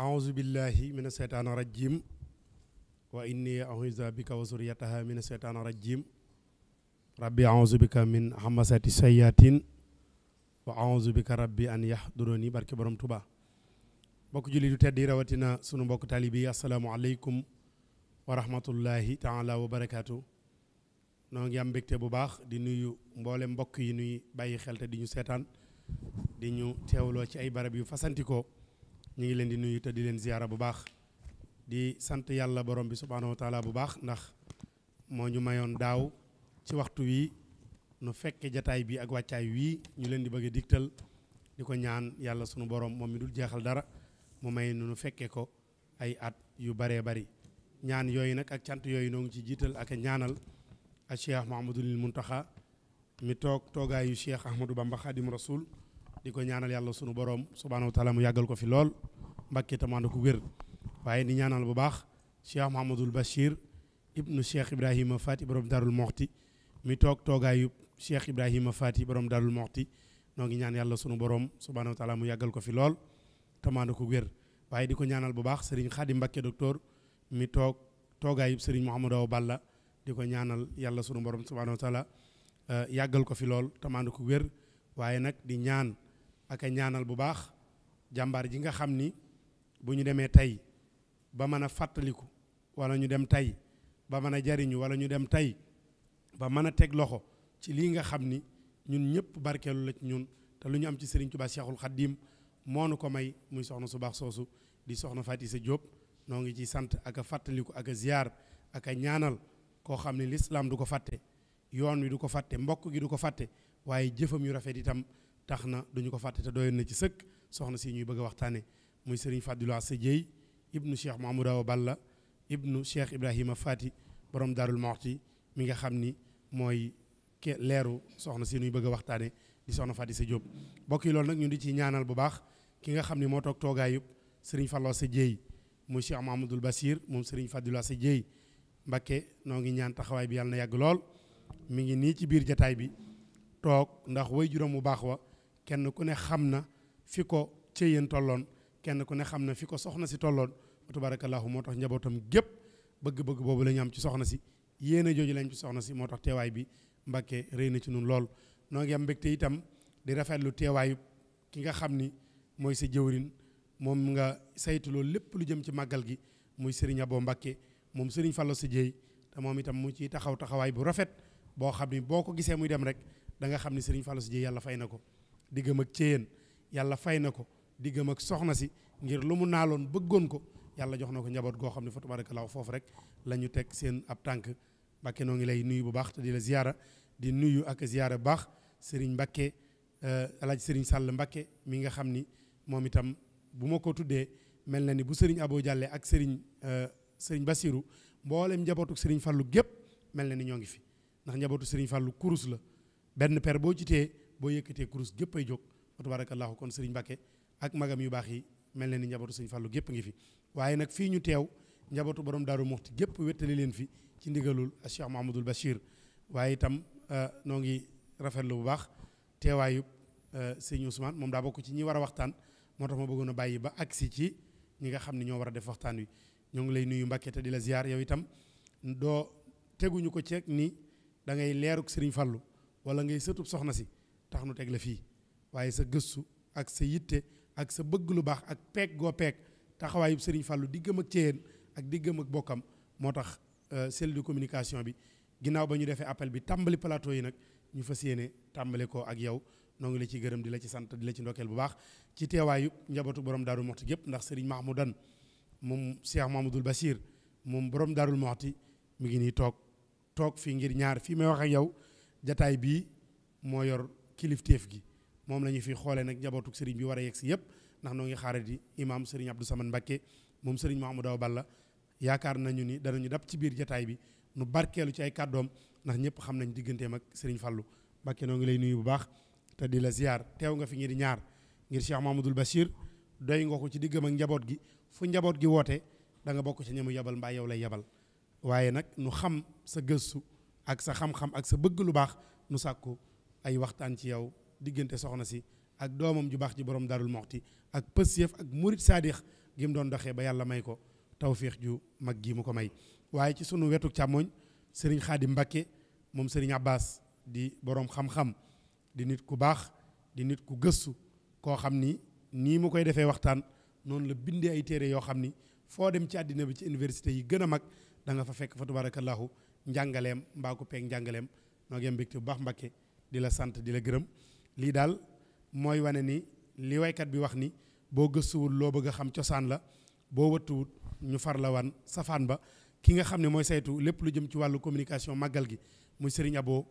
aouzu billahi mina seytaani rajim wa inni auzu bika wa suriyataha mina seytaani rajim rabbi aouzu bika min hamasati sayatin wa aouzu bika rabbi an yahduruni barke borom tuba mbokk julli tedd yi rawatina sunu mbokk taalibe yi asalaamu aleykum wa rahmatullahi taala wa barakaatu noo am mbégte bu baax di nuyu mboole mbokk yi nuy bàyyi xel te di ñu seetaan di ñu teewloo ci ay barab yu fasantikoo ñu ngi leen di nuyu di leen ziyaara bu baax di sant yàlla borom bi subhaanahu wa taala bu baax ndax moo ñu mayoon daaw ci waxtu wi nu fekke jataay bi ak wàccaay wii ñu leen di bëgg a digtal di ko ñaan yàlla sunu borom moom mi dul jeexal dara mu may nu nu fekke ko ay at yu baree bari ñaan yooyu nag ak cant yooyu noo ngi ci jiital ak ñaanal a cheikh mu muntaxa mi toog toogaayu cheikh ahmadou bamba xadim rasoul di ko ñaanal yàlla sunu borom subhaanahu wa taala mu yàggal ko fi lool mbàkke tamaanda ku wér waaye di ñaanal bu baax cheikh mahamadul bachir ibnu cheikh ibrahima faati borom darul moxti mi toog toogaayu cheikh ibrahima faati borom darul moxti noo ngi ñaan yàlla sunu borom subhaanahu wa taala mu yàggal ko fi lool tamaanda ku wér waaye di ko ñaanal bu baax sëriñ xaadim mbàkke docteur mi toog toogaayu sëriñ mouhamadou aw balla di ko ñaanal yàlla sunu borom subhaanahu wa taala euh, yàggal ko fi lool tamaanda ku wér waaye nag di ñaan ak ñaanal bu baax jàmbaar ji nga xam ni bu ñu demee tey ba mën a fàttaliku wala ñu dem tey ba mën a jariñu wala ñu dem tey ba mën a teg loxo ci lii nga xam ni ñun ñëpp barkeelu la ci ñun te lu ñu am ci sëriñ Tuubaa Seexul Xaddiim moo nu ko may muy soxna su baax soosu di soxna Faty Isse Diop noo ngi ciy sant ak a fàttaliku ak ziyaar ak a ñaanal koo xam ne lislaam du ko fàtte yoon wi du ko fàtte mbokk gi du ko fàtte waaye jëfam yu rafet itam tax na duñu ko fàtte te doyoon na ci sëkk soxna si ñuy bëgg a waxtaane muy sëriñ Fadilou Assa Dieye ibnu cheikh Mahamadou Awa Balla ibnu cheikh Ibrahima Fati borom Daarul Muxti mi nga xam ni mooy ke leeru soxna si ñuy bëgg a waxtaane di soxna Fati sa Diop mbokk yi loolu nag ñu di ci ñaanal bu baax ki nga xam ni moo toog toogaayub sëriñ Fallou Assa Dieye muy cheikh Mahamadul Basir moom sëriñ Fadilou sa Dieye Mbakke noo ngi ñaan taxawaay bi yàlla na yàgg lool mi ngi nii ci biir jataay bi toog ndax way juróom bu baax wa kenn ku ne xam na fi ko céyeen tolloon kenn ku ne xam na fi ko soxna si tolloon wa tabarakallahu moo tax njabootam gépp bëgg-bëgg boobu lañu am ci soxna si yéene jooju lañ ci soxna si moo tax teewaay bi Mbàkke rëy na ci nun lool noo ngi am mbégte itam di rafetlu teewaayu ki nga xam ni mooy sa jëwrin moom nga saytu loolu lépp lu jëm ci màggal gi muy Serigne Abo Mbàkke moom Serigne Fallou si jeey te moom itam mu ciy taxaw taxawaay bu rafet boo xam ni boo ko gisee muy dem rek da nga xam ni Serigne Fallou si jeey yàlla fay na ko diggam ak céyeen yàlla fay na ko diggam ak soxna si ngir lu mu naa loon bëggoon ko yàlla jox na ko njaboot goo xam ne fa tabarakallah foofu rek la ñu teg seen ab tànk Mbàkke noo ngi lay nuyu bu baax te di la ziyaara di nuyu ak ziyaara bu baax Serigne Mbàkke eh, alaaj Serigne Sàll Mbàkke mi nga xam ni moom itam bu ma ko tuddee mel na ni bu Serigne Abo Jàlle ak Serigne eh, Serigne Basiru mboolem njabootu Serigne Fàllu gépp mel na ni ñoo ngi fi ndax njabootu Serigne Fàllu la boo yëkkatee kurus gépp ay jóg wa tabaarakallaahu kon sëriñ Mbàkke ak magam yu baax yi mel na ni njabootu sëñ Fàllu gépp ngi fi waaye nag fii ñu teew boroom borom daaru muxti gépp wéttali leen fi ci ndigalul Cheikh Mahamadul Bachir waaye itam euh, noo ngi rafetlu bu baax teewaayub euh, sëñ Ousmane moom daa bokk ci ñi war a waxtaan moo tax ma bëggoon bàyyi ba agsi ci ñi nga xam ne ñoo war a def waxtaan wi ñoo ngi lay nuyu Mbàkke te di la ziar yow itam doo teguñu ko ceeg ni da ngay leeruk sëriñ wala ngay sëtub soxna si tax nu teg la fii waaye sa gëstu ak sa yitte ak sa bëgg lu baax ak peeg goo peeg taxawaayu Serigne Fallou diggam ak Thièyeen ak diggam ak bokkam moo tax euh, cellule de communication bi ginnaaw ba ñu defee appel bi tàmbali plateau yi nag ñu fas yéene tàmbale ko ak yow noo la ci gërëm di la ci sant di la ci ndokkeel bu baax ci teewaayu njabootu borom Daaru Moxti gépp ndax Serigne Mahmoudan moom Cheikh Mahmoudul Bachir moom borom Daaru Moxti mu ngi nii toog toog fii ngir ñaar fii may wax yow jataay bii moo yor. kilifteef gi moom la ñu fi xoolee nag njabootuk sëriñ bi war a yegg si yëpp ndax noo ngi xaarat yi imaam sëriñ Abdou Samane Mbacké moom sëriñ Mahamadou Awa Balla yaakaar nañu ni danañu dab ci biir jataay bi nu barkeelu ci ay kàddoom ndax ñëpp xam nañ digganteem ak sëriñ Fallou Mbacké noo ngi lay nuyu bu baax te di la ziar teew nga fi ngir ñaar ngir Cheikh Mahamadoul Bachir doy nga ko ci diggam ak njaboot gi fu njaboot gi woote danga nga bokk ci ñamu yabal mbaa yow lay yabal waaye nag nu xam sa gëstu ak sa xam-xam ak sa bëgg lu baax nu sàkku ay waxtaan ci yow diggante soxna si ak doomam ju baax ji borom darul moxti ak pësiyëf ak murit saadix gi doon doxee ba yàlla may ko tawfiix ju mag gi mu ko may waaye ci sunu wetu càmmooñ sëriñ xaadi mbakke moom sëriñ abbas di boroom xam-xam di nit ku baax di nit ku gëstu koo xam ni nii mu koy defee waxtaan noonu la bindee ay téere yoo xam ni foo dem ci àddina bi ci université yi gën a mag da nga fa fekk fa tubaarakallaahu njàngaleem mbaa njàngaleem noo ngi baax mbakke di la sant di la gërëm lii daal mooy wane ni lii waykat bi wax ni boo gëstuwul loo bëgg a xam cosaan la boo wëttuwut ñu far la wan safaan ba ki nga xam ne mooy saytu lépp lu jëm ci wàllu communication màggal gi muy Serigne Abo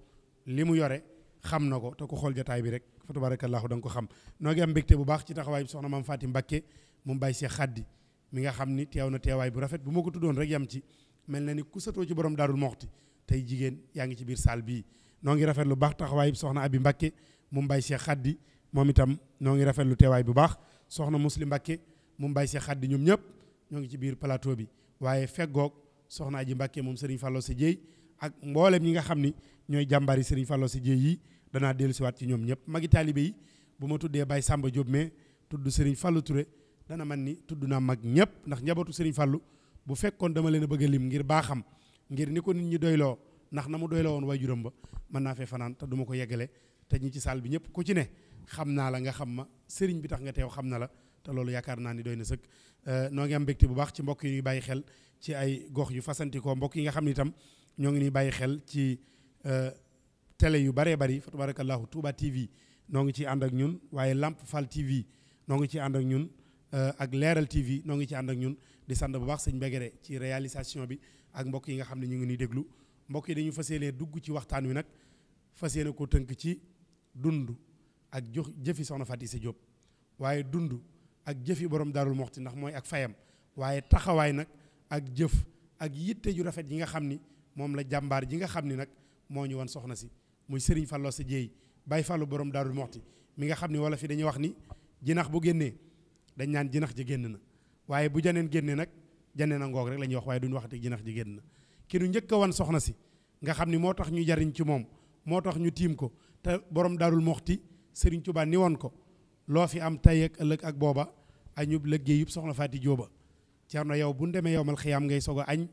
li mu yore xam na ko te ku xool jotaay bi rek foto fa tabarakallahu da nga ko xam noo ngi am mbégte bu baax ci taxawaay bi soxna maam Faati Mbakke mu mbay Cheikh Khady mi nga xam ni teew na teewaay bu rafet bu ma ko tuddoon rek yam ci mel na ni ku satoo ci borom daarul moxti tey jigéen yaa ngi ci biir salle bii noo ngi rafet lu baax taxawaay bi soxna abi mbakke mu mbay Cheikh Khady moom itam noo ngi rafet lu teewaay bu baax soxna muslim Mbacke mu mbay Cheikh xaddi ñoom ñëpp ñoo ngi ci biir plateau bi waaye feggoog soxna aji Mbacke moom Serigne Fallou si Dieye ak mboolem ñi nga xam ni ñooy jàmbari Serigne Fallou si Dieye yi danaa dellusiwaat ci ñoom ñëpp magi taalibe yi bu ma tuddee Baye Samba Diop mais tudd Serigne Fallou ture dana man ni tudd naa mag ñëpp ndax njabootu Serigne Fallou bu fekkoon dama leen bëgg lim ngir baaxam ngir ni ko nit ñi doyloo ndax na mu doy la woon waajuram ba mën naa fee fanaan te du ko yeggale te ñi ci saal bi ñëpp ku ci ne xam naa la nga xam ma sëriñ bi tax nga teew xam na la te loolu yaakaar naa ni doy na sëkk euh, noo ngi am bu baax ci mbokk yi bàyyi xel ci ay gox yu fasantikoo mbokk yi nga xam ne itam ñoo ngi ñuy bàyyi xel ci euh, télé yu baree bari fa tabarakallahu Touba TV noo ngi ciy ànd ak ñun waaye làmp Fall TV noo ngi ci ànd ak ñun ak euh, Leeral TV noo ngi ci ànd ak ñun di sant bu baax sëñ Mbegere ci réalisation bi ak mbokk yi nga xam ne ñu ngi ñuy déglu mbokk yi dañu fas yéene dugg ci waxtaan wi nag fas yéene ko tënk ci dund ak jox jëfi soxna Faty Issé Diop waaye dund ak jëfi borom daarul moxti ndax mooy ak fayam waaye taxawaay nag ak jëf ak yitte ju rafet yi nga xam ni moom la jàmbaar ji nga xam ni nag moo ñu wan soxna si muy sëriñ Fallou sa jéey bay Fallou borom daarul moxti mi nga xam ni wala fi dañuy wax ni jinax bu génnee dañ naan jinax ji génn na waaye bu janeen génne nag janeen a ngoog rek la ñuy wax waaye duñu ji génn na ki nu njëkk a wan soxna si nga xam ni moo tax ñu jariñ ci moom moo tax ñu tiim ko te borom daarul moxti Serigne Touba ni woon ko loo fi am tey ak ëllëg ak booba añub lëggéey yëpp soxna Faati Jóoba na yow bu ñu demee yow mal xiyaam ngay soog a añ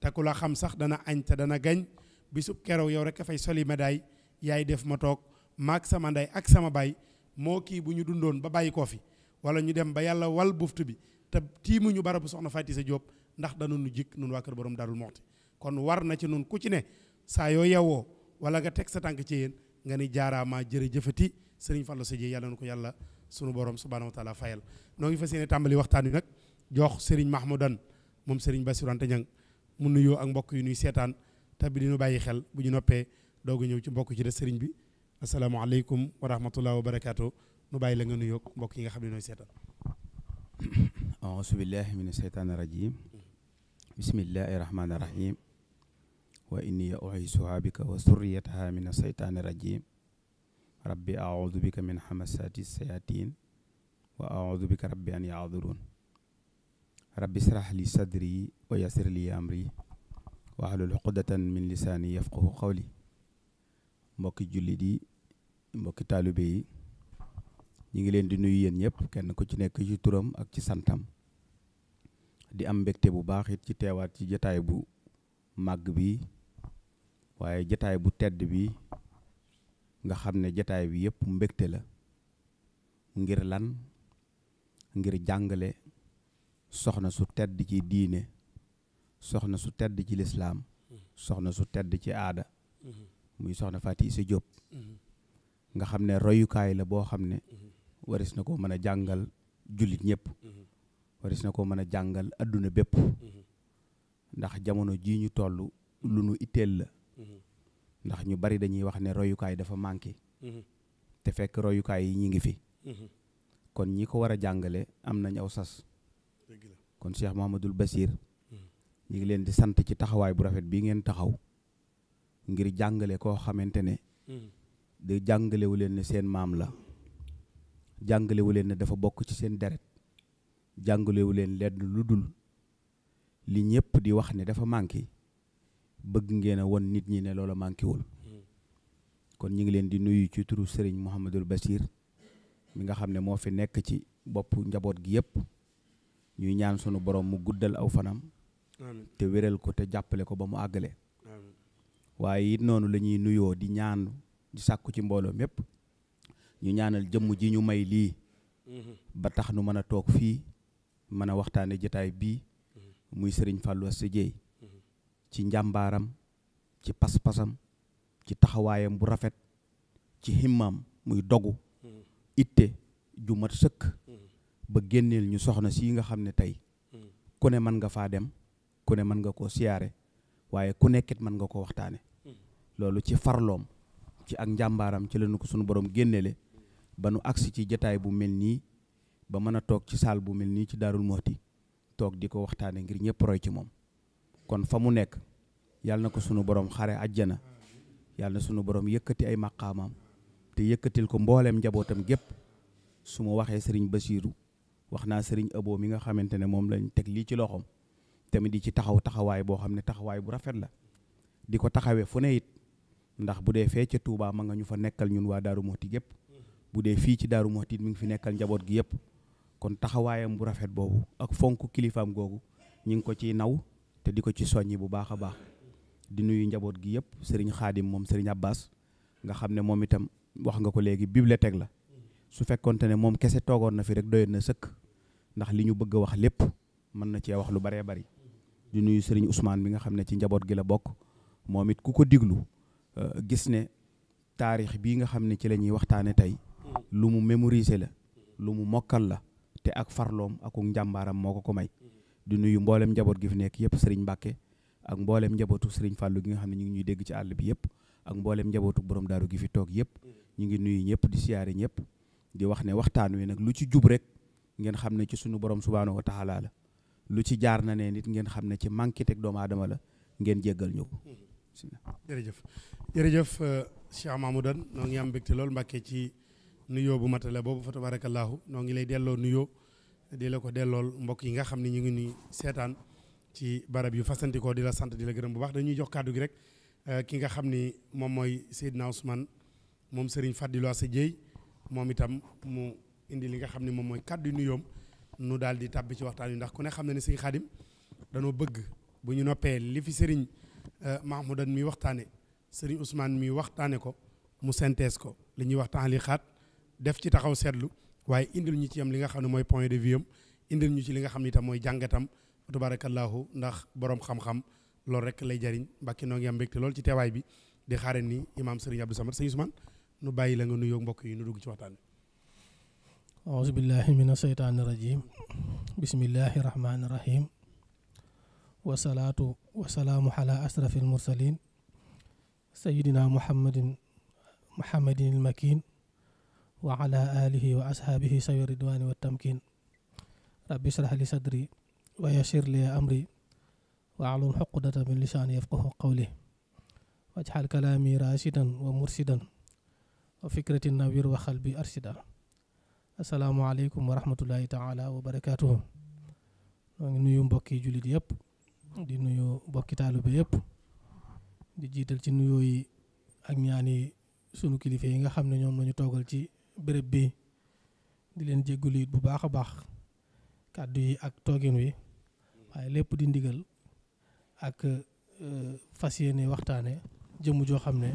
te ku la xam sax dana añ te dana gañ bisub keroog yow rek a fay soli médaille yaay def ma toog maak sama ndey ak sama baay moo kii bu ñu dundoon ba bàyyi koo fi wala ñu dem ba yàlla wal buftu bi te tiimuñu barabu soxna Faati sa Jóob ndax dana nu jikk nun waa kër borom daarul moxti kon war na ci nun ku ci ne saa yoo yewwoo wala nga teg sa tànk ci yéen nga ni jaaraamaa jërëjëfati sëriñ Fallou Seye yàlla na ko yàlla sunu borom subhanahu wa taala fayal noo ngi fas yéene tàmbali waxtaan wi nag jox sëriñ Mahmoudan moom sëriñ Bassirou Anta Niang mu nuyoo ak mbokk yu nuy seetaan te bi di ñu bàyyi xel bu ñu noppee doog ñëw ci mbokk ci de sëriñ bi asalaamaaleykum wa rahmatullah wa barakaatu nu bàyyi la nga nuyoo mbokk yi xam ne nooy seetaan aousu billahi min asheytaani wa inni u'iisuhaa bika wa surriyatahaa mina saytaani rajiim rabbi a'uudu bika min hamasaati sayaatiin wa a'uudu bika rabbi an yahduruun rabbi israh li sadri wa yassir li amri wahlul uqdatan min lisaani yafqahu qawli mbokki jullit yi mbokki taalibe yi ñu ngi leen di nuyu yéen ñëpp kenn ku ci nekk ci turam ak ci santam di am mbégte bu baax ci teewaat ci jataay bu màgg bi waaye jataay bu tedd bii nga xam ne jataay bi yëpp mbégte la ngir lan ngir jàngale soxna su tedd ci diine soxna su tedd ci lislaam soxna su tedd ci aada muy soxna Faty Isseu Diop nga xam ne royukaay la boo xam ne waris na koo mën a jàngal jullit ñëpp waris na koo mën a jàngal àdduna bépp ndax jamono jii ñu toll lu nu itteel la ndax ñu bari dañuy wax ne royukaay dafa manqué. Mhm. te fekk royukaay yi ñu ngi fi. Mhm. kon ñi ko war a jàngale am nañ aw sas. kon Cheikh Mouhamadoul Basir. Mhm. ñu ngi leen di sant ci taxawaay bu rafet bii ngeen taxaw ngir jàngale koo xamante ne di jàngalewu leen ne seen maam la jàngalewu leen ne dafa bokk ci seen deret jàngalewu leen lenn lu dul li ñëpp di wax ne dafa manqué bëgg ngeen a won nit ñi ne loola manqué wul kon ñu ngi leen di nuyu ci turu Serigne Mouhamadul Basir mi nga xam ne moo fi nekk ci bopp njaboot gi yëpp ñuy ñaan sunu borom mu guddal aw fanam te wéral ko te jàppale ko ba mu àggale waaye it noonu lañuy nuyoo di ñaan di sàkku ci mbooloo mépp ñu ñaanal jëmm ji ñu may lii mm-hmm. ba tax nu mën a toog fii mën a waxtaane jataay bii mm-hmm. muy Serigne Fallou Assou Dieye ci njàmbaaram ci pas-pasam ci taxawaayam bu rafet ci himmaam muy dogu itte ju mat sëkk ba génneel ñu soxna si nga xam ne tey ku ne mën nga faa dem ku ne mën nga koo siyaare waaye ku nekkit mën nga ko waxtaane loolu ci farloom ci ak njàmbaaram ci lañu ko sunu borom génnele ba nu agsi ci jataay bu mel nii ba mën a toog ci saal bu mel nii ci Daarul Muxti toog di ko waxtaane ngir ñëpp roy ci moom kon fa mu nekk yàlla na ko sunu borom xare àjjana yàlla na sunu borom yëkkati ay maqaamaam te yëkkatil ko mbooleem njabootam gépp su ma waxee sëriñ Basiiru wax naa sëriñ Abo mi nga xamante ne moom lañ teg lii ci loxoom tamit di ci taxaw taxawaay boo xam ne taxawaay bu rafet la di ko taxawee fu ne it ndax bu dee fee ca Touba ma nga ñu fa nekkal ñun waa Daaru Muxti gépp bu dee fii ci Daaru Muxti it mi ngi fi nekkal njaboot gi yëpp kon taxawaayam bu rafet boobu ak fonk kilifaam googu ñu ngi ko ciy naw te di ko ci soññi bu baax a baax di nuyu njaboot gi yëpp sëriñ xaadim moom sëriñ Abbas nga xam ne moom itam wax nga ko léegi bibliothèque la su fekkonte ne moom kese toogoon na fi rek doyoon na sëkk ndax li ñu bëgg a wax lépp mën na cee wax lu baree bari di nuyu sëriñ Ousmane bi nga xam ne ci njaboot gi la bokk moom it ku ko diglu euh, gis ne taarix bii nga xam ne ci la ñuy waxtaane tey lu mu mémoriser la lu mu mokkal la te ak farloom ak njàmbaaram moo ko ko may di nuyu mboolem njaboot gi fi nekk yëpp sëriñ Mbàkke ak mboolem njabootu sëriñ Fàllu gi nga xam ne ñu ngi ñuy dégg ci àll bi yëpp ak mboolem njabootu borom daaru gi fi toog yëpp ñu ngi nuyu ñëpp di siyaare ñëpp di wax ne waxtaan wi nag lu ci jub rek ngeen xam ne ci suñu borom subhaanahu wa taala la lu ci jaar na ne nit ngeen xam ne ci manqué teg doomu aadama la ngeen jéggal ñu ko jërëjëf jërëjëf euh, Cheikh Mahmoudane noo ngi am mbégte lool Mbàkke ci nuyoo bu matale boobu fa tabaarakallaahu noo ngi lay delloo nuyoo di la ko dellool mbokk yi nga xam ne ñu ngi nuy seetaan ci barab yu fasantikoo di la sant di la gërëm bu baax dañuy jox kàddu gi rek euh, ki nga xam ni moom mooy Seydina Ousmane moom Serigne Fadilou Assa moom itam mu indi li nga xam ne moom mooy kàddu nuyoom nu daal di tàbbi ci waxtaan wi ndax ku ne xam na ne Serigne Khadim danoo bëgg bu ñu noppee li fi Serigne euh, Mahmoudan mi waxtaane Serigne Ousmane mi waxtaane ko mu synthèse ko li ñuy waxtaan li xaat def ci taxaw seetlu waaye indil ñu ci am li nga xam ne mooy point de vue am indil ñu ci li nga xam ne itam mooy jàngatam tabarakallahu ndax boroom xam-xam loolu rek lay jariñ mbàkki noo ngi am mbégte lool ci teewaay bi di xaareen ni imaam Serigne Abdou Samad Serigne Ousmane nu bàyyi la nga nuyoo mbokk yi nu dugg ci waxtaan bi aouzu billahi min asheytaani rajim bismillahi rahmaani rahim wasalaatu wasalaamu ala asrafi almursalin sayidina muhammadin muhammadin almakin wa ala alihi wa ashaabihi sawi ridwaani wa tamkin rabbi israh sadri wa yasir li amri wa ahlul xuqdata min lisaani yafqahu qawli wajxal kalaami raasidan wa mursidan wa fikrati nawir wa xalbi arsida assalaamu aleykum wa rahmatullahi taala wa barakaatuhu ngi nuyu mbokki jullit yëpp di nuyu mbokki taalibe yëpp di jiital ci nuyoo yi ak ñaani sunu kilifa nga xam ne ñoom la ñu toogal ci bërëb bi di leen jéggulu it bu baax a baax kàddu yi ak toogin wi waaye lépp di ndigal ak euh, fas yéene waxtaane jëmm joo xam ne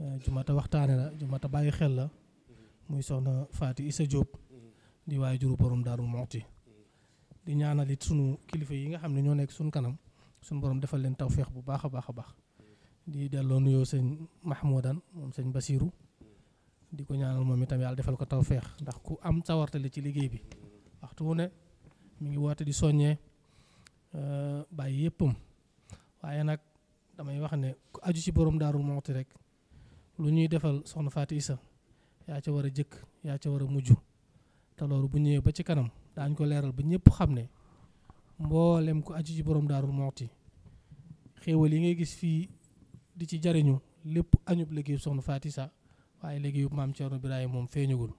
euh, jumata waxtaane la jumata bàyyi xel la muy soxna Faati sa Diop di waaye juru borom Daaru Muxti di ñaanal it sunu kilifa yi nga xam ne ñoo nekk sunu kanam sunu borom defal leen tawféex bu baax a baax a baax di delloo nuyoo sëñ Mahmoudan moom sëñ basiiru di ko ñaanal moom itam yàlla defal ko taw feex ndax ku am sawarte ci liggéey bi waxtu wu ne mu ngi woote di soññee euh, bàyyi yëppam waaye nag damay wax ne ku aju ci borom daarul moxti rek lu ñuy defal soxna Fatou Issa yaa ca war a jëkk yaa ca war a mujj te loolu bu ñëwee ba ci kanam daañ ko leeral ba ñëpp xam ne mboolem ku aju ci boroom daarul moxti xéewal yi ngay gis fii di ci jariñu lépp añub liggéey soxna Fatou waaye léegi yu maam Thierno Birahim moom feeñagul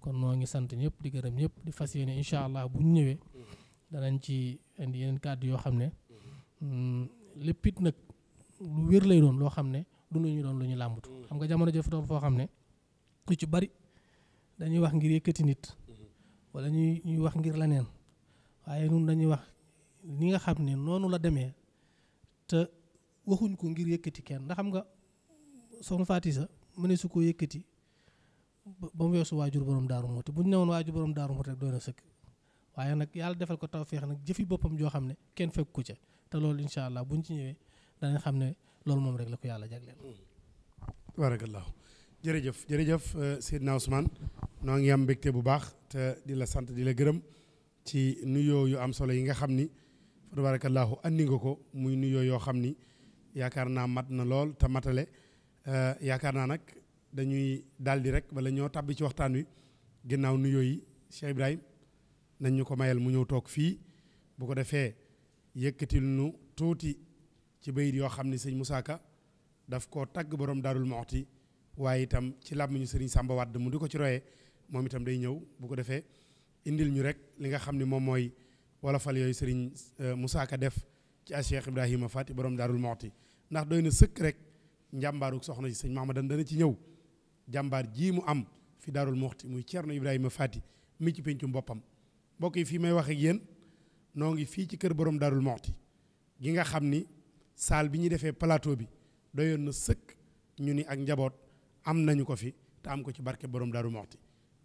kon noo ngi sant ñëpp di gërëm ñëpp di fas yéene incha bu ñu ñëwee danañ ci indi yeneen yoo xam ne mm, lépp it wér lay doon loo xam ne du lu ñu doon lu ñu làmbatu. foo xam ne ci bari dañuy wax ngir yëkkati nit wala ñuy ñuy wax ngir leneen waaye nun wax ni nga xam noonu la demee te waxuñ ko ngir yëkkati kenn ndax xam nga soxna Faati sa mu ne su ko ba mu weesu waajur borom daaru muuti bu ñu newoon waajur borom daaru muuti rek doon na sëkk waaye nag yàlla defal ko taw tawféex nag jëfi boppam joo xam ne kenn fekk ko ca te loolu incha allah buñ ci ñëwee danañ xam ne loolu moom rek la ko yàlla jagleel. barakallahu jërëjëf jërëjëf euh, Seydina Ousmane noo ngi am mbégte bu baax te di la sant di la gërëm ci nuyoo yu am solo yi nga xam ni fa tabarakallahu andi nga ko muy nuyoo yoo xam ni yaakaar naa mat na lool te matale. Eh, yaakaar naa nag dañuy daal di rek bala ñoo tàbbi ci waxtaan wi ginnaaw nuyoo yi Ibrahim nañ ñu ko mayal mu ñëw toog fii bu ko defee yëkkatil nu tuuti ci bayit yoo xam ne sëñ Moussa Ka daf koo tagg borom Daarul Muxti waaye itam ci làmmiñu sëriñ Samba mu di ko ci royee moom itam day ñëw bu ko defee indil ñu rek li nga xam ne moom mooy wolofal yooyu sëriñ eh, Moussa Ka def ci Cheikh Ibrahima Faty borom Daarul Muxti ndax doy na sëkk rek njàmbaarug soxna si sëñ Mahamadan dana ci ñëw jàmbaar jii mu am fi daarul moxti muy Thierno Ibrahima Fati mi ci péncum boppam mbokk yi fii may wax ak yéen noo ngi fii ci kër borom daarul moxti gi nga xam ni saal bi ñu defee plateau bi doyoon na sëkk ñu ni ak njaboot am nañu ko fi te am ko ci barke borom daarul moxti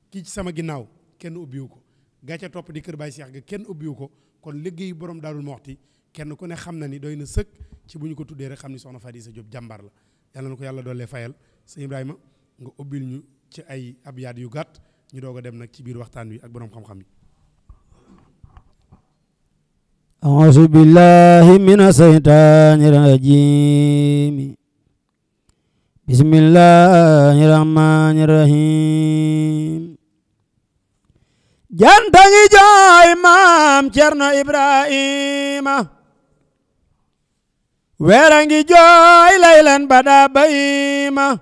kii ci sama ginnaaw kenn ubbiwu ko ca topp di kër baay seex ga kenn ubbiwu ko kon liggéeyu borom daarul moxti kenn ku ne xam na ni dooy na sëkk ci bu ñu ko tuddee rek xam ni soxna Fadi sa Jóob jàmbaar la yàlla na ko yàlla doole fayal sëñ Ibrahima nga ubbil ñu ci ay abyaat yu gàtt ñu doog dem nag ci biir waxtaan wi ak boroom xam-xam yi أعوذ بالله من الشيطان الرجيم بسم jooy maam Cerno Ibrahima weer a ngi jooy laylan ba daa bayima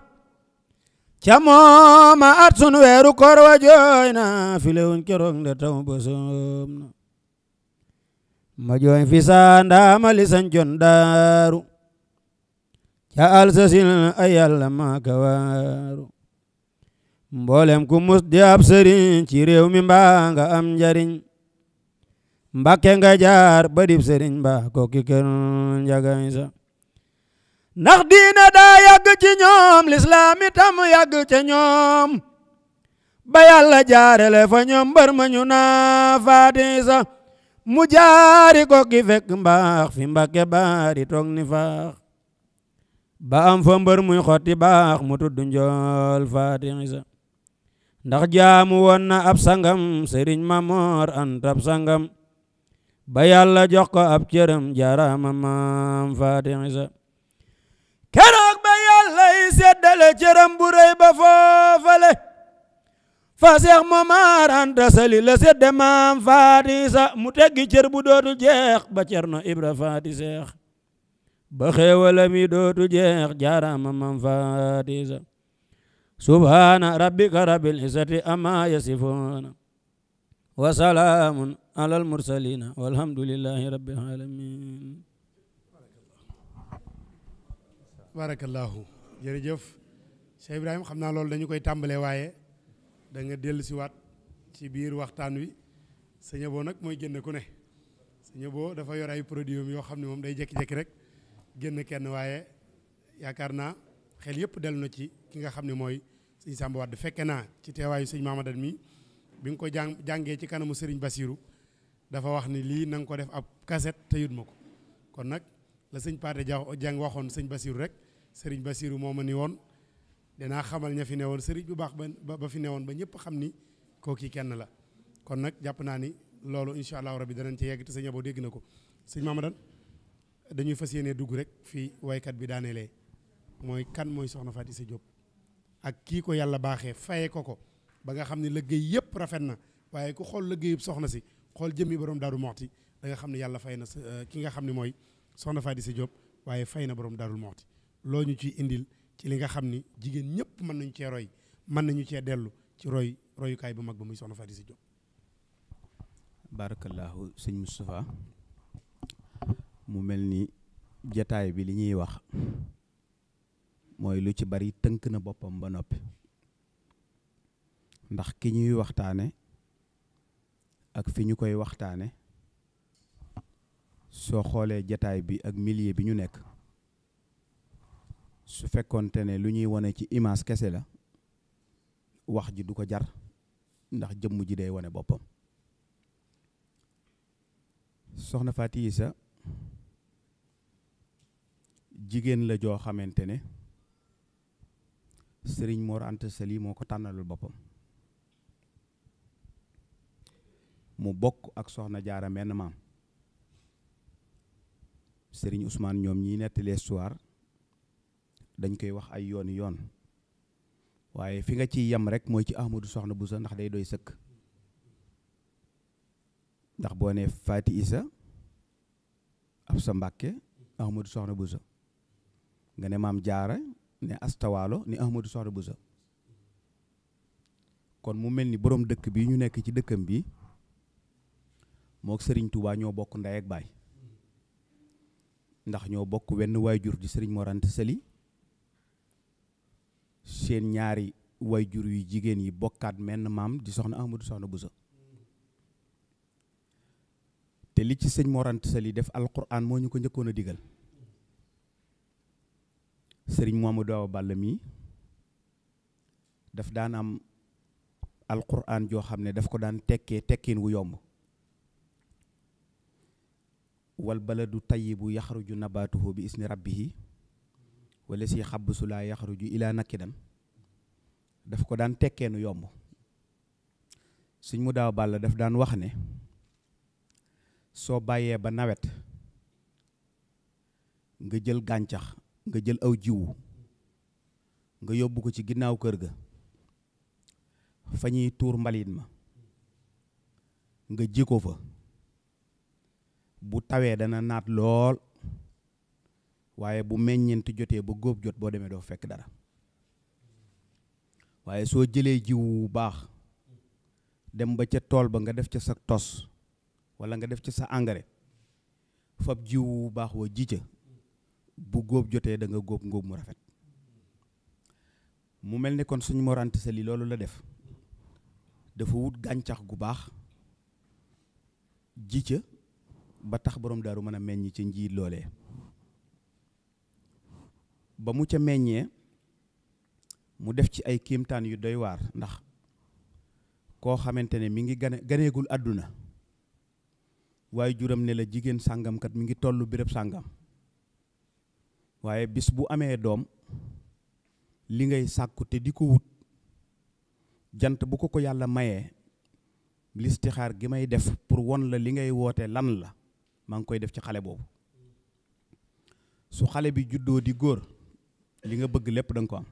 ca mooma at sun weeru koor jooy na filewun keroog nda taw ba soom na ma jooy fi saanda ma lisan jon daaru ca alsasin ay yàlla kawaaru mboolem ku mus di ab sëriñ ci réew mi mbaa nga am njariñ Mbàkke nga jaar ba dib ba kooki kër njagañ sa ndax diina daa yàgg ci ñoom lislaam itam yàgg ca ñoom ba yàlla jaarele fa ñoom mbër ma ñu naa faati mu jaari kooki fekk mbaax fi Mbàkke baari toog ni faax ba am fa mbër muy xotti baax mu tudd njool faati sa ndax jaamu woon na ab sangam sëriñ Mamoor sangam ba yàlla jox ko ab cëram jaaraama maam Faati Isa ba yàlla yi seddale cëram bu rëy ba foofale fa seex Momar la sedde maam Faati mu teggi cër bu dootu jeex ba Cerno Ibra Faati ba xéewala mi dootu jeex jaaraama maam Faati Isa rabbika rabbil izzati amma yasifuuna wa salaamun على المرسلين والحمد لله رب العالمين xam naa loolu dañu koy tàmbalee waaye da nga dellu si waat ci biir waxtaan wi sëñ boo nag mooy génn ku ne sëñëboo dafa yor ay produit yoo xam ne moom day jékki-jékki rek génn kenn waaye yaakaar naa xel yëpp dellu na ci ki nga xam ne mooy sëñ Samba Wade fekke naa ci teewaayu sëñ Mamadou mi bi nga ko jàng jàngee ci kanamu Serigne Bassirou dafa wax ni lii na nga ko def ab cassette te ma ko kon nag la sëñ Paate Jàng waxoon sëñ Basiru rek sëriñ Basiru moo ma ni woon dinaa xamal ña fi ne woon sëriñ bu baax ba ba fi ne woon ba ñëpp xam ni kooki kenn la kon nag jàpp naa ni loolu incha allahu rabbi danañ ci yegg te sëñ Abo dégg na ko sëñ Mamadan dañuy fas yéenee dugg rek fii waykat bi daanelee mooy kan mooy soxna Faty Isseu Diop ak kii ko yàlla baaxee fayee ko ko ba nga xam ni liggéey yëpp rafet na waaye ku xool liggéeyub soxna si xool jëmmi borom daaru moxti da xam ne yàlla fay na euh, ki nga xam ne mooy soxna Fadi Si Diop waaye fay na boroom daarul moxti loo ñu ciy indil ci li nga xam ni jigéen ñëpp mën nañu cee roy mën nañu cee dellu ci roy royukaay bu mag ba muy soxna Fadi Si Diop. barakallahu sëñ Moustapha mu mel ni jataay bi li ñuy wax mooy lu ci bari tënk na boppam ba noppi ndax ki ñuy waxtaane ak fi ñu koy waxtaane soo xoolee jataay bi ak milieu bi ñu nekk su fekkoonte ne lu ñuy wane ci image kese la wax ji du ko jar ndax jëmm ji day wane boppam soxna Faty Issa jigéen la joo xamante ne Serigne Mor Anta lii moo ko tànnalul boppam mu bokk ak soxna jaara menn maam sëriñ Ousmane ñoom ñiy nettali histoire dañ koy wax ay yoon yoon waaye fi nga ci yem rek mooy ci Ahmadou soxna bu sa ndax day doy sëkk ndax boo ne Faati Isa ab sa Mbàkke Ahmadou soxna Busa nga ne maam jaara ne astawaalo ni Ahmadou soxna Busa kon mu mel ni borom dëkk bi ñu nekk ci dëkkam bi moo sëriñ Touba ñoo bokk ndey ak baay ndax ñoo bokk wenn waajur di Serigne Mor Anta Sali seen ñaari waajur yu jigéen yi bokkaat menn maam di soxna Ahmadou Soxna Bousso te li ci sëñ morant Anta Sali def alquran moo ñu ko njëkkoon a digal Serigne Mamadou Awa Balla mii daf daan am alquran joo xam ne daf ko daan tekkee tekkiin wu yomb wal baladu tayyibu yaxruju nabaatuhu ni isni yi walla si xabusu laa illaa ilaa nakidan daf ko daan tekkee nu yomb suñ mu daa bàll daf daan wax ne soo bàyyee ba nawet nga jël gàncax nga jël aw jiwu nga yóbbu ko ci ginnaaw kër ga fa ñuy tuur mbalit ma nga ji ko fa bu tawee dana naat lool waaye bu meññeent jotee ba góob jot boo demee doo fekk dara waaye soo jëlee jiw bu baax dem ba ca tool ba nga def ca sa tos wala nga def ca sa engrais fab jiwu bu baax wa ji bu góob jotee da nga góob ngóob mu rafet mu mel ni kon suñu Mor Anta li loolu la def dafa wut gàncax gu baax ji ba tax borom daaru mën a meññ ci njiit loolee ba mu ca meññee mu def ci ay kiimtaan yu doy waar ndax koo xamante ne mi ngi gane ganeegul àdduna waaye juram ne la jigéen sàngamkat mi ngi toll béréb sàngam waaye bis bu amee doom li ngay sàkku te di ko wut jant bu ko ko yàlla mayee listixaar gi may def pour won la li ngay woote lan la maa ngi koy def ci xale boobu su xale bi juddoo di góor li nga bëgg lépp da nga ko am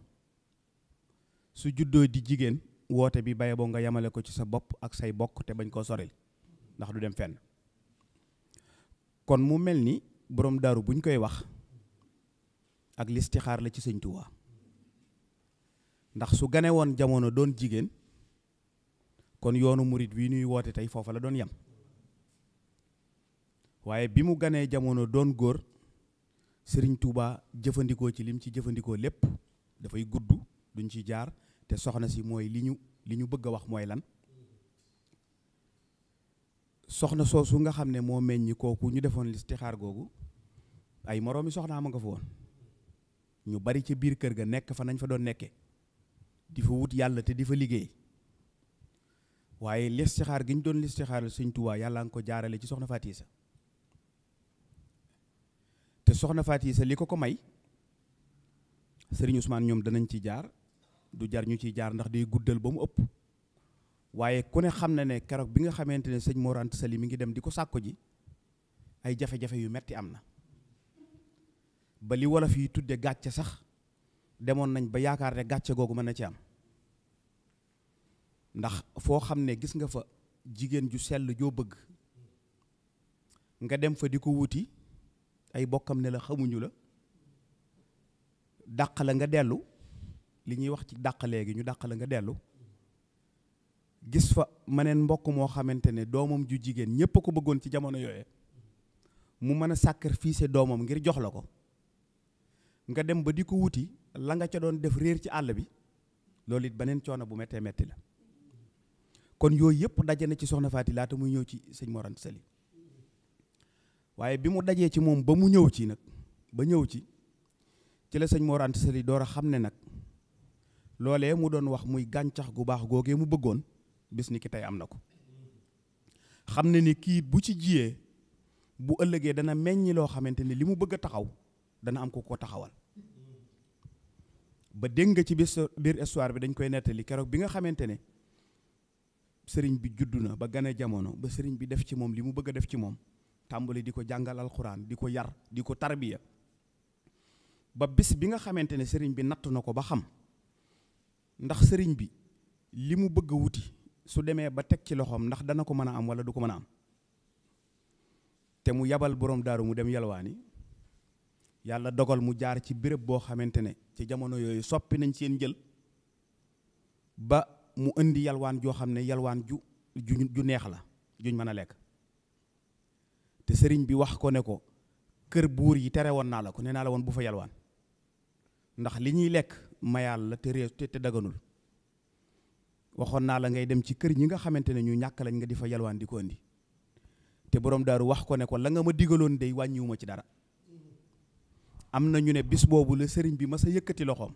su juddoo di jigéen woote bi baye boo nga yamale ko ci sa bopp ak say bokk te bañ koo soril ndax du dem fenn kon mu mel ni borom daaru buñ koy wax ak listixaar la ci sëñ Tuubaa ndax su gane woon jamono doon jigéen kon yoonu murit wi nuy woote tey foofa la doon yam waaye bi mu ganee jamono doon góor sëriñ Touba jëfandikoo ci lim ci jëfandikoo lépp dafay gudd duñ ci jaar te soxna si mooy li ñu li ñu bëgg a wax mooy lan soxna soosu nga xam ne moo meññi kooku ñu defoon listixaar googu ay moroomi soxnaa ma nga fa woon ñu bari ci biir kër ga nekk fa nañ fa doon nekke di fa wut yàlla te di fa liggéey waaye listixaar gi ñu doon listixaaral Sëñ Tuubaa yàlla nga ko jaarale ci soxna Faatisa te soxna Faati sa li ko ko may Serigne Ousmane ñoom danañ ci jaar du jar ñu ciy jaar ndax day guddal ba mu ëpp waaye ku ne xam na ne keroog bi nga xamante ne sëñ Mor Anta li mi ngi dem di ko sàkko ji ay jafe-jafe yu metti am na ba li wolof yi tuddee gàcce sax demoon nañ ba yaakaar ne gàcce googu mën na ci am ndax foo xam ne gis nga fa jigéen ju sell joo bëgg nga dem fa di ko wuti ay bokkam ne la xamuñu la dàq la nga dellu li ñuy wax ci dàq léegi ñu dàq la nga dellu gis fa maneen mbokk moo xamante ne doomam ju jigéen ñépp ko bëggoon ci jamono yooye mu mën a sacrifier doomam ngir jox la ko nga dem ba di ko wuti la nga ca doon def réer ci àll bi loolu it beneen coono bu mettee métti la kon yooyu yëpp daje na ci soxna Faati laata muy ñëw ci sëñ Mor Anta waaye bi mu dajee ci moom ba mu ñëw ci nag ba ñëw ci ci la sëñ Mor Anta Sali a xam ne nag loolee mu doon wax muy gàncax gu baax googee mu bëggoon bis ni ki tey am na ko xam ne ni kii bu ci jiyee bu ëllëgee dana meññi loo xamante ne li mu bëgg a taxaw dana am ko ko taxawal ba dégg nga ci biir histoire bi dañ koy nettali keroog bi nga xamante ne sëriñ bi juddu na ba gane jamono ba sëriñ bi def ci moom li mu bëgg a def ci moom tàmbali di ko jàngal alxuraan di ko yar di ko tarbiya ba bis bi nga xamante ne sëriñ bi natt na ko ba xam ndax sëriñ bi li mu bëgg a wuti su demee ba teg ci loxoom ndax dana ko mën a am wala du ko mën a am te mu yabal borom daaru mu dem yalwaani yàlla dogal mu jaar ci béréb boo xamante ne ci jamono yooyu soppi nañ yenn jël ba mu indi yalwaan joo xam ne yalwaan ju ju ju neex la juñ mën a lekk te sëriñ bi wax ko ne ko kër buur yi tere woon naa la ko nee naa la woon bu fa yalwaan ndax li ñuy lekk mayaal la te réew te daganul waxoon naa la ngay dem ci kër ñi nga xamante ne ñu ñàkk lañ nga di fa yalwaan di ko andi te borom daaru wax ko ne ko la nga ma digaloon day wàññiwuma ci dara am na ñu ne bis boobu la sëriñ bi mas a yëkkati loxoom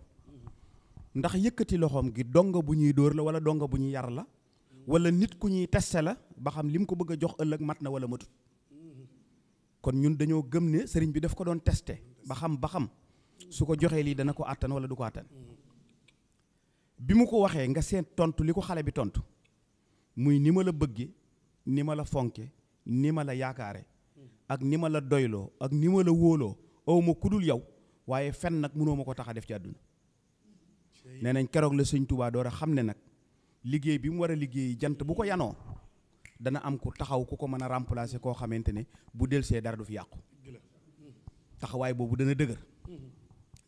ndax yëkkati loxoom gi donga bu ñuy dóor la wala donga bu ñuy yar la wala nit ku ñuy teste la ba xam lim ko bëgg a jox ëllëg mat na wala matut kon ñun dañoo gëm ne sëriñ bi daf ko doon testé ba xam ba xam su ko joxee lii dana ko àttan wala du ko àttan bi mu ko waxee nga seen tontu li ko xale bi tontu muy ni ma la bëgge ni ma la fonke ni ma la yaakaare ak ni ma la doyloo ak ni ma wóoloo aw ma kudul yow waaye fen nag mënoo ma ko tax a def ci àdduna nee nañ keroog la sëñ Tuubaa door a xam ne nag liggéey bi mu war a liggéey jant bu ko yanoo dana am ku taxaw ku ko mën a remplacer koo xamante ne bu delsee dara du fi yàqu taxawaay boobu dana dëgër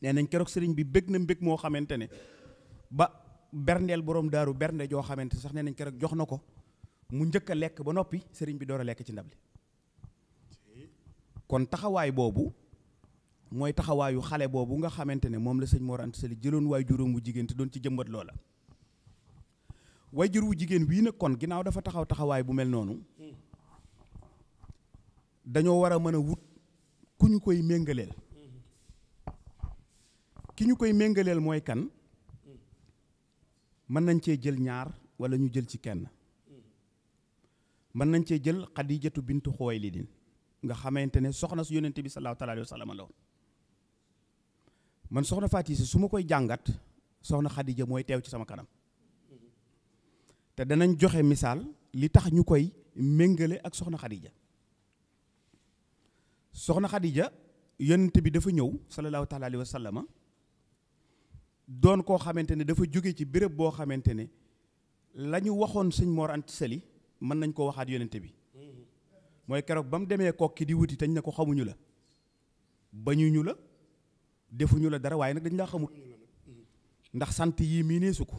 nee nañ keroog sëriñ bi bég na mbég moo xamante ne ba berndeel borom daaru bernde joo xamante sax nee nañ keroog jox na ko mu njëkk a lekk ba noppi sëriñ bi door a lekk ci ndab li kon taxawaay boobu mooy taxawaayu xale boobu nga xamante ne moom la sëñ Mor Anta Sali jëloon waay juróom bu jigéen te doon ci jëmbat loola wayjur wu jigéen wii nag kon ginnaaw dafa taxaw taxawaay bu mel noonu dañoo war a mën a wut ku ñu koy méngaleel ki ñu koy méngaleel mooy kan mën nañ cee jël ñaar wala ñu jël ci kenn mën nañ cee jël xadijatu bintu xuwaylidin nga xamante ne soxna su yonente bi sallallahu taala alayhi wa sallam la woon man soxna Faati Si su ma koy jàngat soxna xadija mooy teew ci sama kanam te danañ joxe misaal li tax ñu koy méngale ak soxna Khadija soxna Khadija yonent bi dafa ñëw sallallahu taala alayhi wa sallama doon koo xamante ne dafa jóge ci béréb boo xamante ne la ñu waxoon sëñ Mor Anta Sali mën nañ ko waxaat yonent bi mooy keroog ba mu demee kokki di wuti tañ na ko xamuñu la bañuñu la defuñu la dara waaye nag dañ laa xamut ndax sant yii mii neesu ko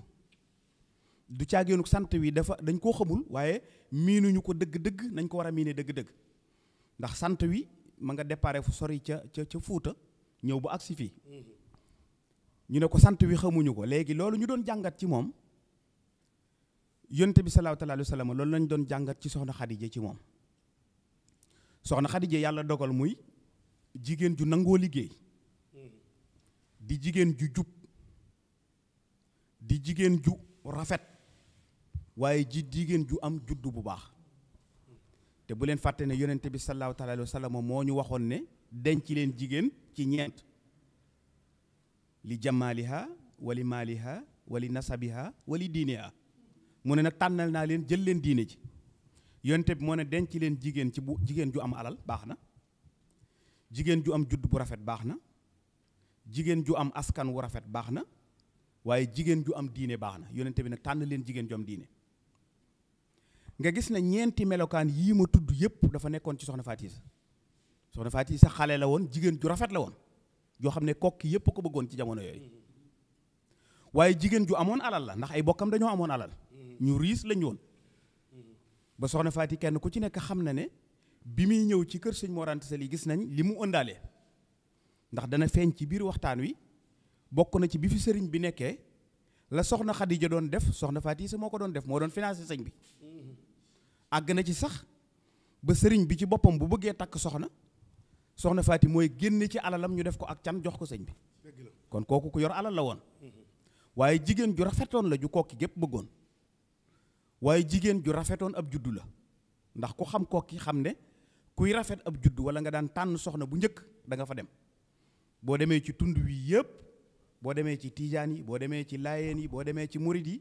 du caagéenu sant wi dafa dañ koo xamul waaye ñu ko dëgg-dëgg nañ ko war a miine dëgg-dëgg ndax sant wi ma nga déparé fu sori ca ca ca fuuta ñëw bu agsi fii mm-hmm. ñu ne ko sant wi xamuñu ko léegi loolu ñu doon jàngat ci moom yonte bi sallallahu alayhi wa loolu lañ doon jàngat ci soxna Xadija ci moom soxna Xadija yàlla dogal muy jigéen ju nangoo liggéey mm-hmm. di jigéen ju jub di jigéen ju rafet waaye ji jigéen ju am juddu bu baax te bu leen fàtte ne yonente bi sallallahu taala alayhi moo ñu waxoon ne denc leen jigéen ci ñeent li jamaaliha wali maaliha wali nasabiha wali diineha mu ne nag tànnal naa leen jël leen diine ji yonente bi moo ne denc leen jigéen ci bu jigéen ju am alal baax na jigéen ju am judd bu rafet baax na jigéen ju am askan wu rafet baax na waaye jigéen ju am diine baax na yonente bi nag tànn leen jigéen ju am nga gis na ñeenti melokaan yii ma tudd yëpp dafa nekkoon ci soxna Faati Isa soxna Faati Isa xale la woon jigéen ju rafet la woon yoo xam ne kokki yëpp ko bëggoon ci jamono yooyu waaye jigéen ju amoon alal la ndax ay bokkam dañoo amoon alal ñu riis lañu woon ba soxna Faati kenn ku ci nekk xam na ne bi muy ñëw ci kër sëñ Mor Anta li gis nañ li mu ëndaale ndax dana feeñ ci biir waxtaan wi bokk na ci bi fi sëriñ bi nekkee la soxna Xadija doon def soxna Faati Isa moo ko doon def moo doon financé sëñ bi àgg na ci sax ba sëriñ bi ci boppam bu bëggee takk soxna soxna Faati mooy génne ci alalam ñu def ko ak can jox ko sëñ bi kon kooku ku yor alal la woon mm-hmm. waaye jigéen ju rafetoon la ju kokki gépp bëggoon waaye jigéen ju rafetoon ab juddu la ndax ku xam kokki xam ne kuy rafet ab juddu wala nga daan tànn soxna bu njëkk danga fa dem boo demee ci tund wi yëpp boo demee ci tiijaan yi boo demee ci laayeen yi boo demee ci morid yi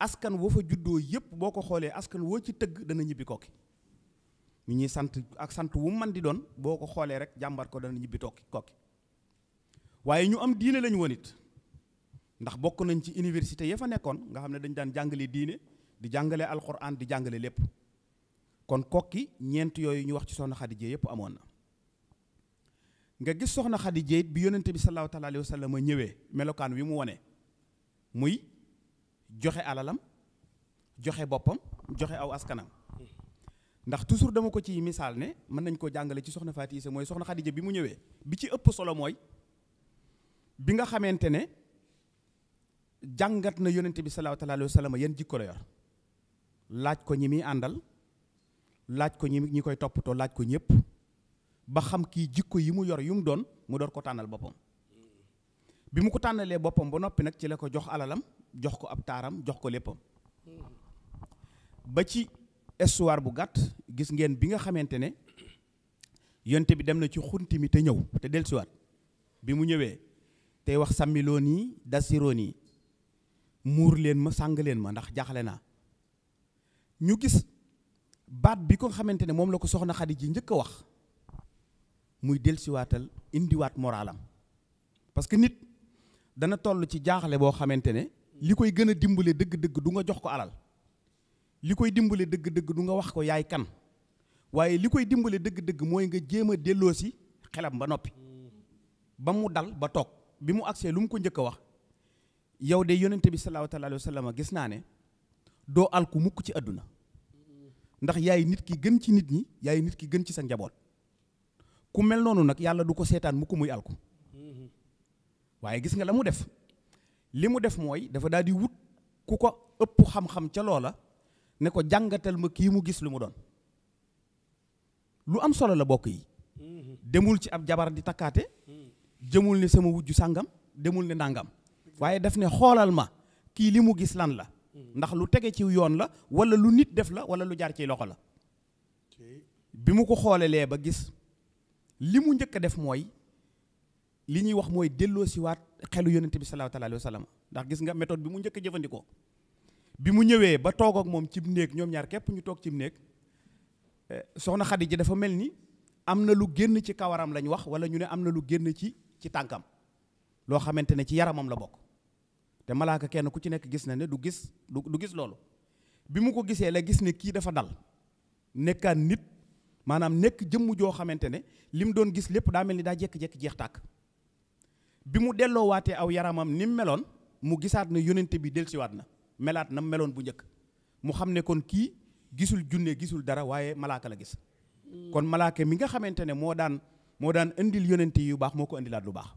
askan woo fa juddoo yëpp boo ko xoolee askan woo ci tëgg dana ñibbi kokki ñu ñuy sant ak sant wu man di doon boo ko xoolee rek jàmbar ko dana ñibbi tokki kokki waaye ñu am diine lañu woon it ndax bokk nañ ci université ya fa nekkoon nga xam ne dañ daan jàngale diine di jàngale alquran di jàngale lépp kon kokki ñeent yooyu ñu wax ci soxna xadijee yëpp amoon na nga gis soxna xadijee it bi yonente bi sallallahu taala alayhi wa ñëwee melokaan wi mu wone muy joxe alalam joxe boppam joxe aw askanam ndax toujours dama ko ciy misaal ne mën nañ koo jàngale ci soxna Faati Ise mooy soxna Xadija bi mu ñëwee bi ci ëpp solo mooy bi nga xamante ne jàngat na yonente bi sallallahu alayhi wa sallam yan jikko la yor laaj ko ñi muy àndal laaj ko ñi ñi koy toppatoo laaj ko ñëpp ba xam kii jikko yi mu yor yu mu doon mu door ko tànnal boppam bi mu ko tànnalee boppam ba noppi nag ci la ko jox alalam jox ko ab taaram jox ko léppam ba ci histoire bu gàtt gis ngeen bi nga xamante ne yonte bi dem na ci xunti mi te ñëw te dellusiwaat bi mu ñëwee tey wax sàmmiloo nii dasiroo nii muur leen ma sàng leen ma ndax jaaxle naa ñu gis baat bi ko xamante ne moom la ko soxna Xadi ji njëkk a wax muy dellusiwaatal indiwaat moraalam parce nit dana toll ci jaaxle boo xamante ne li koy gën a dimbale dëgg-dëgg du nga jox ko alal li koy dimbale dëgg-dëgg du nga wax ko yaay kan waaye li koy dimbale dëgg-dëgg mooy nga jéem a delloo si xelam ba noppi ba mu dal ba toog bi mu agsee lu mu ko njëkk a wax yow de yonente bi sallallahu alayhi wa sallam gis naa ne doo alku mukk ci àdduna ndax yaay nit ki gën ci nit ñi yaay nit ki gën ci sa njaboot ku mel noonu nag yàlla du ko seetaan mukk muy alku waaye gis nga la mu def li mu def mooy dafa daal di wut ku ko ëpp xam-xam ca loola ne ko jàngatal ma kii mu gis lu mu doon lu am solo la bokk yi demul ci ab jabar di takkaate jëmul ne sama wujju sàngam demul ne nàngam waaye daf ne xoolal ma kii li mu gis lan la ndax lu tege ci yoon la wala lu nit def la wala lu jaar ciy loxo la bi mu ko xoolelee ba gis li mu njëkk a def mooy li ñuy wax mooy delloo siwaat xelu yonent bi sallallahu alayhi wa sallam ndax gis nga méthode bi mu njëkk a jëfandikoo bi mu ñëwee ba toog ak moom cib néeg ñoom ñaar képp ñu toog cib néeg eh, soxna Xadija dafa mel ni am na lu génn ci kawaram lañu wax wala ñu ne am na lu génn ci ci tànkam loo xamante ne ci yaramam la bokk te malaaka kenn ku ci nekk gis na ne du gis du gis loolu bi mu ko gisee la gis ne kii dafa dal nekkaan nit maanaam nekk jëmm joo xamante ne li mu doon gis lépp daa mel ni daa jékki jeex tàkk bi mu delloowaatee aw yaramam ni meloon mu gisaat na yonent bi delsiwaat na melaat na meloon bu njëkk mu xam ne kon kii gisul junne gisul dara waaye malaaka la gis kon malaaka mi nga xamante ne moo daan moo daan indil yonent yu baax moo ko indilaat lu baax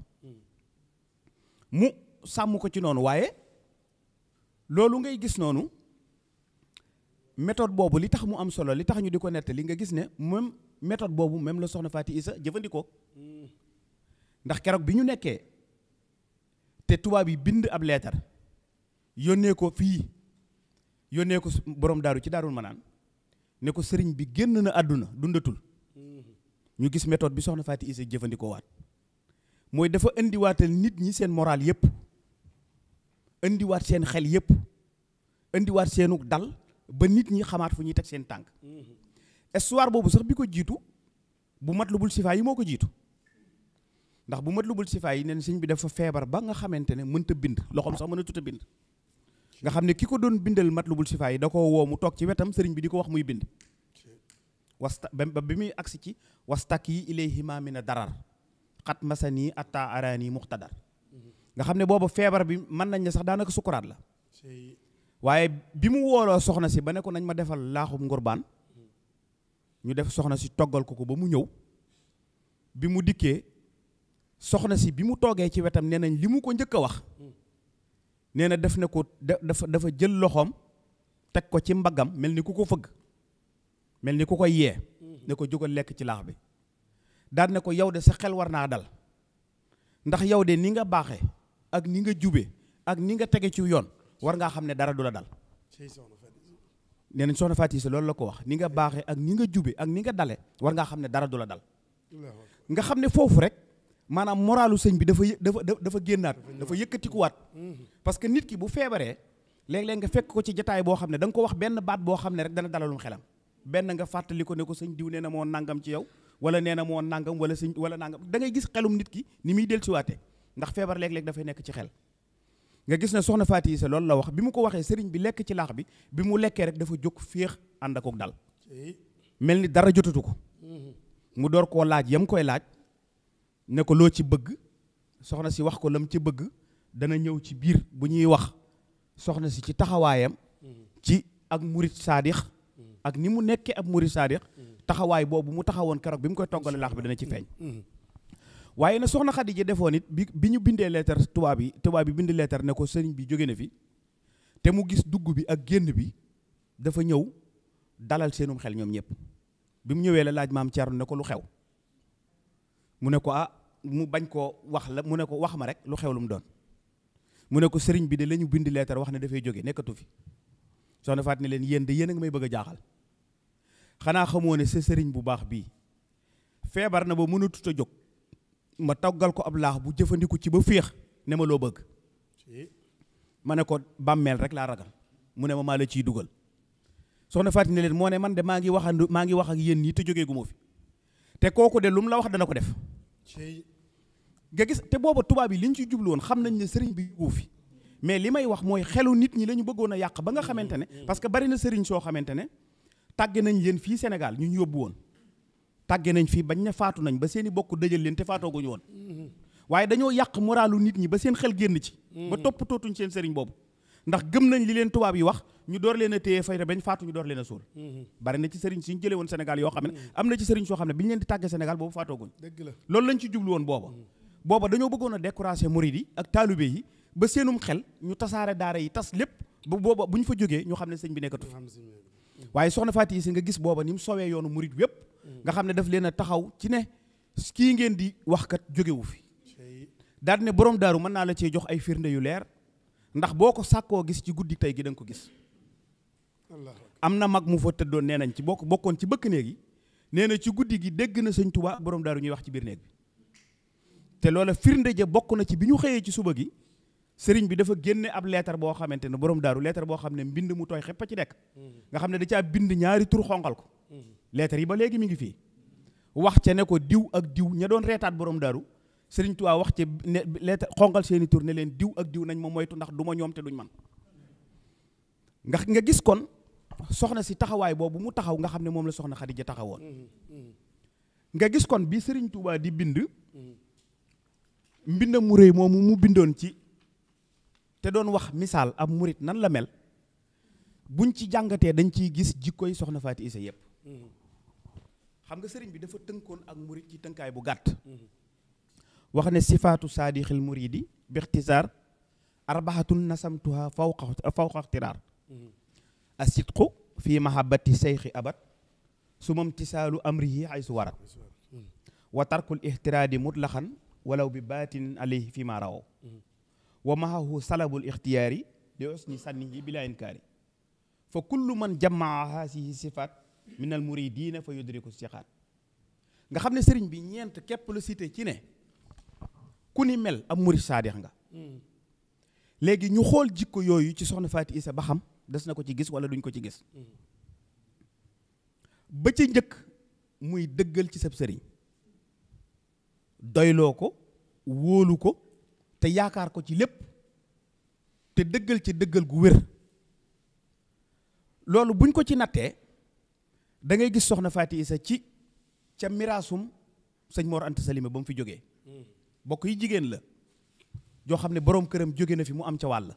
mu sàmm ko ci noonu waaye loolu ngay gis noonu méthode boobu li tax mu am solo li tax ñu di ko nettali nga gis ne même méthode boobu même la soxna Faati Isa jëfandikoo mm. ndax keroog bi ñu nekkee te tubaab yi bind ab leetar yónnee ko fii yónnee ko borom daaru ci daarul manaan ne ko sëriñ bi génn na àdduna dundatul ñu gis méthode bi soxna Faati Ise jëfandikoo waat mooy dafa indiwaatal nit ñi seen moral yëpp indiwaat seen xel yëpp indiwaat seenug dal ba nit ñi xamaat fu ñuy teg seen tànk mm-hmm. histoire boobu sax bi ko jiitu bu mat lu bul sifaa yi moo ko jiitu ndax bu mat lubul sifaay yi neen sëñ bi dafa feebar ba nga xamante ne mënta bind loxoom sax mën a tuta bind nga xam ne ki ko doon bindal mat bul sifaay yi da ko woo mu toog ci wetam sëriñ bi di ko wax muy bind wasta ba bi muy agsi ci wastak yi ilayhima na darar xat masani atta arani muxtadar nga xam ne booba feebar bi mën nañ ne sax daanaka sukuraat la waaye bi mu wooloo soxna si ba ne ko nañ ma defal laaxum ngurbaan ñu def soxna si toggal ko ko ba mu ñëw bi dikkee soxna si bi mu toogee ci wetam nee nañ li mu ko njëkk a wax nee na def na ko dafa dafa jël loxoom teg ko ci mbaggam mel ni ku ko fëgg mel ni ku ko yee ne ko jógal lekk ci laax bi daan ne ko yow de sa xel war naa dal ndax yow de ni nga baaxe ak ni nga jube ak ni nga tege ci yoon war ngaa xam ne dara du la dal nee nañ soxna Fatou Cissé loolu la ko wax ni nga baaxee ak ni nga jube ak ni nga dale war ngaa xam ne dara du la dal nga xam ne foofu rek maanaam moralu sëñ bi dafa dafa dafa génnaat dafa yëkkatikuwaat parce que nit ki bu feebaree léeg-léeg nga fekk ko ci jataay boo xam ne da nga ko wax benn baat boo xam ne rek dana dalalum xelam benn nga fàttali ko ne ko sëñ diw nee na moo nangam ci yow wala nee na moo nangam wala sëñ wala nangam dangay ngay gis xelum nit ki ni muy dellusiwaatee ndax feebar léeg-léeg dafay nekk ci xel nga gis ne soxna Faati Isa loolu la wax bi mu ko waxee sëriñ bi lekk ci laax bi bi mu lekkee dafa jóg féex ànd ak dal mel ni dara jotatu ko mm-hmm. mu door koo laaj yam koy laaj ne ko loo ci bëgg soxna si wax ko la mu ci bëgg dana ñëw ci biir bu ñuy wax soxna si ci taxawaayam ci ak murit saadix ak ni mu nekke ab murit saadix taxawaay boobu mu taxawoon keroog bi mu koy toggale laax bi dana ci feeñ waaye na soxna Xadija defoo it bi bi ñu bindee leetar tubaab yi tubaab bi bindi leetar ne ko sëriñ bi jóge na fi te mu gis dugg bi ak génn bi dafa ñëw dalal seenum xel ñoom ñëpp bi mu ñëwee la laaj maam Thierno ne ko lu xew mu mu bañ koo wax la mu ne ko wax ma rek lu xew lu mu doon mu ne ko sëriñ bi de la ñu bind leetar wax ne dafay jóge nekkatu fi soxna Faat ne leen yéen de yéen a may bëgg jaaxal xanaa xamoo ne sa sëriñ bu baax bii feebar na ba mënatut a jóg ma toggal ko ab laax bu jëfandiku ci ba féex ne ma loo bëgg ma ne ko bàmmeel rek laa ragal mu ne ma maa la ciy dugal soxna Faat ne leen moo ne man de maa ngi waxandu maa ngi wax ak yéen ñi te jógee fi te kooku de lu mu la wax dana ko def nga gis te booba tubaab yi li ñu ci jublu woon xam nañ ne sëriñ bi yóbbu fi mais li may wax mooy xelu nit ñi la ñu bëggoon a yàq ba nga xamante ne parce que bari na sëriñ soo xamante ne tàgge nañ leen fii Sénégal ñu yóbbu woon tàgge nañ fii bañ ne faatu ba seen bokk dëjal leen te faatooguñu woon waaye dañoo yàq moralu nit ñi ba seen xel génn ci ba toppatootuñ seen sëriñ boobu ndax gëm nañ li leen tubaab yi wax ñu door leen a téye fay te bañ faatu ñu door leen a suul bari na ci sëriñ suñu jëlee woon Sénégal yoo xam ne am na ci sëriñ soo xam ne bi ñu leen di tàgge Sénégal boobu faatooguñ loolu lañ ci jublu woon booba booba dañoo bëggoon a décourager murid yi ak taalibe yi ba seenum xel ñu tasaare daara yi tas lépp ba booba bu ñu fa jógee ñu xam ne sëñ bi nekkatu fi waaye soxna Faati yi nga gis booba ni mu soowee yoonu murid wépp nga xam ne daf leen a taxaw ci ne kii ngeen di wax kat jógewu fi daal ne borom daaru mën naa la cee jox ay firnde yu leer ndax boo ko sàkkoo gis ci guddi tey gi da ko gis am na mag mu fa tëddoon nee nañ ci bokk bokkoon ci bëkk néeg yi nee na ci guddi gi dégg na sëñ Tuubaa borom daaru ñuy wax ci biir néeg bi te loola firnde ja bokk na ci bi ñu xëyee ci suba gi sëriñ bi dafa génne ab leetar boo xamante ne borom daaru leetar boo xam ne mbind mu tooy xepp a ci nekk nga xam ne da caa bind ñaari tur xonqal ko leetar yi ba léegi mu ngi fii wax ca ne ko diw ak diw ña doon reetaat borom daaru sëriñ Tuubaa wax ca ne leetar xonqal seeni leen diw ak diw nañ ma moytu ndax du ma ñoom te duñ man nga gis kon soxna si taxawaay boobu mu taxaw nga xam ne moom la soxna Xadija taxawoon nga gis kon bi sëriñ Tuubaa di bind mbind mu réy moomu mu bindoon ci te doon wax misaal ab murit nan la mel buñ ci jàngatee dañ ciy gis jikkoy soxna Faati Isa yëpp xam nga sëriñ bi dafa tënkoon ak murit ci tënkaay bu gàtt wax ne sifaatu saadixil muridi bixtisaar arbaxatun nasamtuha fawqa fawqa ixtiraar asidqu fi mahabbati seyxi abad sumam tisaalu amrihi ay su warat wa tarkul ixtiraadi mutlaxan walaw bi baatin alayhi fi ma rawo wa mahahu salabul ixtiyaari li usni sànnihi bila inkaari fa kullu man jammaa haasihi sifaat min al muridina fa yudriku sixaat nga xam ne sëriñ bi ñeent képp lu cité ci ne ku ni mel ab murid saadix nga léegi ñu xool jikko yooyu ci soxna Faati Isa ba xam des na ko ci gis wala duñ ko ci gis ba ci njëkk muy dëggal ci sab sëriñ doyloo ko wóolu ko te yaakaar ko ci lépp te dëggal ci dëggal gu wér loolu buñ ko ci nattee dangay gis soxna Faati Isa ci ca miraasum sëñ Mor Anta Salima ba mu fi jógee bokk yi jigéen la joo xam ne boroom këram jóge na fi mu am ca wàll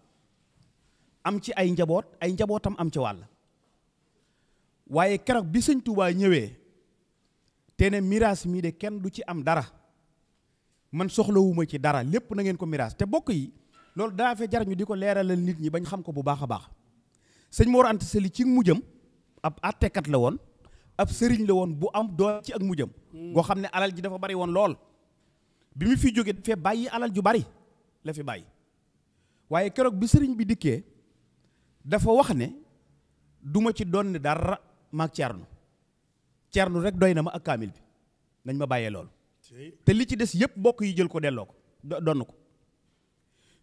am ci ay njaboot ay njabootam am ca wàll waaye keroog bi sëñ Tuubaa ñëwee te ne miraas mii de kenn du ci am dara man soxlawuma ci dara lépp nangeen ko miraas te bokk yi loolu daa fee jar di ko leeralal nit ñi bañ xam ko bu baax a baax sëñ Mor Anta Sali ci mujjam ab àttekat la woon ab sëriñ la woon bu am doo ci ak mujjam. Hmm. goo xam ne alal ji dafa bari woon lool. bi mu fi jógee fee bàyyi alal ju bari la fi bàyyi waaye keroog bi sëriñ bi dikkee dafa wax ne duma ci doon ne dara maag Ceerno Ceerno rek doy na ma ak kaamil bi nañ ma bàyyee lool. te li ci des yëpp bokk yi jël ko delloo ko donn ko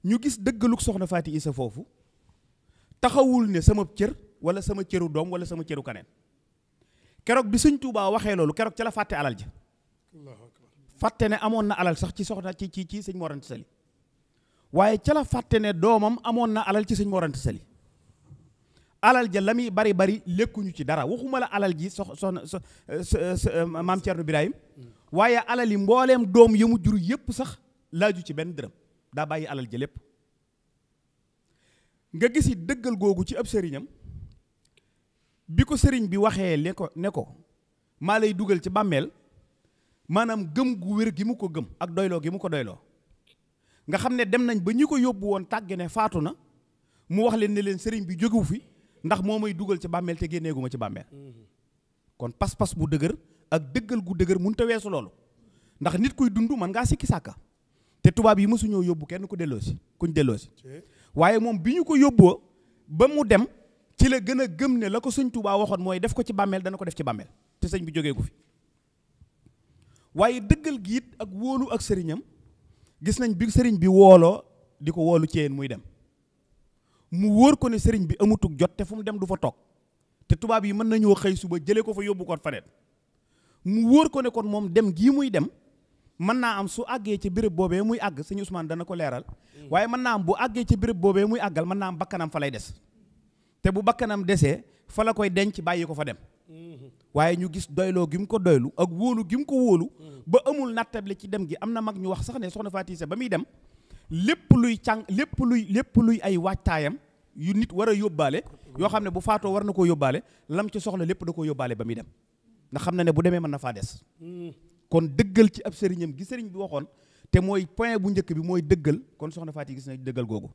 ñu gis dëggaluk soxna Faati Isa foofu taxawul ne sama cër wala sama cëru doom wala sama cëru kaneen keroog bi suñ Tuubaa waxee loolu keroog ca la fàtte alal ja fàtte ne amoon na alal sax ci soxna ci ci ci sëñ Mor Anta waaye ca la fàtte ne doomam amoon na alal ci sëñ Mor Anta Sali alal ja la bari bari lekkuñu ci dara waxuma la alal ji sox soxna maam Thierno Birahim waaye alal yi mbooleem doom yamu jur yépp sax laaju ci benn dërëm daa bàyyi alal ji lépp nga gisi dëggal googu ci ab sëriñam bi ko sëriñ bi waxee ne ko ne ko maa lay dugal ci bàmmeel maanaam gëm gu wér gi mu ko gëm ak doyloo gi mu ko doyloo nga xam ne dem nañ ba ñi ko yóbbu woon tàgge ne faatu na mu wax leen ne leen sëriñ bi jógewu fi ndax moo may dugal ci bàmmeel te génneeguma ci bàmmeel mm-hmm. kon pas-pas bu dëgër ak dëggal gu dëgër mënut a weesu loolu ndax nit kuy dund mën ngaa sikki sàkka te tubaab yi mësu yóbbu kenn ku delloosi kuñ delloosi waaye moom bi ñu ko yóbboo ba mu dem ci la gën a gëm ne la ko sëñ Tuubaa waxoon mooy def ko ci bàmmeel dana ko def ci bàmmeel te sëñ bi jógee gu fi waaye dëggal gi it ak wóolu ak sëriñam gis nañ bi sëriñ bi wooloo di ko woolu ceen muy dem mu wóor ko ne sëriñ bi amutug jot te fu mu dem du fa toog te tubaab yi mën nañoo xëy suba jëlee ko fa yóbbu ko faneen mu wóor ko ne kon moom dem gii muy dem mën naa am su àggee ci bërëb boobee muy àgg sëñ Ousmane dana ko leeral waaye mën naa am bu àggee ci béréb boobee muy àggal man naa am bakkanam fa lay des te bu bakkanam desee fa la koy denc bàyyi ko fa dem waaye ñu gis doyloo gi mu ko doylu ak wóolu gi ko wóolu ba amul la ci dem gi am na mag ñu wax sax ne soxna Fatise ba muy dem lépp luy càng lépp luy lépp luy ay waajtaayam yu nit war a yóbbaale yoo xam ne bu faatoo war na koo yóbbaale lam ci soxla lépp da koo yóbbaale ba muy dem ndax xam na ne bu demee man na faa des. Hmm. kon dëggal ci ab sëriñam gi sëriñ bi waxoon te mooy point bu njëkk bi mooy dëggal kon soxna faa Faati gis na dëggal googu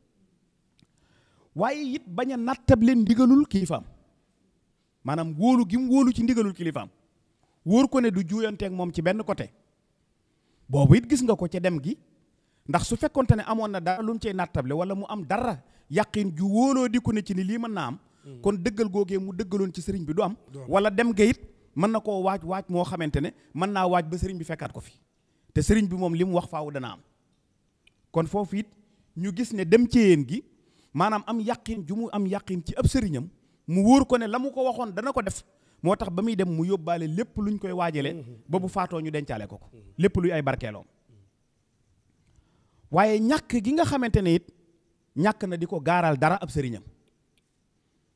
waaye it bañ a nattab leen ndigalul kilifaam maanaam wóolu gi mu wóolu ci ndigalul kilifaam wóor ko ne du juuyanteeg moom ci benn côté boobu it gis nga ko ci dem gi ndax su fekkonte ne amoon na dara lu mu cay wala mu am dara yàqin ju wóoloo di ko ne ci ni lii mën naa am. Hmm. kon dëggal googee mu dëggaloon ci sëriñ bi du am. wala dem ga mën na koo waaj waaj moo xamante ne mën naa waaj ba sëriñ bi fekkaat ko fi te sëriñ bi moom li mu wax faaw dana am kon foofu it ñu gis ne dem ci gi maanaam am yàqin ju mu am yàqin ci ab sëriñam mu wóor ko ne la mu ko waxoon dana ko def moo tax ba muy dem mu yóbbaale lépp luñ koy waajalee ba bu faatoo ñu dencaale ko ko lépp luy ay barkeeloom waaye ñàkk gi nga xamante ne it ñàkk na di ko gaaral dara ab sëriñam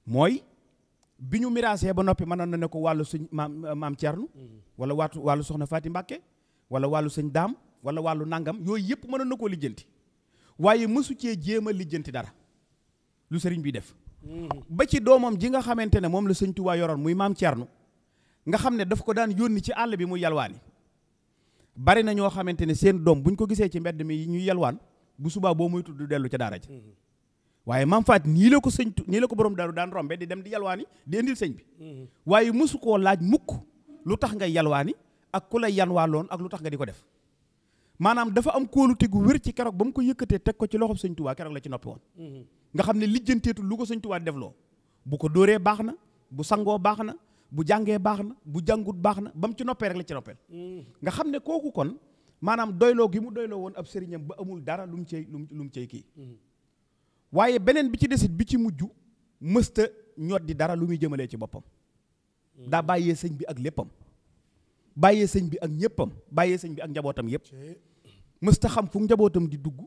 mooy bi ñu miraasee ba noppi mënoon na ne ko wàllu suñ maam euh, maam Thierno wala waatu wàllu soxna Faati Mbàkke wala wàllu sëñ daam wala wàllu nangam yooyu yëpp mënoon na koo lijjanti waaye mësu cee jéem a lijjanti dara lu sëriñ bi def ba ci doomam ji nga xamante ne moom la sëñ Tuubaa yoroon muy maam Thierno nga xam ne daf ko daan yónni ci àll bi muy yalwaani bari na ñoo xamante ne seen doom buñ ko gisee ci mbedd mi ñuy yalwaan bu subaa boo muy tudd dellu ca daara ja waaye maam faat nii la ko sëñ nii la ko borom daaru daan rombe di dem di yalwaani di indil sëñ bi mm-hmm. waaye mosu koo laaj mukk lu tax nga yalwaani ak ku lay yanwaaloon ak lu tax nga di ko def maanaam dafa am kóolute gu wér ci keroog ba mu ko yëkkatee teg ko ci loxob sëñ tubaa keroog la ci noppi woon mm-hmm. nga xam ne lijjanteetu lu ko sëñ tubaa def loo bu ko dóoree baax na bu sangoo baax na bu jàngee baax na bu jàngut baax na ba mu ci noppee rek la ci noppeel mm-hmm. nga xam ne kooku kon maanaam doyloo gi mu doyloo woon ab sëriñam ba amul dara lu mu cey lu mu cey kii waaye beneen bi ci desit bi ci mujj mësta ñot di dara lu muy jëmalee ci boppam hmm. daa bàyyee sëñ bi ak léppam bàyyee sëñ bi ak ñëppam bàyyee sëñ bi ak njabootam yëpp mësta xam fu njabootam di dugg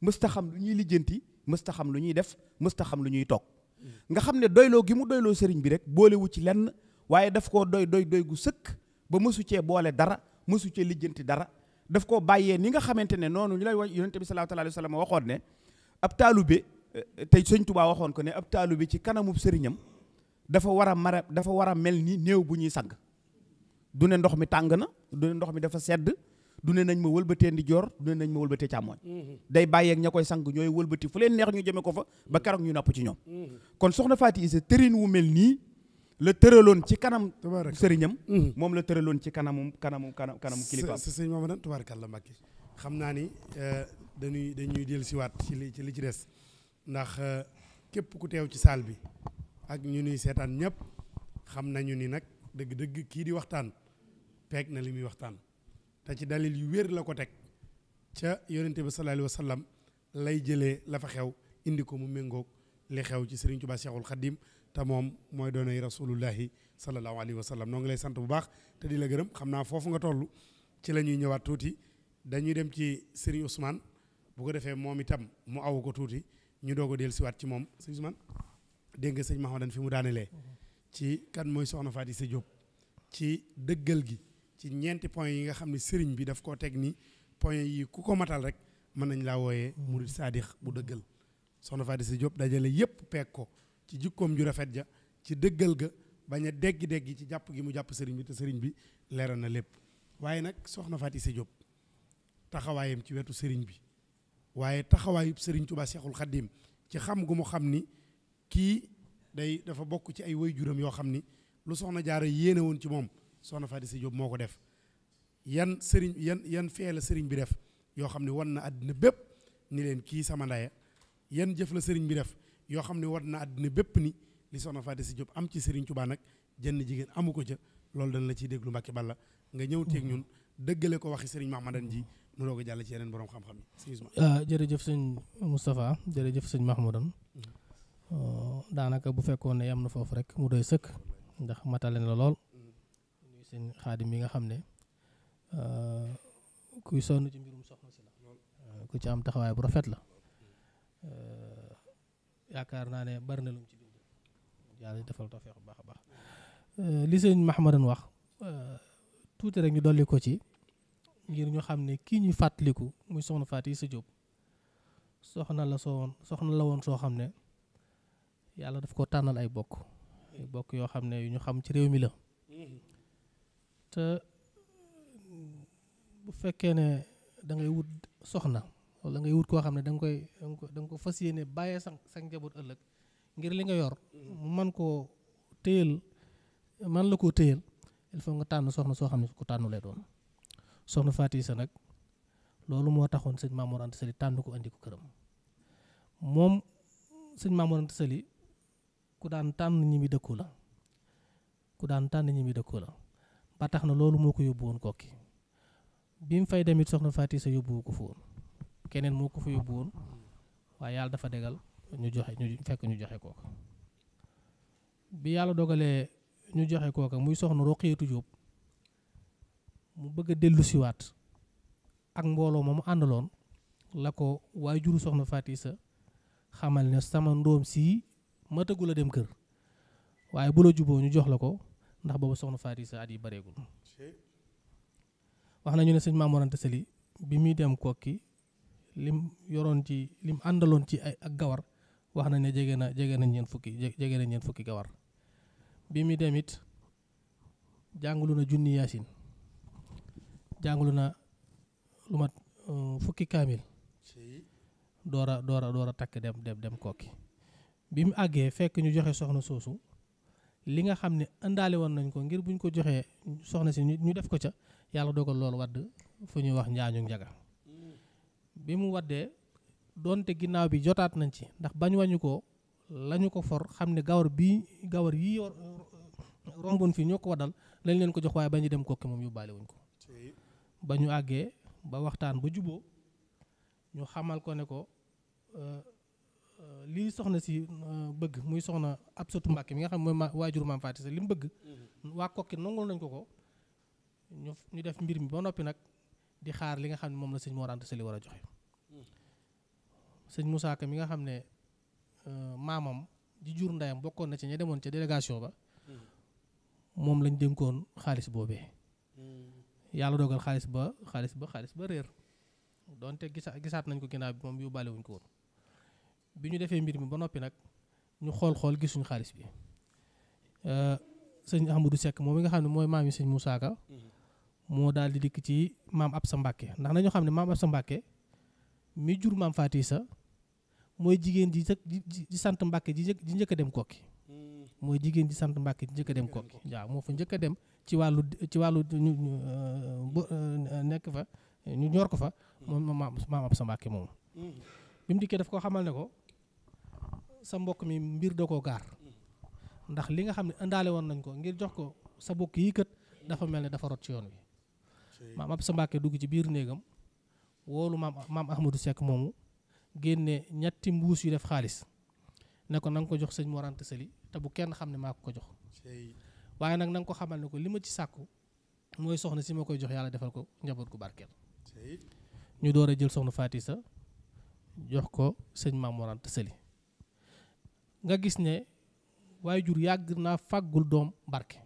mësta xam lu ñuy lijjanti mësta xam lu ñuy def mësta xam lu ñuy toog hmm. nga xam ne doyloo gi mu doyloo sëriñ bi rek boolewu ci lenn waaye daf koo doy doy doy gu sëkk ba mësu cee boole dara mësu cee lijjanti dara daf koo bàyyee ni nga xamante ne noonu ñu lay wax yonente bi sallallahu alayhi wa sallam waxoon ne ab taalube tey sëñ Touba waxoon ko ne ab taalu bi ci kanamub sëriñam dafa war a mara dafa war a mel nii néew bu ñuy sang du ne ndox mi tàng na du ndox mi dafa sedd du ne nañ ma wëlbatee ndi joor du nañ ma wëlbatee càmmooñ mm-hmm. day bàyyeek ña koy sang ñooy wëlbati fu leen neex ñu jëme ko fa ba mm-hmm. keroog ñu napp ci ñoom mm-hmm. kon soxna Faati Isa tërin wu mel nii la tëraloon ci kanam sëriñam moom la tëraloon ci kanamum kanamum kanam kanamu kilifaam sëñ Mamadou tubaarkalla Mbàkke xam naa ni euh, dañuy dañuy dellu siwaat ci li ci li ci des ndax euh, képp ku teew ci saal bi ak ñu nuy seetaan ñëpp xam nañu ni nag dëgg-dëgg kii di waxtaan peeg na li muy waxtaan te ci dalil yu wéer la ko teg ca yonente bi sallallahu alayhi wa lay jëlee la fa xew indi ko mu méngook li xew ci Serigne Touba Cheikhul Khadim te moom mooy doonay rasulullahi sallallahu alayhi wa sallam noo ngi lay sant bu baax te di la gërëm xam naa foofu nga toll ci la ñuy ñëwaat tuuti dañuy dem ci Serigne Ousmane bu ko defee moom itam tuuti ñu doog a dellusiwaat ci moom sëñ Ousmane dégg nga sëñ Mahamadan fi mu daaneele ci kan mooy soxna Faty Isseu Diop ci dëggal gi ci ñeenti point yi nga xam ne sëriñ bi daf koo teg ni point yi ku ko matal rek mën nañ laa wooyee murid saadix bu dëggal soxna Faty Isseu Diop dajale yépp peeg ko ci jikkoom ju rafet ja ci dëggal ga bañ a dégg-dégg ci jàpp gi mu jàpp sëriñ bi te sëriñ bi leeral na lépp waaye nag soxna Faty Isseu Diop taxawaayam ci wetu sëriñ bi waaye taxawaay taxawaayub Serigne Touba Cheikhul Khadim ci xam gu mu xam ni kii day dafa bokk ci ay waajuram yoo xam ni lu soxna jaaro yéene woon ci moom soxna Faty Sy Diop moo ko def yan sëriñ yan yan fee la sëriñ bi def yoo xam ne wan na àddina bépp ni leen kii sama ndaya yan jëf la sëriñ bi def yoo xam ne wan na àddina bépp ni li soxna Faty Sy Diop am ci sëriñ Tuubaa nag jenn jigéen amu ko ca loolu dañ la ciy déglu Mbàkke Balla nga ñëw teeg ñun dëggale ko waxi sëriñ Mahmadan jii mu doog a jàll ci yeneen borom xam-xam yi. Euh, jërëjëf sëñ Moustapha euh, daanaka bu fekkoon ne yam na foofu rek mu doy sëkk ndax matale na lool nuyu sëñ xaadim yi nga xam ne euh, kuy sonn ci mbirum soxna si la ku ci am taxawaay bu rafet la yaakaar naa ne bari na lu mu ci bind yàlla defal tawfeex bu baax a baax li sëñ Mahmoudan wax tuuti rek ñu dolli ko ci. ngir ñu xam ne kii ñuy fàttaliku muy soxna Faty sa Diop soxna la soo woon soxna la woon soo xam ne yàlla daf ko tànnal ay bokk ay bokk yoo xam ne yu ñu xam ci réew mi la te bu fekkee ne dangay wut soxna wala ngay wut koo xam ne da koy da nga ko fas yéene bàyyee sa sa njaboot ëllëg ngir li nga yor mu man koo téyal man la koo téyal il nga tànn soxna soo xam ne ko tànnulee doon soxna Faati sa nag loolu moo taxoon sëñ Mamour Anta Sali tànn ko andi ko këram moom sëñ Mamour Anta Sali ku daan tànn ñi mi dëkku la ku daan tànn ñi mi dëkku la ba tax na loolu moo ko yóbbu woon kokki bi mu fay demit soxna Faati sa yóbbuwu ko fa woon keneen moo ko fa yóbbu woon waaye yàlla dafa degal ñu joxe ñu fekk ñu joxe kooka bi yàlla dogalee ñu joxe kooka muy soxna Roqiyatu Jóob mu bëgg a dellu ak mbooloo ma mu àndaloon la ko waaye juru soxna Faty sa xamal ne sama ndoom sii matagul a dem kër waaye bu la juboo ñu jox la ko ndax boobu soxna Faty Issa at yi bareegul wax nañu ne sëñ Maam Mor Anta bi muy dem kokki lim yoroon ci lim àndaloon ci ay ak gawar wax na ne jege na jege nañ ñeen fukki jege na ñeen fukki gawar bi muy dem it jàngalu na junni yaasin jàngalu naa lu mat euh, fukki kaamil door a door door a takk dem dem dem kokki bi mu àggee fekk ñu joxe soxna soosu li nga xam ne indaale woon nañ ko ngir buñ ko joxee soxna si ñu def ko ca yàlla dogal loolu wadd fu ñuy wax njaañu njaga mm. bi mu waddee doonte ginnaaw bi jotaat nañ ci ndax bañ wañu ko lañu ko for xam ne gawar bii gawar yi euh, romboon fii ñoo ko waddal lañ leen ko jox waaye bañu dem kokki moom yóbbaale wuñ ko ba ñu àggee ba waxtaan ba juboo ñu xamal ko ne ko euh, euh, lii soxna si euh, bëgg muy soxna Absatu Mbàkke mi nga xam mooy waajur maam Faati li mu bëgg mm-hmm. waa kokki nañ ko ko ñu ñu def mbir mi ba noppi nag di xaar li nga xam ne moom sëñ Mor Anta war a joxe mm-hmm. sëñ Ka mi nga xam ne maamam di jur ndeyam bokkoon na ci ña demoon ca délégation ba mm-hmm. moom lañ dénkoon xaalis boobee yàlla dogal xaalis ba xaalis ba xaalis ba réer donte gisa gisaat nañ ko ginnaaw bi moom yóbbaale wuñ ko bi ñu defee mbir mi ba noppi nag ñu xool-xool gisuñ xaalis bi euh, sëñ du sekk moom mi nga xam ne mooy maam yi sëñ Moussa Ka mm-hmm. moo daal di dikk ci maam sa Mbàkke ndax nañu xam ne maam sa Mbàkke mi jur maam Faati sa mooy jigéen ji di sant Mbàkke ji njëkk a dem kokki mooy jigéen ji sant Mbàkke njëkk dem kokki waaw moo fa njëkk dem ci wàllu ci wàllu ñu euh, euh, nekk fa ñu ñor ko fa moom maam maam ab sa Mbàkke moom bi koo xamal ne ko mbokk mi mbir da koo gaar li nga xam ne indaale woon nañ ko ngir jox ko sa bokk yi kat mel ne dafa ci yoon wi maam dugg ci biir néegam woolu maam maam Ahmadou Seck moomu génne ñetti mbuus yu def xaalis ne ko na ko jox sëñ Morante Sali te bu kenn xam ne maa ko ko jox waaye nag na ko xamal ne ko li ma ci sàkku mooy soxna si ma koy jox yàlla defal ko njaboot gu barkeel ñu door a jël soxna Faati sa jox ko sëñ Mamour Anta Sali nga gis ne waaye jur yàgg naa fàggul doom barke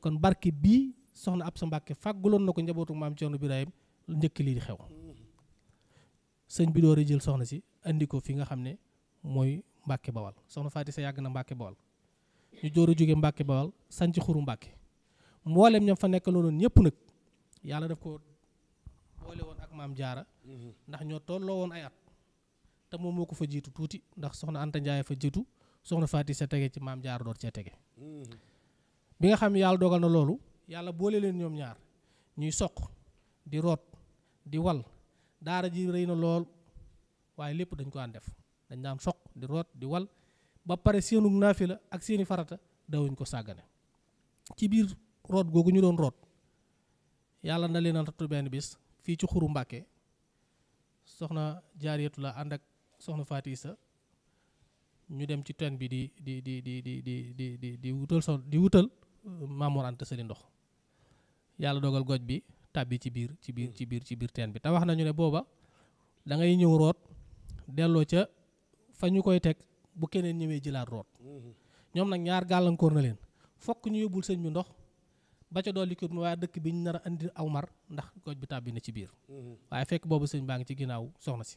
kon barke bii soxna sa Mbàkke fàgguloon na ko njabootu maam Cerno Birahim njëkk lii di xew mm-hmm. sëñ bi door jël soxna si indi ko fi nga xam ne mooy Mbacke Bawal soxna Faati Sey yàgg na Mbacke Bawal ñu jóoru jóge Mbacke Bawal sanc xuru Mbacke mboolem ñam fa nekk loolu ñëpp nag yàlla def ko boole woon ak maam jaara mhm. ndax ñoo tolloo woon ay at te moom moo ko fa jiitu tuuti ndax soxna Anta njaay fa jiitu soxna Faati sa tege ci maam jaara door cee tege mhm. bi nga xam yàlla dogal na loolu yàlla boole leen ñoom ñaar ñuy soq di root di wal daara ji rëy na lool waaye lépp dañ ko an def dañ daan soq di root di wal ba pare seenu la ak seeni farata dawuñ ko sàggane ci biir root googu ñu doon root yàlla na leen a nattu benn bis fii ci xuru Mbàkke soxna jaariyatu la ànd ak soxna Fatisa ñu dem ci teen bi di di di di di di di di di wutal so di wutal euh, Mamour Anta Sali ndox yàlla dogal goj bi tàbbi ci biir ci biir ci biir ci biir teen bi te wax nañu ne booba da ñëw root delloo ca fa ñu koy teg bu keneen ñëwee jëlaat root ñoom nag ñaar gàllankoor na leen fokk ñu yóbbul sëñ bi ndox ba ca dolli kër waaye dëkk bi ñu nar a indi aw mar ndax goj bi tàbbi na ci biir waaye fekk boobu sëñ baa ngi ci ginnaaw soxna si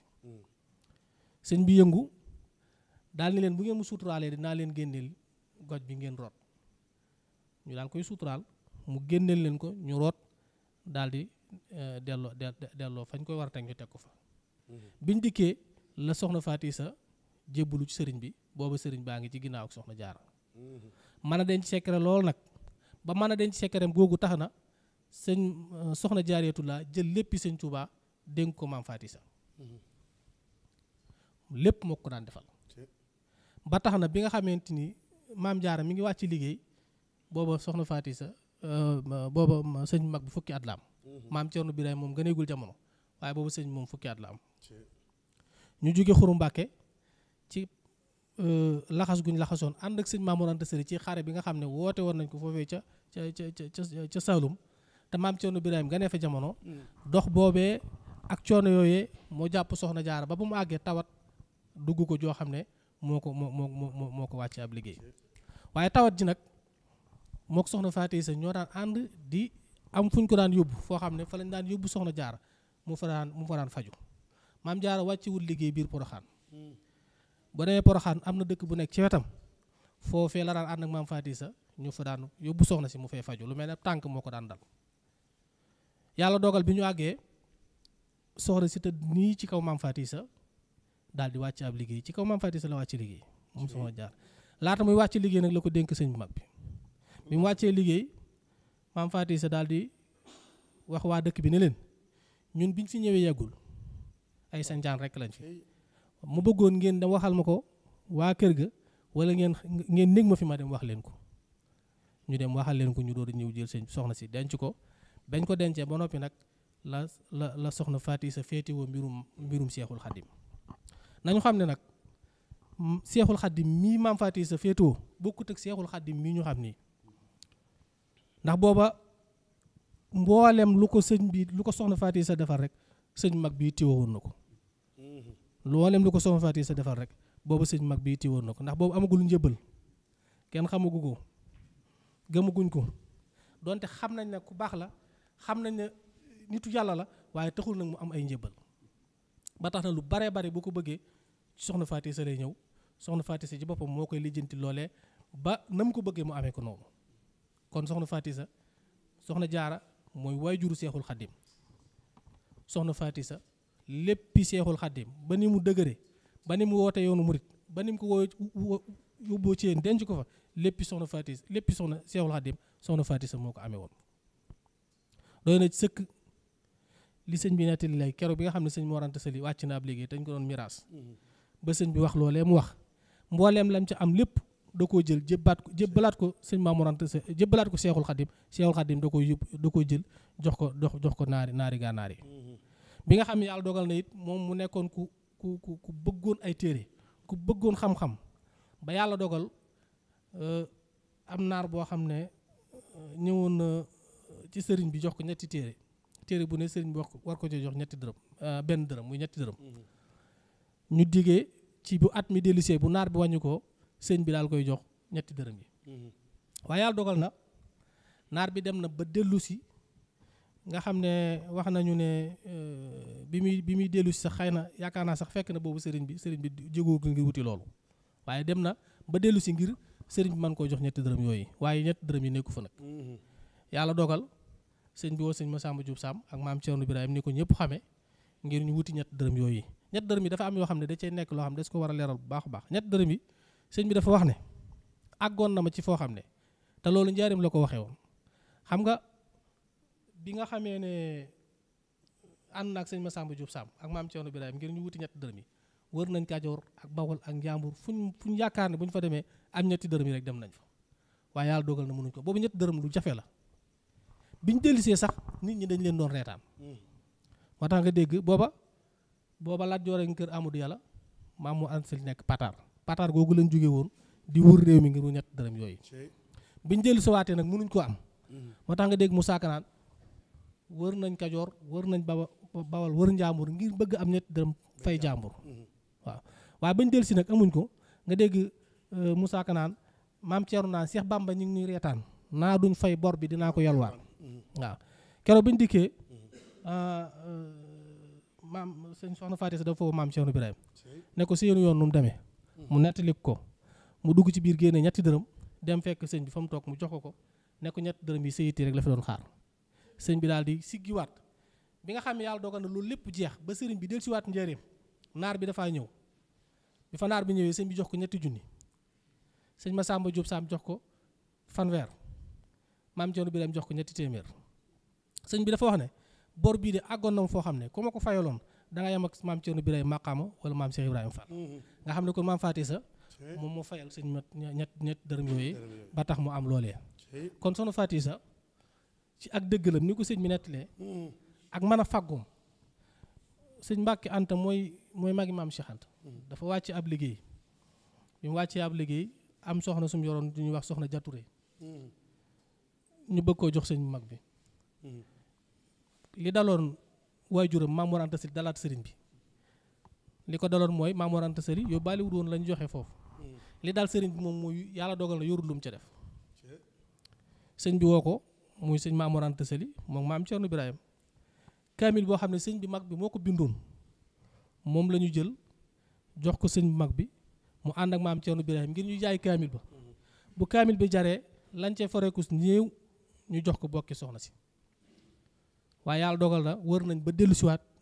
sëñ bi yëngu dal ni leen bu ngeen mu suuturaalee dinaa leen génneel goj bi ngeen root ñu daal koy suuturaal mu génneel leen ko ñu root daal di euh, delloo delloo fañ koy war a teg ñu teg ko fa mm-hmm. biñ dikkee la soxna Faati sa jébbalu ci sëriñ bi booba sëriñ baa ngi ci ginnaaw ak soxna jaara mm-hmm. mën a denc secret lool nag ba mën a denc secretam googu tax na sëñ euh, soxna laa jël léppi sëñ Tuubaa dénk ko maam Faati sa mm-hmm. lépp moo ko daan defal ba tax na bi nga xamante ni maam jaara mi ngi wàcc liggéey booba soxna Faati sa euh, euh, booba sëñ mag bu fukki at la am mm-hmm. maam Cerno Biraay moom gëneegul jamono waaye booba sëñ moom fukki at la am ñu jóge Xuru ci euh, laxas guñ laxasoon ànd ak sëñ Mamour Anta Sali ci xare bi nga xam ne woote woon nañ ko foofee ca ca ca ca Saloum te maam Thierno Birahim nga nee fa jamono. Mm. dox boobee ak coono yooyee moo jàpp soxna jaara ba bu mu àggee tawat dugg ko joo xam ne moo ko moo moo moo ko wàccee ab liggéey waaye tawat ji nag moo ko soxna Fatou sa ñoo daan ànd di am fu ñu ko daan yóbbu foo xam ne fa lañ daan yóbbu soxna jaara mu fa daan mu fa daan faju maam jaara wàccewul liggéey ba demee Poroxaan am na dëkk bu nekk ci wetam foofee la daan ànd ak maam Fatisa ñu fa daan yóbbu soxna si mu fay faju lu mel ne tànk moo ko daan dal yàlla dogal bi ñu àggee soxna si tëdd nii ci kaw maam Fatisa daal di wàcc ab liggéey ci kaw maam Fatisa la wàcc liggéey moom sama jaar laata muy wàcc liggéey nag la ko dénk sëñ mag bi mu wàccee liggéey maam Fatisa daal di wax waa dëkk bi ne leen ñun biñ fi ñëwee yeggul ay sanjaan rek lañ ma bëggoon ngeen dem waxal ma ko waa kër ga wala ngeen ngeen nég ma fi ma dem wax leen ko ñu dem waxal leen ko ñu door a ñëw jël seen soxna si denc ko bañ ko dencee ba noppi nag la la la soxna Faati sa féetewoo mbirum mbirum seexul xaddim xam ne nag seexul xaddim mii maam sa féetewoo bokkut ak seexul xaddim mii ñu xam nii ndax booba mboolem lu ko sëñ bi lu ko soxna Faati sa defar rek sëñ mag bi téewoon na ko lu looleem lu ko soxna Faati sa defal rek boobu sëñ mag bi tiwoon na ko ndax boobu amagul njëbal kenn xamagu ko gëmaguñ ko donte xam nañ ne ku baax la xam nañ ne nitu yàlla la waaye taxul nag mu am ay njëbal ba tax na lu baree bare bu ko bëggee soxna Faati sa lay ñëw soxna Faati sa ci boppam moo koy lijjanti loole ba nam ko bëggee mu amee ko noonu kon soxna Faati sa soxna jaara mooy waajuru seexul xaddim soxna Faati sa léppi seexul xaddim ba ni mu dëgëre ba ni mu woote yoonu murit ba ni mu ko woo yóbboo ci yéen denc ko fa lépp soxna fatis léppi soxna seexul xaddim soxna fatis moo ko amee woon doy na sëkk li sëñ bi nettali lay keroog bi nga xam ne sëñ Mor Anta Sali wàcc na ab liggéey dañ ko doon miraas mm-hmm. ba sëñ bi wax loolee mu wax mbooleem lañ ci am lépp da koo jël jëbbaat ko jëbbalaat ko sëñ Maam Mor Anta ko seexul xaddim seexul xaddim da koo yóbbu da koo jël jox ko jox jox ko naari bi nga xam ne dogal na it moom mu nekkoon ku ku ku bëggoon ay téere ku bëggoon xam-xam ba yàlla dogal euh, am naar boo xam ne euh, ñëwoon na euh, ci sëriñ bi jox ko ñetti téere téere bu ne sëriñ bi wax war ko jox ñetti dërëm benn dërëm muy ñetti dërëm mhm. ñu digee ci bu at mi dellusee bu naar bi wàññi ko sëñ bi daal koy jox ñetti dërëm yi mhm. waaye yàlla dogal na naar bi dem na ba dellusi nga xam ne wax nañu ne euh, bi muy bi muy dellu si sax xëy na yaakaar naa sax fekk na boobu sëriñ bi sëriñ bi jégoo ko ngir wuti loolu waaye dem na ba dellu si ngir sëriñ bi mën koo jox ñetti dërëm yooyu waaye ñetti dërëm yi nekku fa nag mm-hmm. yàlla dogal sëñ bi woo sëñ Massamba Diop Samb ak maam Thierno Birahim ni ko ñëpp xamee ngir ñu wuti ñetti dërëm yooyu ñetti dërëm yi dafa am yoo xam ne da cay nekk loo xam ne des ko war a leeral bu baax a baax ñetti dërëm yi sëñ bi dafa wax ne àggoon na ma ci foo xam ne te loolu njaarim la ko waxee woon bi nga xamee ne ànd naag ma Massamba Diop Samb ak maam Thierno am ngir ñu wuti ñett dërëm yi wër nañ kaa Kajoor ak Bawol ak Njàmbur fu fuñ yaakaar ne bu ñu fa demee am ñetti dërëm yi rek dem nañ fa waaye yàlla dogal na mënuñ ko boobu ñetti dërëm lu jafe la biñ dellisee sax nit ñi dañ leen doon moo tax nga dégg booba booba laaj joore kër Amadou yàlla maam mu ansel nekk patar patar googu lañ jóge woon di wër réew mi ngir ñetti dërëm yooyu biñ dellisewaatee nag mënuñ ko am mm-hmm. wër nañ kajoor wër nañ baba bawal wër njaambur ngir bëgg am ñetti dërëm fay jaambur mm-hmm. waaw waaye bañ dellu si nag amuñ ko nga dégg euh, Moussa Kanaan maam Thierno naan Cheikh Bamba ñu ngi ñuy reetaan naa duñ fay bor bi dinaa ko yalwaan mm-hmm. waaw keroog bañ dikkee mm-hmm. ah, euh, maam sëñ soxna Faati sa dafa foofu maam Thierno Birahim ne ko seen yoon nu mu demee mu nettali ko mu dugg ci biir génne ñetti dërëm dem fekk sëñ bi fa mu toog mu jox ko ko ne ko ñetti dërëm yi sa rek la fi doon xaar sëñ bi daal di siggiwaat bi nga xam ne yàlla na loolu lépp jeex ba sëriñ bi del siwaat njëriñ naar bi dafaa ñëw bi fa bi ñëwee sëñ bi jox ko ñetti junni sëñ ma Samba Diop Samb jox ko fanweer maam Thierno Birame jox ko ñetti téeméer sëñ bi dafa wax ne bor bii de àggoon na foo xam ne ku ma ko fayaloon da nga yem ak maam Thierno Birame maqaama wala maam Cheikh Ibrahima Fall. Mm-hmm. nga xam ne kon maam Faati sa moom moo fayal sëñ ma ñett ñett dërëm yooyu ba tax mu am loolee. kon sonu Faati sa ci ak dëggalam ni ko sëñ bi nettalee hmm. ak mën a fàggum sëñ Mbàkke Anta mooy mooy magi maam Anta hmm. dafa wàcce ab liggéey bi wàccee ab liggéey am soxna sum yoroon du ñuy wax soxna jature hmm. ñu bëgg koo jox sëñ mag bi li daloon waajuram Maam Mor Anta Sali dalaat sëriñ bi li ko daloon mooy Maam Mor Anta Sali yóbbaale wut woon la joxe foofu li dal sëriñ bi moom mooy yàlla dogal na yorul lu mu ca def sëñ bi woo ko muy sëñ Maam Mor moo Sali moom maam Cerno Ibrahima kaamil boo xam ne sëñ bi mag bi moo ko bindoon moom lañu ñu jël jox ko sëñ bi mag bi mu ànd ak maam Cerno Ibrahima ngir ñu jaay kaamil ba bu kaamil bi jaree lañ cee fareekus néew ñu jox ko bokki soxna si waaye yàlla dogal na wër nañ ba dellu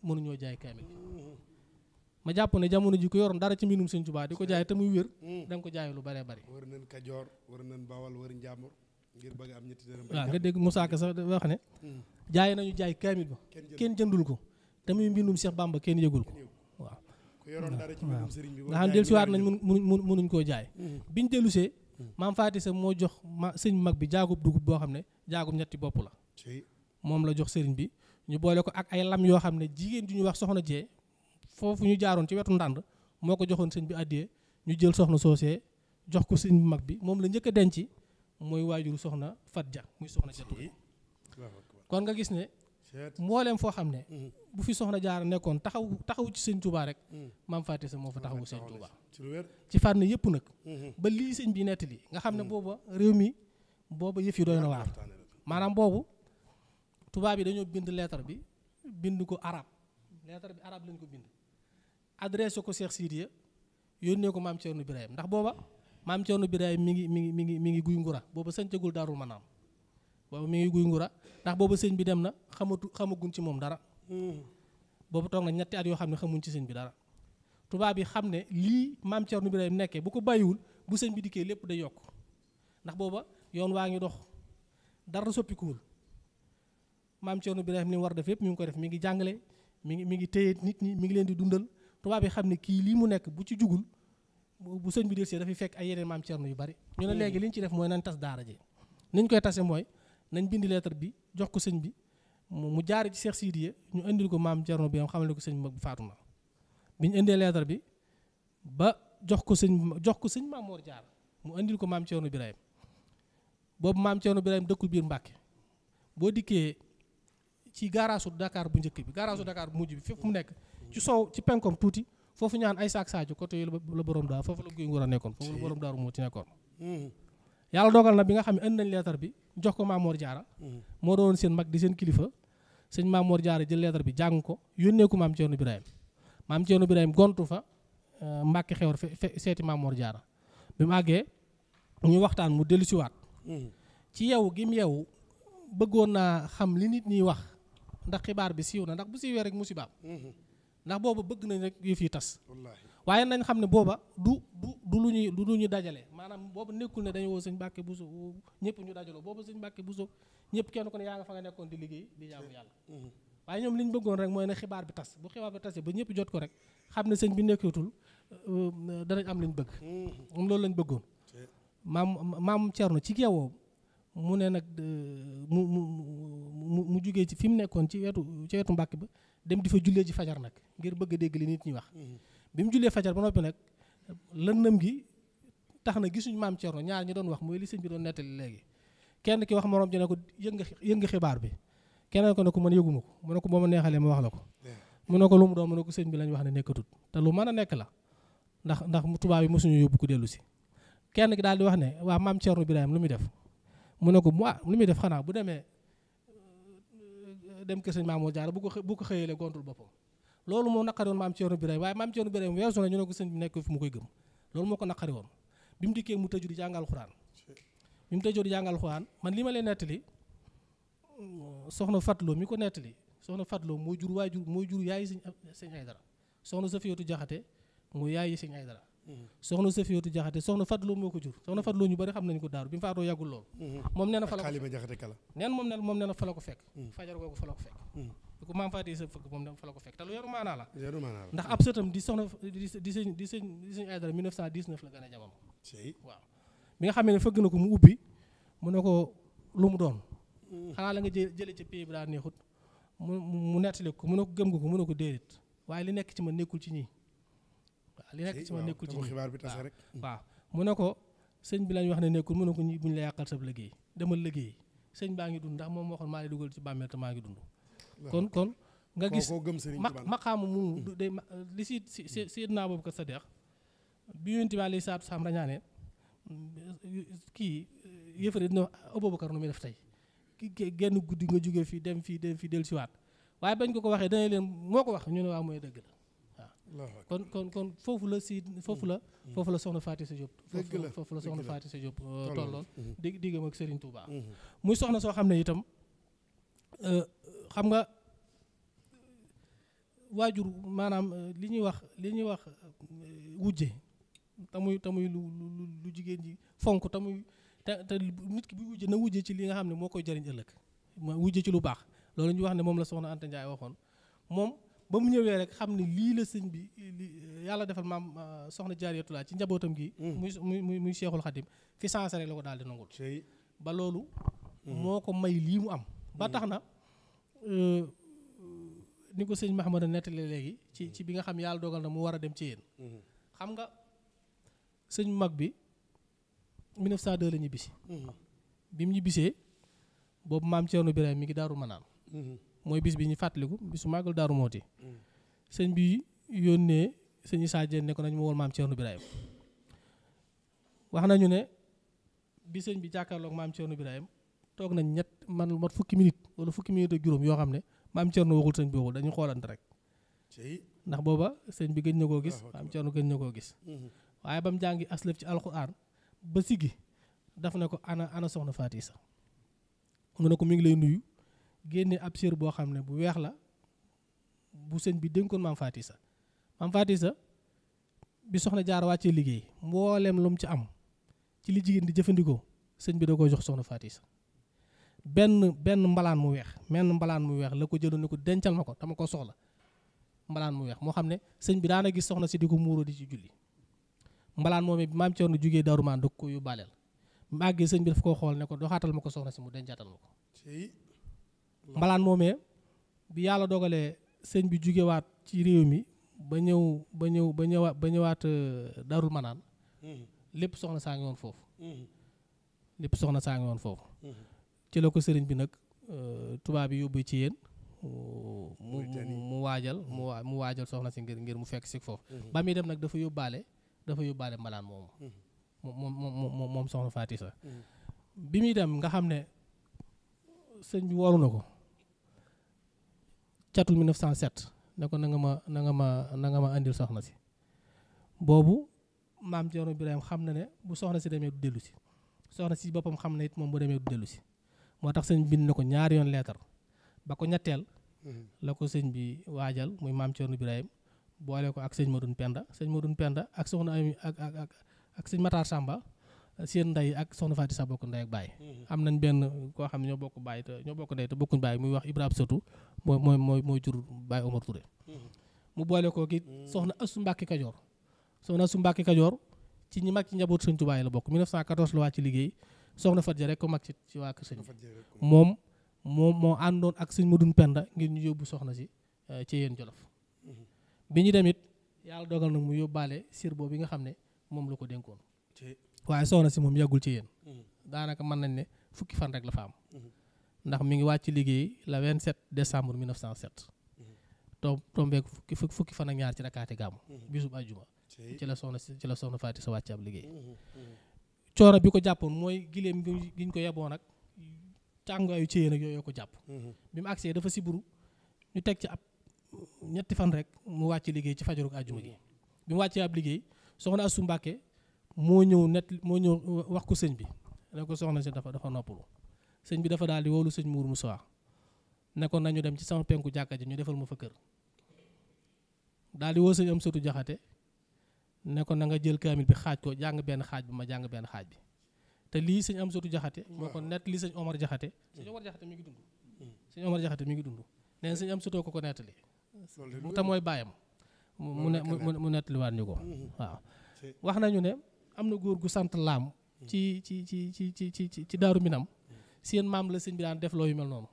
mënuñoo jaay kaamil bi ma jàpp ne jamono ji ko yoroon dara ci mbindum sëñ Tuubaa di ko jaay te muy wér mm. da nga ko jaay lu baree bari wër ngir bëgg am nga dégg Moussa Ka sax wax ne hmm. jaay nañu jaay kaamil ba kenn jëndul ko te muy mbindum Cheikh Bamba kenn yëgul ko waaw nga xam dellu siwaat nañ mënuñ mënuñ koo jaay hmm. biñ dellusee hmm. maam Faati sa moo jox ma sëñ mag bi jaagub dugub boo xam ne jaagub ñetti bopp la moom la jox sëriñ bi ñu boole ko ak ay lam yoo xam ne jigéen di ñu wax soxna jee foofu ñu jaaroon ci wetu ndànd moo ko joxoon sëñ bi àddiyee ñu jël soxna soosee jox ko sëñ mag bi moom la njëkk a denc mooy waajuru soxna Fat ja muy soxna ca kon nga gis ne mbooleem foo xam ne mm-hmm. bu fi soxna jaara nekkoon taxaw taxaw ci sëñ Touba rek mm. maam fàtte sa moo fa taxawu sëñ Touba ci fànn yëpp nag mm-hmm. ba lii sëñ bi nettali nga xam ne mm. booba réew mi booba yëf yi doy na waar maanaam boobu tubaab yi dañoo bind lettre bi bind ko arab lettre bi arab lañ ko bind adressé ko Cheikh Sidiya yónnee ko maam Thierno Birahim ndax booba maam Thierno Biraye mi ngi mi ngi mi ngi mi ngi guy ngura booba sancagul daarul manaam booba mi ngi guy ngura ndax booba sëñ bi dem na xamatu xamaguñ ci moom dara hmm. boobu toog na yoo xam ne xamuñ ci sëñ bi dara tubaab yi xam ne lii maam Thierno Biraye nekkee bu ko bàyyiwul bu sëñ bi dikkee lépp day yokk ndax booba yoon waa ngi dox dara soppikuwul maam Thierno Biraye ni mu war def yépp mi ngi ko def mi ngi jàngale mi ngi mi ngi téye nit ñi mi ngi leen di dundal tubaab yi xam ne kii lii mu nekk bu sëñ bi delsee dafay fekk ay yeneen maam Cerno yu bari ñu ne hmm. léegi liñ ci def mooy nañ tas daara ji niñ koy tase mooy nañ bindi lettre bi jox ko sëñ bi mu jaare ci Cheikh Sidiye ñu indil ko maam Cerno bi am xamale ko sëñ bi mag bu Faatuma bi ñu indee lettre bi ba jox ko sëñ jox ko sëñ maam Mor Jaara mu indil ko maam Cerno Birahim boobu maam Cerno Birahim dëkkul biir Mbàkke boo dikkee ci gaaraasu dakaar bu njëkk bi gaaraasu Dakar bu mujj bi fépp mu nekk ci sow ci penkom tuuti foofu ñaan ay saak saaju côté yi la borom daal foofu la guy nguur a nekkoon foofu la borom daaru moo ci nekkoon hmm. yàlla dogal na bi nga xam ne indi nañ leetar bi jox ko Maamoor Jaara hmm. moo doon seen mag di seen kilifa sëñ Maamoor Jaara jël leetar bi jàng ko yónnee ko maam Ceerno Ibrahima maam Ceerno Ibrahima gontu fa euh, Mbàkke Xewar fe seeti Maamoor Jaara bi mu àggee ñu waxtaan mu dellu siwaat hmm. ci yow gim yow bëggoon naa xam li nit ñiy wax ndax xibaar bi siiw na ndax bu siiwee rek musibaam ndax booba bëgg nañ rek yëf fii tas waaye nañ xam ne booba du du du lu ñuy du lu ñu dajale maanaam booba nekkul ne dañu woo sëñ bu Buso ñëpp ñu dajaloo booba sëñ bu Buso ñëpp kenn ku ne yaa nga fa nga nekkoon di liggéey di jaamu yàlla waaye ñoom liñ ñu bëggoon rek mooy ne xibaar bi tas bu xibaar bi tasee ba ñëpp jot ko rek xam ne sëñ bi nekkatul euh, danañ am liñ bëgg moom loolu lañ bëggoon maam maam Cerno ci geewoo mu ne nag euh, mu mu mu mu ci fi mu nekkoon ci wetu ci wetu Mbàkke dem di fa jullee ji fajar nag ngir bëgg a dégg li nit ñi wax. Mm-hmm. bi mu jullee fajar ba noppi nag lëndëm gi tax na gisuñu maam Thierno ñaar ñi doon wax mooy li sëñ bi doon nettali léegi. kenn ki wax moroom ji ne ko yëg nga xibaar bi keneen ko ne ko mën yëguma ko mu ne ko boo ma neexalee ma wax la ko. mu ne ko lu mu doon mu ne ko sëñ bi lañ wax ne nekkatut te lu mën a nekk la ndax ndax tubaab yi mosuñu yóbbu ko dellu si. kenn ki daal di wax ne waa maam Thierno Birahim lu muy def mu ne ko mu ah, lu muy def xanaa bu demee dem kër sëñ Mamour Diarra bu ko bu ko xëyalee gontul boppam loolu moo naqari woon maam Thierno Birahim waaye maam Thierno Birahim weesu na ñu ne ko sëñ bi nekk fi mu koy gëm loolu moo ko naqari woon bi mu dikkee mu tëju di jàngal xuraan bi mu tëjoo di jàngal xuraan man li ma leen nettali soxna Fatloo mi ko nettali soxna Fatloo moo jur waajur moo jur yaay sëñ sëñ Aydara soxna Safiyatu Jaxate mu yaay sëñ Aydara soxna Safiyatu Jaxate soxna Fadloo moo ko jur soxna Fadloo ñu bari xam nañ ko daaru bi mu faatoo yàggul ko fekk mm. mm. bi a nga xamee ne fëgg na ko mu ubbi mu ne lu mu doon mm. xanaa la nga jële ca pays bi daa neexut mu mu ko mu ne gëm ko mu ne déedéet waaye li nekk ci ma nekkul ci ñii li nekk ci ma nekkul ci xibaar bi tase rek hmm. waaw mu ne ko sëñ bi lañ wax ne nekkul mu ne ko buñ la yàqal sab liggéey demal liggéey sëñ baa ngi dund ndax moom waxoon maa lay dugal ci bàmmeel te maa ngi dund kon kon nga gis maqaamu mu hmm. day li siit si si naa boobu ka sa deex bi yonent bi alayhi salaatu salaam rañaane kii yëfare dina Abubakar nu muy def tey ki genn guddi nga jóge fii dem fii dem fii siwaat waaye bañ ko ko waxee dana leen moo ko wax ñu ne waa mooy dëgg kon kon kon foofu la siit foofu la mm-hmm. foofu la soxna Faati Sa Jóob foofu la soxna Faati Sa Jóob uh, tolloon mm-hmm. dig diggam ak Serigne Touba mm-hmm. muy soxna soo xam ne itam uh, xam nga uh, waajur maanaam li ñuy wax li ñuy wax wujje tamuy tamuy lu lu jigéen ji fonk tamuy te te nit ki bu wujje na wujje ci li nga xam ne moo koy jëriñ ëllëg ma wujje ci lu baax loolu ñu wax ne moom la soxna Anta Ndiaye waxoon moom ba mu ñëwee rek xam ne lii la sëñ bi yàlla defal maam euh, soxna jaariyatulaa ci njabootam gi mm. muy muy muy Seexul Xadim fi sens rek la ko daal di nangul ba loolu mm. moo ko may lii mu am ba mm. tax na euh, ni ko sëñ Mahamada nettali léegi ci ci bi nga xam yàlla dogal na mu war a dem ci yéen mm-hmm. xam nga sëñ mag bi 1902 la ñu mm-hmm. bi mu ñibbisee boobu maam Ceerno Birahim mi ngi daaru manaan mm-hmm. mooy bis bi ñu fàttaliku bisu màggal daaru mooti sëñ bi yónnee sëñ Issa Diène ne ko nañ ma wool maam Thierno Birahim wax nañu ne bi sëñ bi jàkkaarloog maam Thierno Birahim toog nañ ñett man mat fukki minute wala fukki minute ak juróom yoo xam ne maam Thierno waxul sëñ bi waxul dañu xoolante rek ndax booba sëñ bi gën na koo gis ah, maam Thierno gëj na koo gis mhm. waaye ba mu jàngi aslëf ci alxuraan ba sigi daf ne ko ana ana soxna Faati sax mu ne ko mu ngi lay nuyu génne ab sér boo xam ne bu weex la bu sëñ bi dénkoon maam Faati sa maam Faati sa bi soxna jaar wàccee liggéey mbooleem lu mu ci am ci li jigéen di jëfandikoo sëñ bi da koo jox soxna Faati sa benn benn mbalaan mu weex menn mbalaan mu weex la ko jëloon ne ko dencal ma ko dama ko soxla mbalaan mu weex moo xam ne sëñ bi daana gis soxna si di ko muuroo di ci julli mbalaan moom it maam Thierno jugee Darou Man da ko yóbbaaleel màggee sëñ bi daf koo xool ne doxaatal ma ko soxna si mu dencaatal ma ko. mbalaan moomee bi yàlla dogalee sëñ bi jugewaat ci réew mi ba ñëw ba ñëw ba ñëwaat ba ñëwaat euh, darul manaan mm-hmm. lépp soxna saa ngi woon foofu mm-hmm. soxna saa ngi woon mm-hmm. ci la ko sëriñ bi nag euh, tubaab yi yóbbu ci yéen mu mu waajal mu mu waajal soxna si ngir ngir mu fekk si foofu ba muy dem nag dafa yóbbaale dafa yóbbaale mbalaan moomu moom moom moom soxna Faati bi muy dem nga xam ne sëñ bi waru ko catul 1907 ne ko na nga ma nanga ma nanga ma indil soxna si boobu maam Thierno Birahim xam na ne bu soxna si demee du dellu si soxna si boppam xam na it moom bu demee du dellu si moo tax sëñ bind na ko ñaari yoon leetar ba ko ñetteel mm-hmm. la ko sëñ bi waajal muy maam Thierno Birahim boole ko ak sëñ ma Madoun Penda sëñ ma Madoun Penda ak soxna ak ak ak sëñ Matar Samba seen ndey ak soxna Fatou Issa bokk ndey ak baay hmm. am nañ benn koo xam ne ñoo bokk baay te ñoo bokk ndey te bokkuñ baay muy wax Ibrahima Sotou mooy mooy mooy mooy jur hmm. hmm. ci ñi mag ci njaboot sëñ Tuubaa la bokk 1914 la wàcc ci liggéey soxna Fatou rek ko mag ci ci waa kër sëñ moom moo àndoon ak sëñ Modou Penda ngir ñu yóbbu soxna si eh, ci yéen Jolof bi ñu demit yàlla dogal nag mu yóbbaale sir boobu bi nga xam ne moom la ko dénkoon waaye soxna si moom yàggul ci yéen hmm. daanaka man nañ ne fukki fan rek la fa am hmm. ndax mi ngi wàcc liggéey le 27 décembre 1907 hmm. tom tombeek fukki fukki fan ak ñaar ci rakaati gàmm bisub àjjuma ci la soxna si ci la soxna Faati sa wàcc ab liggéey coono bi ko jàppoon mooy gileem gi ñu ko yeboon ak tàngaayu ci yéen ak yooyu ko jàpp bi mu agsee dafa siburu ñu teg ci ab ñetti fan rek mu wàcc liggéey ci fajarug àjjuma gi bi mu wàccee ab liggéey soxna Asu Mbàkke moo ñëw net moo ñëw wax ko sëñ bi ne ko soxna si dafa dafa noppalu sëñ bi dafa daal di woolu sëñ muur mu soir ne ko nañu dem ci sama penku jàkka ji ñu defal ma fa kër daal di woo sëñ am sëtu jaxate ne ko na nga jël kaamil bi xaaj ko jàng benn xaaj bi ma jàng benn xaaj bi te lii sëñ am sëtu jaxate moo ko net li sëñ Omar jaxate mm. sëñ Omar jaxate mi ngi dund sëñ Omar jaxate mi ngi dund neen sëñ am sëtoo ko ko nettali mu te mooy bàyyam mu ne mu nettaliwaat ñu ko mm-hmm. waaw wax am na góor gu sant laam ci ci ci ci ci ci ci daaru minam seen maam la sëñ bi daan def loo yu mel noonu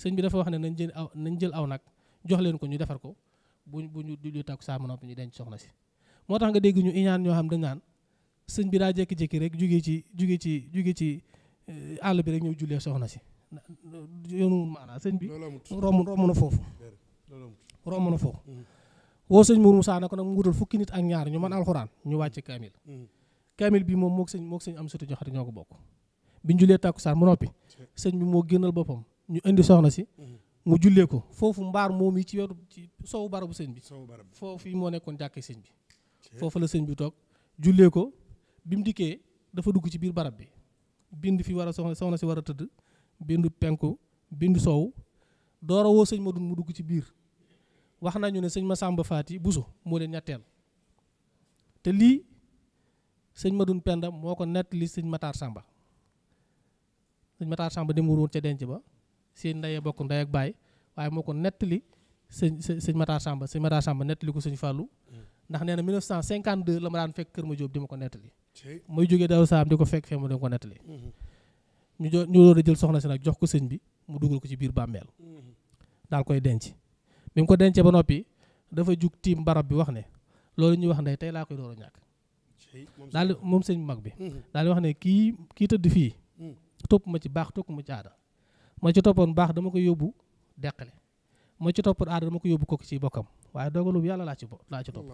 sëñ bi dafa wax ne nañ jël aw nañ jël aw nag jox leen ko ñu defar ko bu bu ñu julli takku saa noppi ñu denc soxna si moo tax nga dégg ñu iñaan ñoo xam dañ naan sëñ bi daa jékki-jékki rek jugee ci jugee ci jugee ci eh, àll bi rek ñëw soxna si yoonu maanaam bi romb romb na foofu romb na foofu mm. woo sëñ Mourou Moussa na ko nag mu wutal fukki nit ak ñaar ñu man alxuraan ñu wàcc kaamil mm. kaamil bi moom moog sëñ moog sëñ am sutu joxati ñoo ko bokk biñ jullee tàkkusaan mu noppi sëñ bi moo gënal boppam ñu indi soxna si mu jullee ko foofu mbaar moom yi ci wetu ci sowu barabu sëñ bi foofu yi moo nekkoon jàkkee sëñ bi la sëñ bi toog jullee ko bi mu dikkee dafa dugg ci biir barab bi bind fi war a soxna soxna si war a tëdd bindu penku bind soow doora woo sëñ Madoun mu dugg ci biir wax nañu ne sëñ Masamba Faati Buso moo leen ñetteel te lii sëñ Madoune Penda moo ko nettali sëñ Matar Samba sëñ Matar Samba demul woon ba seen ndeyee bokk ndey ak baay waaye moo ko nettali sëñ sëñ Matar Samba sëñ Matar Samba nettali ko sëñ Fallou hmm. ndax nee na 1952 la ma daan fekk kër ma Jóob di ma ko nettali. muy jógee Daaru Salaam di ko fekk fee mu doon ko nettali. Hmm. ñu jo ko sëñ bi mu dugal ko ci biir bàmmeel hmm. daal koy denc bi mu ko dencee ba noppi dafa jug tiim barab bi wax ne loolu ñuy wax ndey tey laa koy door ñàkk. daal di moom sëñ mag bi mm-hmm. daal di wax ne kii kii tëdd fii mm. topp ma ci baax topp ma ci aada ma ci toppoon baax dama ko yóbbu deqale ma ci toppoon aada dama ko yóbbu kokki ci bokkam waaye dogalub yàlla laa ci bo laa ci topp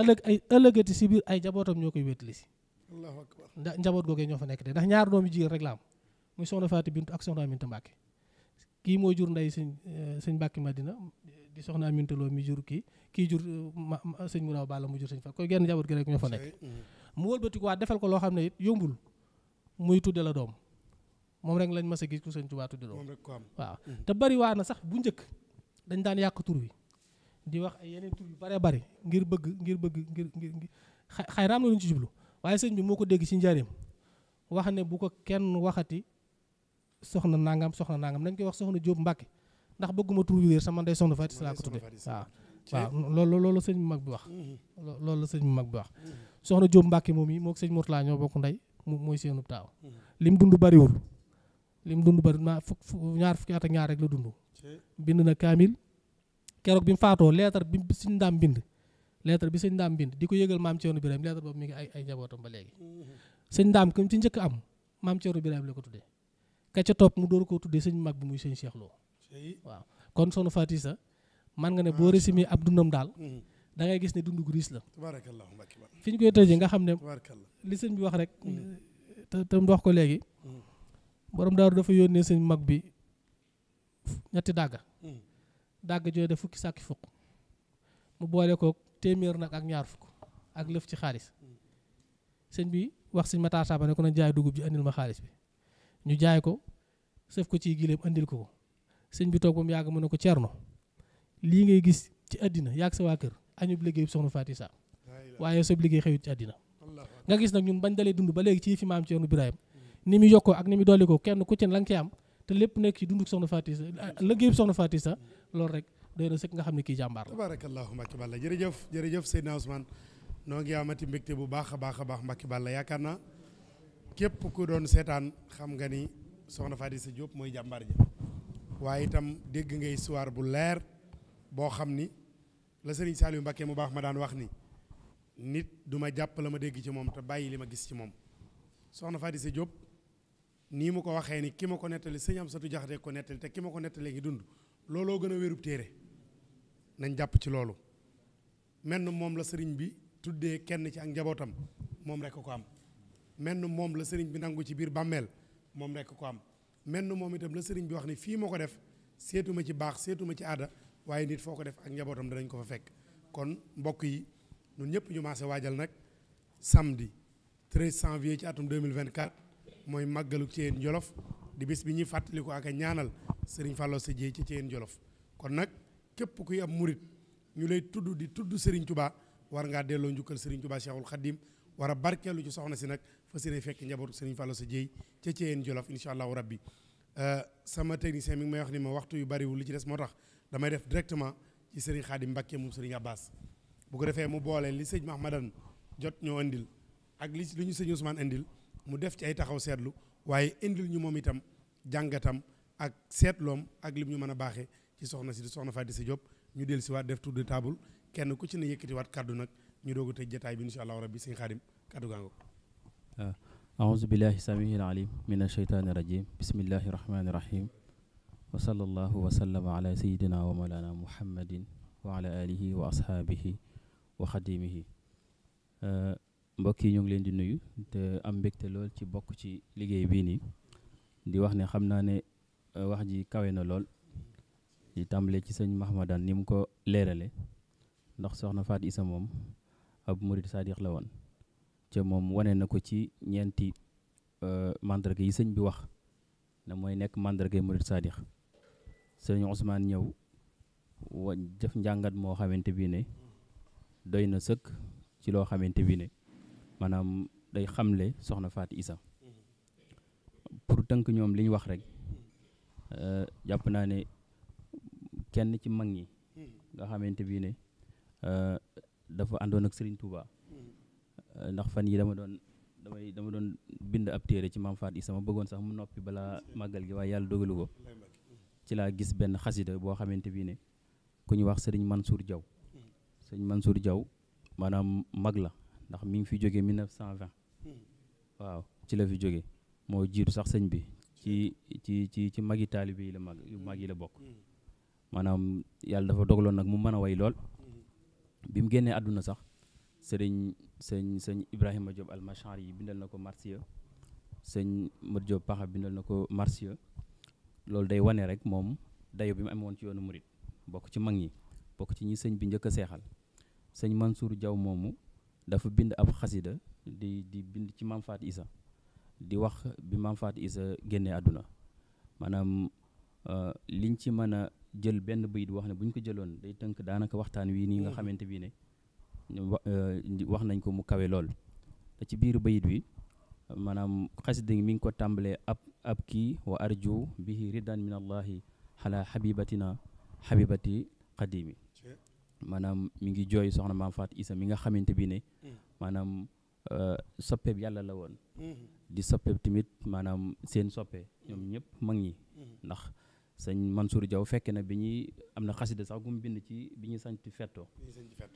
ëllëg ay ëllëgati si biir ay njabootam ñoo koy wéetali si njaboot googee ñoo fa nekk de ndax ñaar doom yu jigéen rek la am muy soxna Faati Bintu ak soxna Aminta Mbàkke kii mooy jur nday sëñ eh, sëñ Mbàkke Madina di soxna Aminta mi jur kii kii jur euh, ma sëñ Mourao Balla mu jur sëñ Fall koy genn jabar gi rek ñoo fa nekk mm. mu wëlbati waa defal ko loo xam ne it yombul muy tudde la doom moom rek lañ ma a gis ku sëñ Tuubaa tudde doom waaw mm-hmm. te na sax bu njëkk dañ daan yàq tur wi di wax ay yeneen tur yu bare bari ngir bëgg ngir bëgg ngir ngir xay raam waaye sëñ bi moo ko dégg ci njaareem wax ne bu ko kenn waxati soxna nangam soxna nangam nañ koy wax soxna Jóob Mbàkke ndax bëgguma tur bi sama ndey soxna Faty Sy laa ko tudde waaw waaw loolu bu mag loolu la sëñ bu mag bi wax mm-hmm. mm-hmm. soxna Jóob Mbàkke moom yi moo sëñ laa ñoo bokk ndey mooy seenu taaw mm-hmm. lim dund bariwul lim bari ma fukk ñaar fukki at ak ñaar rek la dund bind na kaamil bi mu faatoo leetar bi sëñ daam bind leetar bi sëñ daam bind di ko yëgal maam Ceerno Birahim leetar boobu mi ngi ay ay ba léegi sëñ daam kam ci njëkk am maam Ceerno Birahim la ko tuddee ka ca mu door koo tuddee sëñ mag bi muy sëñ Cheikh waaw kon soxna Faty Issa man nga ne boo résumé ab dundam daal mm-hmm. dangay gis ne dund gu la fi ñu koy tëjee nga xam ne li sëñ bi wax rek mm-hmm. te te mu ko léegi mm-hmm. borom daaru dafa yónnee sëñ mag bi ñetti dàgga dàgg jooy de fukki sàkki mu boole ko téeméer nag ak ñaar fukk ak lëf ci xaalis sëñ bi wax sëñ Matar Samba ne ko na jaay dugub ji andil ma xaalis bi ñu jaay ko sëf ko ciy gileem andil ko ko sëñ bi toog ba mu yàgg mu ne ko Thierno lii ngay gis ci àddina yàgg sa waa kër añub liggéey soxna Faati Sa waaye sob liggéey xewit ci àddina nga gis nag ñun bañ dalee dund ba léegi ci fi maam Thierno Birahim ni mu yokkoo ak ni mu dolli ko kenn ku ci la nga cee am te lépp nekk ci dunduk soxna Faati Sa liggéey soxna Faati Sa loolu rek doy na sëkk nga xam ne kii jàmbaar la tabarakallahu Mbacke Balla jërëjëf jërëjëf Seydina Ousmane noo ngi amati mbégte bu baax a baax a baax Mbacke Balla yaakaar naa képp ku doon seetaan xam nga ni soxna Faati Sa Diop mooy jàmbaar ji waaye itam dégg nga histoire bu leer boo xam ni la sëriñ Saliou Mbacké mu baax ma daan wax ni nit duma ma jàpp la ma dégg ci moom te bàyyi li ma gis ci moom soxna Fadi Sa Diop nii mu ko waxee ni ki ma ko nettali sëñ Amsatu Jaxate ko nettali te ki ma ko nettalee ngi dund looloo gën a wérub téere nañ jàpp ci loolu menn moom la sëriñ bi tuddee kenn ci ak njabootam moom rekk ko am menn moom la sëriñ bi nangu ci biir bàmmeel moom rekk ko am menn moom itam la sëriñ bi wax ni fii ma ko def seetuma ci baax seetuma ci aada waaye nit foo ko def ak njabootam danañ ko fa fekk kon mbokk yi ñun ñëpp ñu maase waajal nag samedi 13 janvier ci atum mille 2024 mooy màggalu Ceyeen Jolof di bis bi ñuy fàttaliku ak a ñaanal sëriñ Fallou sa jéey ci Ceyeen Jolof kon nag képp kuy ab murit ñu lay tudd di tudd sëriñ Touba war ngaa delloo njukkal sëriñ Touba Cheikhul Khadim war a barkeelu ci soxna si nag fa sëriñ fekk njabootu sëriñ Fallou sa jéy ca Thièyène Jolof incha allahu rabbi euh, sama technicien mi ngi may wax ni ma waxtu yu bariwul li ci des moo tax damay def directement ci sëriñ Xaadim Mbàkke moom sëriñ Abbas bu ko defee mu boole li sëñ Mahmadan jot ñoo indil ak li li ñu sëñ Ousmane indil mu def ci ay taxaw seetlu waaye indil ñu moom itam jàngatam ak seetloom ak lim ñu mën a baaxee ci soxna si soxna Faty Isseu Diop ñu dellu si waat def tour de table kenn ku ci ne yëkkati waat nag ñu doog a tëj jataay bi incha allahu rabbi sëñ Xaadim kaddu gaango Uh, ahousubillahi samihi alalim min alsheytaani irajim bismillahi irahmani irahim wa sallallahu wa sallama ala sayidina wa mawlana muhammadin wa alihi wa ashaabihi wa xadimihi uh, mbokk yi ñu ngi leen di nuyu te am mbégte lool ci bokk ci liggéey bii nii di wax ne xam naa ne uh, wax ji kawe na lool di tàmbale ci sëñ Mahmadan ni mu ko leerale ndax soxna Faat Isa moom ab murid sadiq la woon ca moom wane na ko ci ñeenti euh, mandarga yi sëñ bi wax na mooy nekk mandarga murid saadix sëñ Ousmane ñëw wa def njàngat moo xamante bi ne doy na sëkk ci loo xamante bi ne maanaam day xamle soxna Faati Isa pour tënk ñoom li ñu wax rek euh, jàpp naa ne kenn ci mag ñi nga xamante bi ne euh, dafa àndoon ak Sëriñ Tuuba Euh, ndax fan yi dama doon damay dama doon bind ab téere ci maam Faat Isa ma bëggoon sax mu noppi balaa màggal gi waaye yàlla dogalu ko ci laa gis benn xasida boo xamante bii ne ku ñu wax sëriñ Mansour Diaw sëriñ Mansour Diaw maanaam mag la ndax mi ngi fi jógee 1920 waaw ci la fi jógee moo jiitu sax sëñ bi ci ci ci ci magi taalibe yi la mag yu mag yi la bokk maanaam yàlla dafa dogaloon nag mu mën a way lool bi mu génnee àdduna sax sëriñ sëñ sëñ Ibrahima Diop almachar yi bindal na ko marsiya sëñ Mat Diop Paxa bindal na ko marsiya loolu day wane rek moom dayo bi mu amoon ci yoonu murit bokk ci mag ñi bokk ci ñi sëñ bi njëkk a seexal sëñ Mansour jaw moomu dafa bind ab xasida di di bind ci Maam Isa di wax bi Maam Isa génnee àdduna maanaam euh, liñ ci mën a jël benn bayit wax ne buñ ko jëloon day tënk daanaka waxtaan wii nii nga mm. xamante bii ne Euh, wax nañ ko mu kawe lool ci biir bayit wi maanaam xasida mi ngi ko tàmbalee ab ab kii wa arju bihi ridan min allahi xala xabibatina xabibati qadimi maanaam mu ngi jooy soxna maam faat isa mi nga xamante bi ne maanaam euh, soppeeb yàlla la woon mm-hmm. di soppeeb tamit maanaam seen soppe ñoom ñëpp mag ñi mm-hmm. ndax sëñ Mansour Diaw fekk na bi ñuy am na xasida sax gu mu bind ci bi ñuy sanc fettoo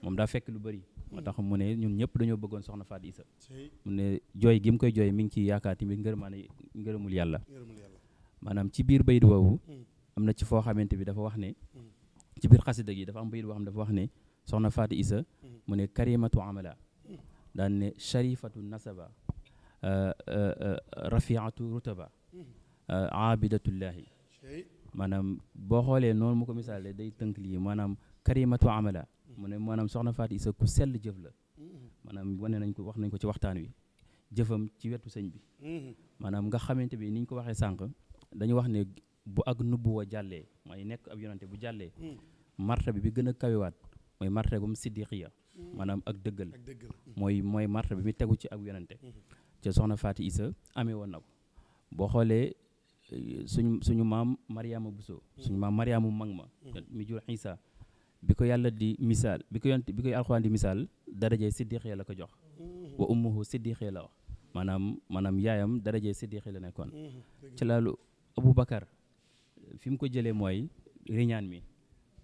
moom daa fekk lu bëri moo tax mu ne ñun ñëpp dañoo bëggoon soxna Faat Isa mu ne jooy gi koy jooy mi ngi ciy yaakaar tamit ngërëmaane ngërëmul yàlla maanaam ci bayit woowu hmm. am na ci foo xamante bi dafa wax ne hmm. ci biir xasida gi dafa am bayit boo xam dafa wax ne soxna Faat Isa hmm. mu ne karimatu amala daan ne sharifatu nasaba euh, euh, euh, rafiatu rutaba abidatullahi maanaam boo xoolee noonu mu ko misaalee day tënk lii maanaam karimatu amala mu ne maanaam soxna Faati Isa ku sell jëf la maanaam wane nañ ko wax nañ ko ci waxtaan wi jëfam ci wetu sëñ bi maanaam nga xamante bi ni ñu ko waxee sànq dañu wax ne bu ak nubbuwa jàllee mooy nekk ab yonante bu jàllee marta bi bi gën a kawewaat mooy marta gum siddiqiya maanaam ak dëggal mooy mooy marta bi mi tegu ci ak yonante mm-hmm. ca soxna Faati Isa amee woon na ko boo xoolee suñu suñu maam Mariama Bousso suñu maam Mariama mag ma mi jur Isa bi ko yàlla di misaal bi ko yont bi koy alxuraan di misaal darajee siddiqee la ko jox wa ummuhu siddiqee la wax maanaam maanaam yaayam darajee siddiqee la nekkoon ci laalu Aboubacar fi mu ko jëlee mooy riñaan mi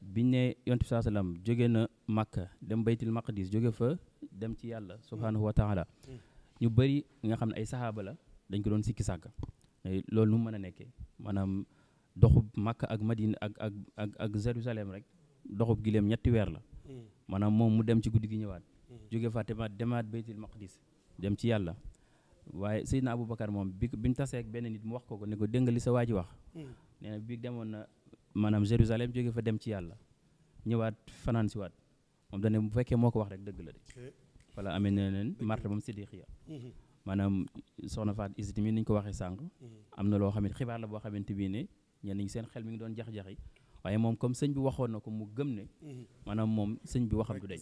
bi ne yontu bi saa salaam jóge na Makka dem baytil maqdis jóge fa dem ci yàlla subhaanahu wa taala ñu bëri nga xam ne ay saxaaba la dañ ko doon sikki sàkk loolu nu mën a nekkee maanaam doxub Makka ak Madina ak ak ak ak Jérusalem rek doxub gileem ñetti weer la hmm. maanaam moom mu dem ci guddi gi ñëwaat hmm. jóge fa demaat demaat Baytul Maqdis dem ci yàlla waaye Seydina Aboubacar moom bi bi mu tasee benn nit mu wax ko ko ne ko dégg sa waa ji wax hmm. nee bi demoon na maanaam Jérusalem jóge fa dem ci yàlla ñëwaat fanaan si waat moom dane bu fekkee moo ko wax rek dëgg la de wala amee na leen marta moom siddiqiya maanaam soxna Faat Issa tamit ni ñu ko waxee sànq. Mm-hmm. am na loo xam ne xibaar la boo xamante bii ne ñenn ñi seen xel mi ngi doon jax-jaxi waaye moom comme sëñ bi waxoon na ko mu gëm ne. Mm-hmm. maanaam moom sëñ bi waxam du day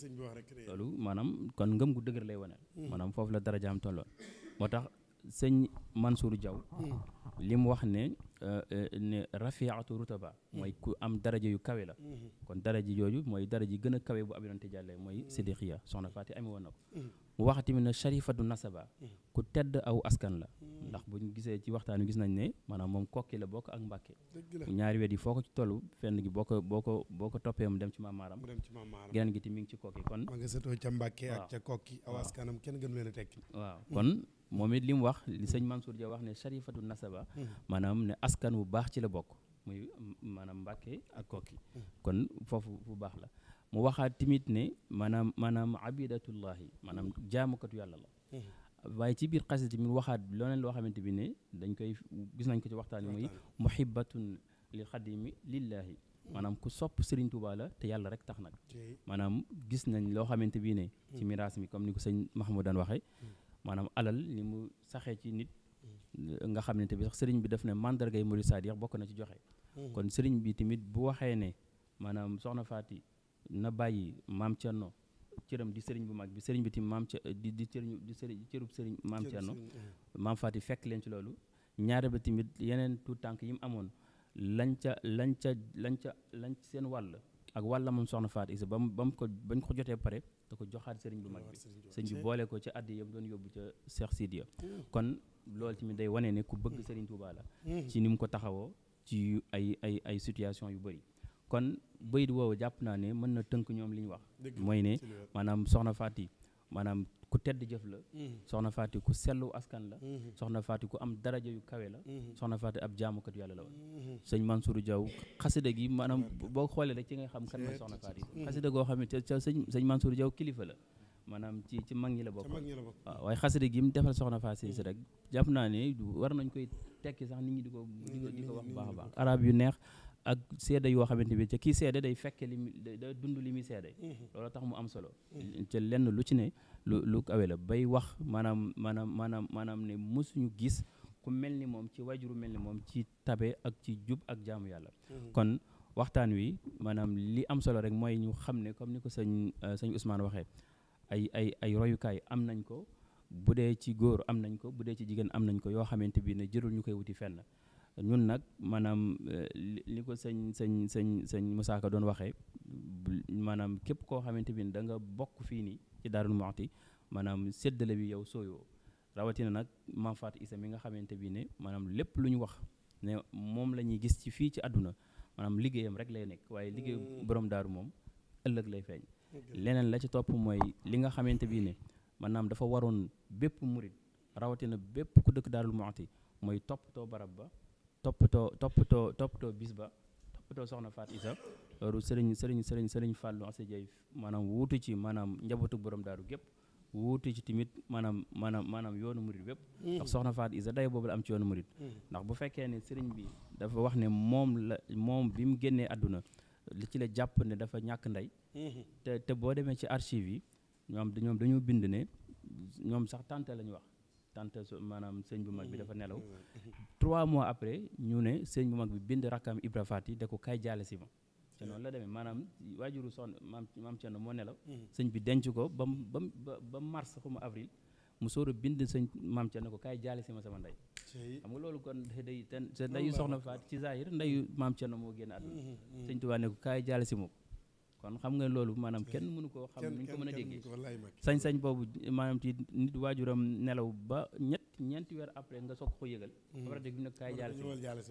loolu maanaam kon ngëm gu dëgër lay wane. Mm-hmm. maanaam foofu la darajaam tolloon moo tax sëñ Mansour Diaw li mu wax ne euh, euh, ne rafiatu rutaba mooy ku am daraja yu kawe la kon daraji jooju mooy daraji gën a kawe bu abinante jàllee mooy siddiqiya soxna Faati mu waxati mi ne sharifatu nasaba hmm. ku tedd aw askan la hmm. ndax buñ gisee ci waxtaan wi gis nañ ne maanaam moom kokki la bokk ak mbàkke ñaari yi foo ko ci toll fenn gi boo ko boo ko boo ko mu dem ci maamaaram geneen gi ti mi ngi ci kokki kon ma nga sëtoo ca mbàkke ak ca kokki aw askanam kenn gënu leen a tekki waaw hmm. kon moom it li mu wax li sëñ Mansour Dia wax ne sharifatu nasaba maanaam ne askan wu baax ci la bokk muy maanaam mbàkke ak kokki kon foofu fu baax la mu waxaat timit ne maanaam maanaam abidatullahi maanaam jaamukatu yàlla la eh. waaye ci biir xasida tamit waxaat leneen loo xamante bi ne dañ koy gis nañ ko ci waxtaan muy muhibbatun lil xadimi lillahi maanaam ku sopp sëriñ Touba la te yàlla rek tax nag maanaam gis nañ loo xamante bi ne ci hmm. miraas mi comme ni ko sëñ Mahmoud daan waxee hmm. maanaam alal ni mu saxee ci nit hmm. nga xam ne tamit sax sëriñ bi def ne mandargay murid sadiq bokk na ci joxe kon sëriñ bi tamit waxee ne maanaam soxna na bàyyi maam Thierno cëram di sëriñ bu mag bi sëriñ bi tim maam di di cëriñu di sëriñ cërub sëriñ maam Thierno eh. maam Faty fekk leen ci loolu ñaare ba tamit yeneen tout tànk yi mu amoon lañ ca lañ ca lañ ca lañ seen wàll ak wàlla moom soxna Faty Issa ba mu ba ko bañ ko jotee pare da ko joxaat sëriñ bu mag bi sëriñ bi boole ko ci addi yam doon yóbbu ca seex Cheikh Sidiya hmm. kon loolu tamit day wane ne ku bëgg hmm. sëriñ Touba la hmm. ci ni mu ko taxawoo ci ay ay ay situation yu bëri kon bayit woowu jàpp naa ne mën na tënk ñoom li ñu wax mooy ne maanaam soxna Faati maanaam ku tedd jëf la mm-hmm. soxna Faati ku sellu askan la mm-hmm. soxna Faati ku am daraja yu kawe la mm-hmm. soxna Faati ab jaamukat yàlla la woon sëñ Mansour Diaw xasida gi maanaam boo xoolee rek ci nga xam kan mooy soxna Faati xasida goo xam ne ca sëñ sëñ Mansour Diaw kilifa la maanaam ci ci mag ñi la bokk waaye xasida gi mu defal soxna Faati si rek jàpp naa ne war nañ koy tekki sax nit ñi di ko di ko wax bu baax a baax arab yu neex ak seede yoo xamante bi ca kii seede day fekke li da dund li muy seede mhm. loolu tax mu am solo mhm. ca lenn lu ci ne lu lu kawe bay wax maanaam maanaam maanaam maanaam ne mosuñu gis ku mel ni moom ci waajuru mel ni moom ci tabe ak ci jub ak jaamu yàlla mhm. waxtaan wi maanaam li am solo rek mooy ñu xam ne comme ni ko sëñ euh, sëñ Ousmane waxee ay ay ay royukaay am nañ ko bu dee ci góor am nañ ko bu dee ci jigéen am nañ ko yoo xamante bi ne jërul ñu koy wuti fenn ñun nag maanaam eh, li ko sëñ sëñ sëñ sëñ Moussa doon waxee maanaam képp koo xamante bi da nga bokk fii nii ci Darou Mouhty maanaam séddale bi yow sooyoo rawatina nag Mame mi nga xamante bi ne maanaam lépp lu ñu wax ne moom la ñuy gis ci fii ci àdduna maanaam liggéeyam rek lay nekk waaye liggéey mm. boroom daaru moom ëllëg lay feeñ leneen la ci topp mooy li nga xamante bi ne maanaam dafa waroon bépp murit rawatina bépp ku dëkk Darou Mouhty mooy toppatoo barab ba toppatoo toppatoo toppatoo bis ba toppatoo soxna Faat Isa loolu sëriñ sëriñ sëriñ sëriñ Fàllu Asa Jeey maanaam wuutu ci maanaam njabootu borom daaru gépp wuutu ci tamit maanaam maanaam maanaam yoonu murit bépp mm. ndax soxna Faat Isa day boobu la am ci yoonu murit mm. ndax bu fekkee ne sëriñ bi dafa wax ne moom la moom bi mu génnee àdduna li ci la jàpp ne dafa ñàkk ndey mm-hmm. te te boo demee ci archive yi ñoom ñoom dañoo bind ne ñoom sax tante la ñu wax tante su maanaam sëñ bu mag bi dafa nelaw mm-hmm. trois mois après ñu ne sëñ bu mag bi bind rakkam Ibra Faty da ko kaay jaale ma mm-hmm. te noonu la demee maanaam waajuru soxna maam maam Thierno moo nelaw mm-hmm. sëñ bi denc ko ba ba mars xuma avril mu soor a bind sëñ maam Thierno ko kaay jaale ma sama ndey xam nga loolu kon day te ndeyu soxna Faty ci zahir ndeyu maam Thierno moo génn àdduna sëñ Tuubaa ne ko kaay jaale si kon xam nga loolu maanaam kenn mënu koo xam ni ñu ko mën a déggee sañ-sañ boobu maanaam ci nit waajuram nelaw ba ñett ñeenti weer après nga soo ko yëgal war hmm. a dégg nag kaay jaal si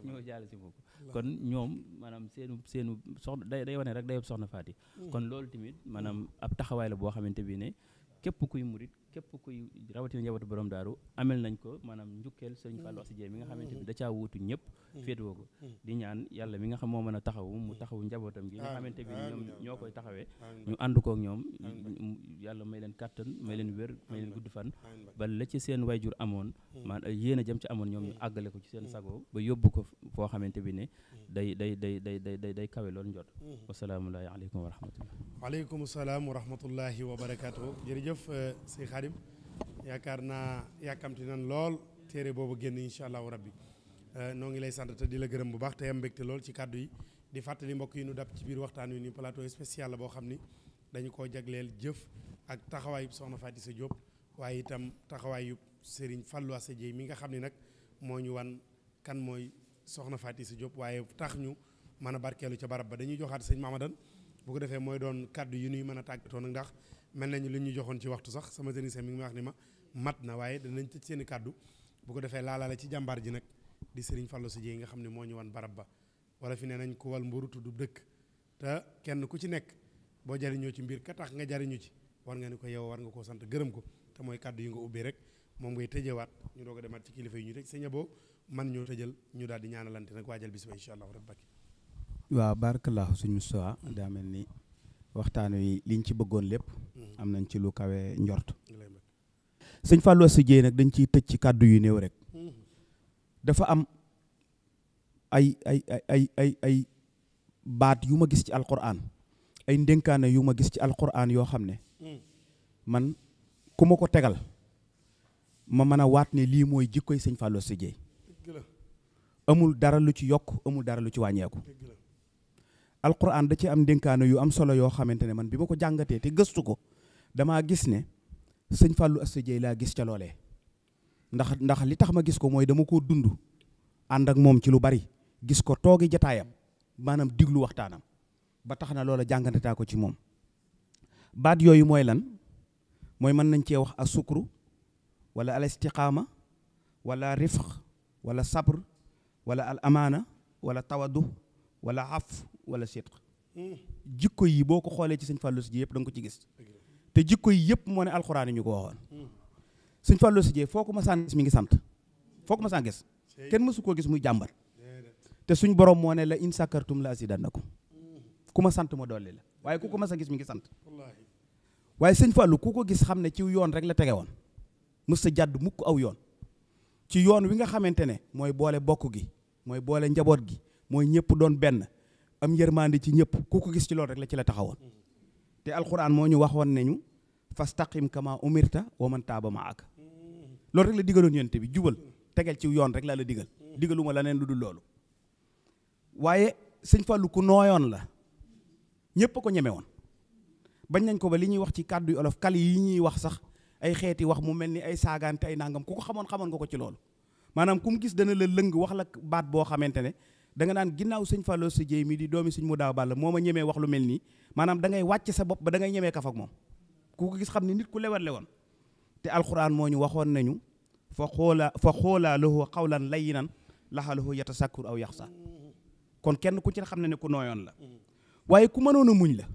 ñëwal jaal si boobu kon ñoom maanaam seenu seenu soxna day day wane rek day soxna faati hmm. kon loolu tamit maanaam ab taxawaay la boo xamante bii ne képp kuy murit képp kuy rawatina njabootu borom daaru amel nañ ko maanaam njukkeel sëriñ Fallou Assi Dieng mi nga mm. xamante ni da caa wuutu ñëpp mm. féetewoo ko mm. di ñaan yàlla mi nga xam moo mën a taxawu mu taxawu njabootam gi nga xamante bi ñoom ñoo koy ñoom yàlla may leen kàttan may leen wér may leen gudd fan la ci seen wayjur amoon maan yéen a jëm ci amoon ñoom ñu àggale ko ci seen sago ba yóbbu ko foo xamante bi ne day day day day day day day kawe loolu njot wasalaamu aleykum wa rahmatullah waaleykum salaam wa rahmatullahi wa barakaatu Xaadim yaakaar naa yàkkamti nan lool téere boobu génn incha allahu rabbi euh, noo ngi lay sant te di la gërëm bu baax te am mbégte lool ci kàddu yi di fàttali mbokk yi nu dab ci biir waxtaan wi ni plateau spécial la boo xam ni dañu koo jagleel jëf ak taxawaay taxawaayub soxna Faty Isseu Diop waaye itam taxawaayub sëriñ Fallou Assa ji mi nga xam ni nag moo ñu wan kan mooy soxna Faty Isseu Diop waaye tax ñu man a barkeelu ca barab ba dañuy joxaat sëñ Mamadan bu mel nañu li ñu joxoon ci waxtu sax sama technicien mi ngi may wax ni ma mat na waaye danañ tëj seen i kàddu bu ko defee laalaale ci jàmbaar ji nag di Serigne Fallou si yi nga xam ne moo ñu wan barab ba wala fi ne nañ ko wal mburu tudd dëkk te kenn ku ci nekk boo jariñoo ci mbir ka tax nga jariñu ci war nga ni ko yow war nga koo sant gërëm ko te mooy kàddu yi nga ubbi rek moom ngay tëjewaat ñu doog ko demaat ci kilifa yi ñu tëj sëñ boo man ñoo tëjal ñu daal di ñaanalante nag waajal bis ba incha allah rabbi waaw barakallahu suñu daa mel ni waxtaan wi liñ ci bëggoon lépp mm-hmm. am nañ ci lu kawe njort sëñ Fallou Assou Dieye nag dañ ciy tëj ci kàddu yu néew rek mm-hmm. dafa am ay ay ay ay ay baat yu ma gis ci alquran ay ndénkaane yu ma gis ci alquran yoo xam ne mm. man ku ma ko tegal ma mën a waat ne lii mooy jikkoy sëñ Fallou Assou Dieye amul dara lu ci yokk amul dara lu ci wàññeeku alquran da ci am ndénkaane yu am solo yoo xamante ne man bi ma ko jàngatee te gëstu ko damaa gis ne sëñ fàllu Asta Dieye laa gis ca loole ndax ndax li tax ma gis ko mooy dama koo dund ànd ak moom ci lu bari gis ko toogi jataayam maanaam diglu waxtaanam ba tax na loola jàngantetaa ko ci moom baat yooyu mooy lan mooy mën nañ cee wax a sukru wala al istiqaama wala rifq walla sabr wala al amaana wala tawadu wala af wala sidq hmm. jikko yi boo ko xoolee ci sëñ Fallou si yëpp da nga ko ci gis te jikko yi yëpp moo ne alxuraan yi ñu ko waxoon hmm. sëñ Fallou si foo ko ma saan gis mi ngi sant foo ma saan gis kenn mësu koo gis muy jàmbar te suñ borom moo ne la in sakartum la azidannakum hmm. ku ma sant ma dolli la waaye ku ko ma sa gis mi ngi sant waaye sëñ Fallou ku ko gis xam ne ci yoon rek la tege woon mës sa jàdd mukk aw yoon ci yoon wi nga xamante ne mooy boole bokk gi mooy boole njaboot gi mooy ñëpp doon benn am yërmande ci ñëpp ku ko gis ci loolu rek la ci la taxawoon te alxuraan moo ñu waxoon nañu fastaqim kama umirta wa man taaba maaka loolu rek la digaloon yonte bi jubal tegal ci yoon rek laa la digal digaluma la neen lu dul loolu waaye fa Fallou ku nooyoon la ñëpp ko ñeme woon bañ nañ ko ba li ñuy wax ci kàddu yu olof kal yi ñuy wax sax ay xeeti wax mu mel ni ay saagaante ay nangam ku ko xamoon xamoon nga ko ci loolu maanaam ku mu gis dana danga nga naan ginnaaw sëñ Fallou si jéy mii di doomi sëñ mu daaw bàll moo ma ñemee wax lu mel nii maanaam da ngay sa bopp ba da ngay ñemee kaf ak moom ku ko gis xam ne nit ku lewat lewoon te alxuraan moo ñu waxoon nañu fa xoolaa fa xoolaa lahu xawlan layyinan laxalahu yatasakkur aw yaxsa kon kenn ku ci xam ne ne ku nooyoon la waaye ku mënoon a muñ la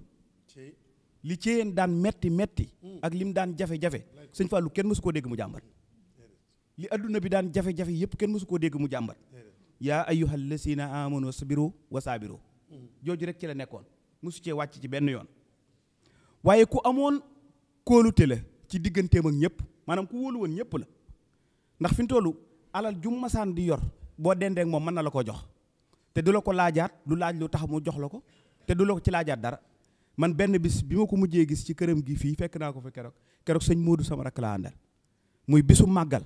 li ceyeen daan metti metti ak lim daan jafe-jafe sëñ Fallou kenn mësu koo dégg mu jàmbat li adduna bi daan jafe yëpp kenn mësu koo dégg mu jàmbat yaa ay ayyuhal lazina amanu wasbiru wasaabiru jooju rek ci la nekkoon mosu cee wàcc ci benn yoon waaye ku amoon kóolute la ci digganteem ak ñëpp maanaam ku wóolu woon ñëpp la ndax fi mu toll alal jum masaan di yor boo dendeek moom mën na la ko jox te du la ko laajaat lu laaj lu tax mu jox la ko te du la ko ci laajaat dara man benn bis bi ma ko mujjee gis ci këram gi fii fekk naa ko fi keroog keroog sëñ Modou sama rakk laa àndal muy bisu màggal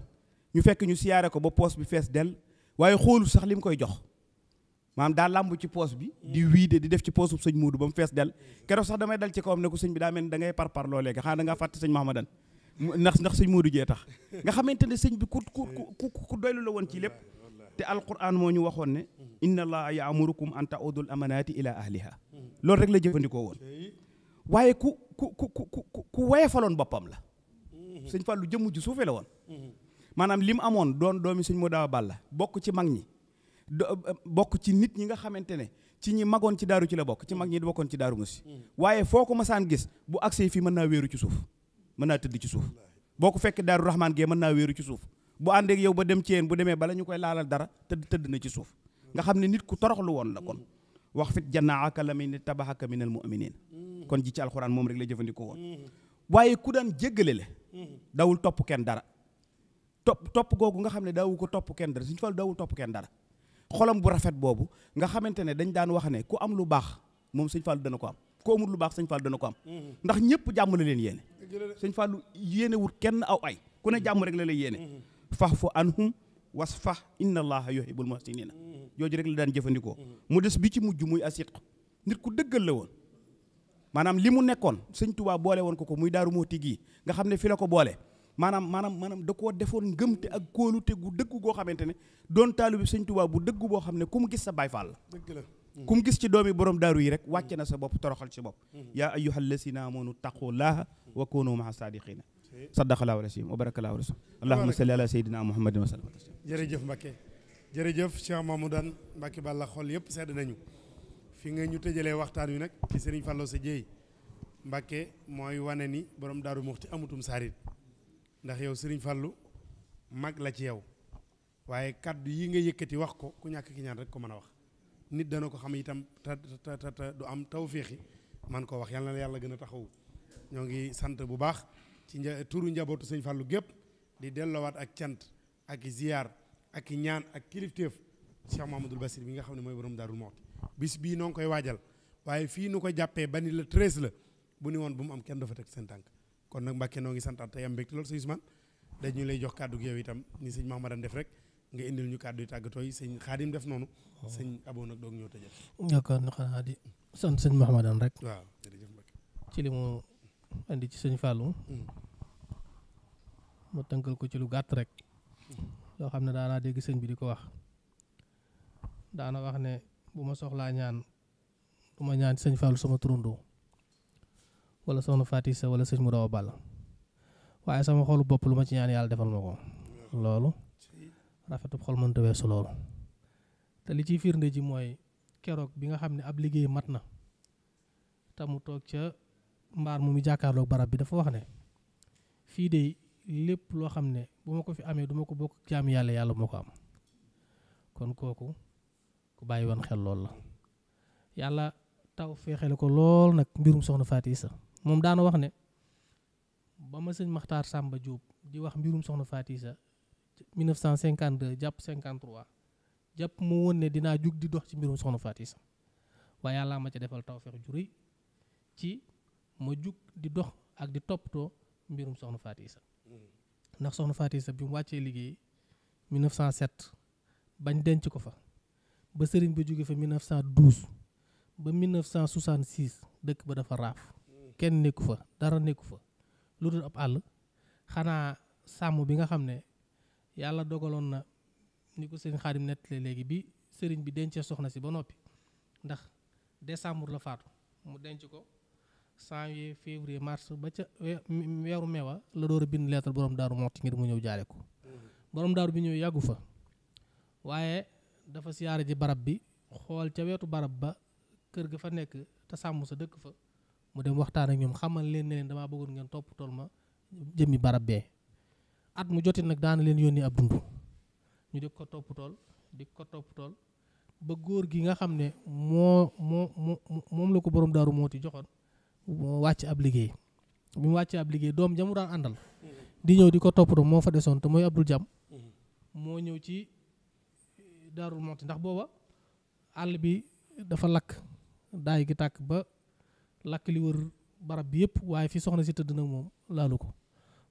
ñu fekk ñu siyaare ko ba poos bi fees dell waaye xoolu sax li mu koy jox maanaam daa làmb ci poos bi di de di def ci poosub sëñ Moodu ba mu fees del keroog sax damay dal ci kawam ne ko sëñ bi daa mel ni da ngay parpar loo léegi xanaa da ngaa fàtte sëñ Mahamadan ndax ndax sëñ Moodu jee tax nga xamante ne sëñ bi ku ku ku doylu la woon ci lépp te alquran moo ñu waxoon ne inna allaha yaamurukum an taudul amanati ila ahliha lool rek la jëfandikoo woon waaye ku ku ku ku ku woyefaloon boppam la sëñ Fàllu jëmm ju suufe la woon maanaam li mu amoon doon doomi suñ mu daa balla bokk ci mag ñi eh, bokk ci nit ñi nga xamante ne ci ñi magoon ci daaru ci la bokk ci mag ñi bokkoon ci daaru musi waaye foo ko masaan gis bu agsee fii mën naa wéeru ci suuf mën naa tëdd ci suuf boo ko fekk daaru rahmaan gee mën naa wéeru ci suuf bu ànd ak yow ba dem ci yéen bu demee bala ñu koy laalal dara tëdd tëdd na ci suuf nga xam ne nit ku toroxlu woon la kon wax fit jannaaka la may ne tabaxaka minal mu'minin kon ji ci alxuraan moom rek la jëfandikoo woon mm-hmm. waaye ku daan jéggale la mm-hmm. dawul topp kenn dara topp topp googu nga xam ne daawu ko topp kenn dara Sëriñ Fallu daawul topp kenn dara xolam bu rafet boobu nga xamante ne dañ daan wax ne ku am lu baax moom Sëriñ Fallu dana ko am ku amul lu baax Sëriñ Fallu dana ko am mm-hmm. ndax ñëpp jàmm la leen yéene Sëriñ Fallu yéene wut kenn aw ay ku ne jàmm rek la lay yéene mm-hmm. fa'fu anhum wasfah inna allaha yuhibbul muhsinina mm-hmm. jooju rek la daan jëfandikoo mu des bi ci mujj muy asiq nit ku dëggal la woon maanaam li mu nekkoon suñ Tuubaa boole woon ko ko muy daaru moo tigii nga xam ne fi la ko boole maanaam maanaam maanaam da koo defoon ngëmte ak kóolute gu dëgg goo xamante ne doon taalibu sëñ Tuubaa bu dëgg boo xam ne ku gis sa Baay Faal la dëgg la hmm. ku gis ci doomi borom daaru yi rek wàcce hmm. na sa bopp toroxal ci bopp hmm. yaa ayyuhal lazina amanu taqullaha wa kunu maa saadiqina sadaqallahu al-aziim wa barakallahu rasul allahumma salli ala sayyidina muhammadin wa sallam jërëjëf Mbakke jërëjëf Cheikh Mamadou Mbakke Balla xol yëpp sedd nañu fi nga ñu tëjalee waxtaan wi nag ci Serigne sa Dieye Mbakke mooy wane ni borom daaru muxti amutum saarit ndax yow sëriñ Fallou mag la ci yow waaye kàddu yi nga yëkkati wax ko ku ñàkk ki ñaan rek ko mën a wax nit dana ko xam itam te te te du am tawféexi man koo wax yal na la yàlla gën a taxawu ñoo ngi sant bu baax ci nja turu njabootu sëñ Fallou gépp di dellowaat ak cant ak i ziyaar ak ñaan ak kilifteef Cheikh Mahamadul Basir bi nga xam ne mooy borom Daarul Muxti bis bii noo ngi koy waajal waaye fii nu ko jàppee ba ni la treize la bu ni woon bu mu am kenn dafa teg seen tànk kon nag Mbàkke noo ngi santaat tey am mbégte loolu sëñ Ousmane dañu lay jox kàddu gi yow itam ni sëñ Mahamadan def rek nga indil ñu kàddu yi tàggatoo yi sëñ Xaadim def noonu oh. sëñ Aboo nag doog ñëw tëjal yaakaar na xanaa di sant sëñ Mahamadan rek waaw jërëjëf Mbàkke ci li mu andi ci sëñ Fallou hmm. tënkal ko ci lu gàtt rek loo xam ne daanaa dégg sëñ bi di ko wax daana wax ne bu ma soxlaa ñaan du ma ñaan sëñ Fallou sama turandoo wala soxna Faati sa wala sëñ mu daw bàll waaye sama xolu bopp lu ma ci ñaan yàlla defal ma ko loolu rafetub xol mënta weesu loolu te li ciy fiir firnde ji mooy keroog bi nga xam ne ab liggéey mat na te mu toog ca mbaar mu mu jàkkaarloog barab bi dafa wax ne fii de lépp loo xam ne bu ma ko fi amee duma ko bokk jaam yàlla yàlla moo ko am kon kooku ku bàyyi woon xel lool la yàlla taw feexele ko lool nag mbirum soxna Faati sa moom daana wax ne ba ma sëñ Maxtaar Sàmba Jóob di wax mbirum soxna faatisa 1952 jàpp 53 jàpp mu woon ne dinaa jug di dox ci mbirum soxna Fatisa waaye yàlla ma ca defal tawfeex ju rëy ci ma jug di dox ak di toppatoo mbirum soxna Fatisa ndax soxna Fatisa bi mu wàccee liggéey 1907 bañ denc ko fa ba sëriñ ba jóge fa 1912 ba 1966 dëkk ba dafa raaf kenn nekku fa dara nekku fa lu dul ab àll xanaa sàmm bi nga xam ne yàlla dogaloon na ni ko sëriñ Xaadim nettali léegi bi sëriñ bi dencee soxna si ba noppi ndax décembre la faatu mu denc ko janvier février mars ba ca weeru meewa la door a bind lettre borom daaru Muxti ngir mu ñëw jaare ko borom daaru bi ñëw yàggu fa waaye dafa siyaare ji barab bi xool ca wetu barab ba kër ga fa nekk te sàmm sa dëkk fa mu dem waxtaan ak ñoom xamal leen ne leen damaa bëggoon ngeen topp tool ma jëmmi barab bee at mu jotit nag daana leen yónnee ab dund ñu de ko topp tool di ko topp tool ba góor gi nga xam ne moo moo moo moom la ko borom daaru moo ti joxoon moo wàcc ab liggéey bi mu wàccee ab liggéey doom jamu daan àndal di ñëw di ko toppatoo moo fa desoon te mooy Abdul Jam moo ñëw ci daarul monti ndax booba àll bi dafa lakk daay gi tàkk ba lakk li wër barab bi yëpp waaye fi soxna si tëdd nag moom laalu ko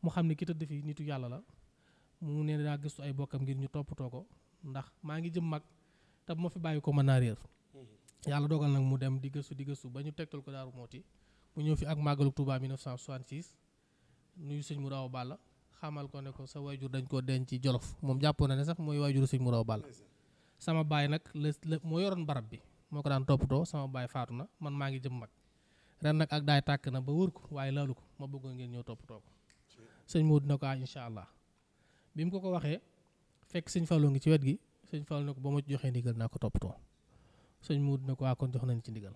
mu xam ne ki tëdd fi nitu yàlla la mu ne daa gëstu ay bokkam ngir ñu toppatoo ko ndax maa ngi jëm mag te bu ma fi bàyyi ko mën naa réer mm-hmm. yàlla dogal nag mu dem di gëstu di gëstu ba ñu tegtal ko daaru mooti mu ñëw fi ak màggalu Touba 1966 nuyu sëñ Mouraw Balla xamal ko ne ko sa waajur dañ koo denc ci Jolof moom jàppoona ne sax mooy waajuru sëñ Mouraw Balla sama baay nag la moo yoroon barab bi moo ko daan toppatoo sama baay faatu na man maa ngi jëm mag ren nag ak daay tàkk na ba wër ko waaye laalu ko ma bëggoon ngeen ñëw toppatoo ko sëñ Modou na ko ah incha allah bi mu ko ko waxee fekk sëñ Fallou ngi ci wet gi sëñ Fallou na ko ba ma joxee ndigal naa ko toppatoo sëñ Modou na ko ah kon jox nañ ci ndigal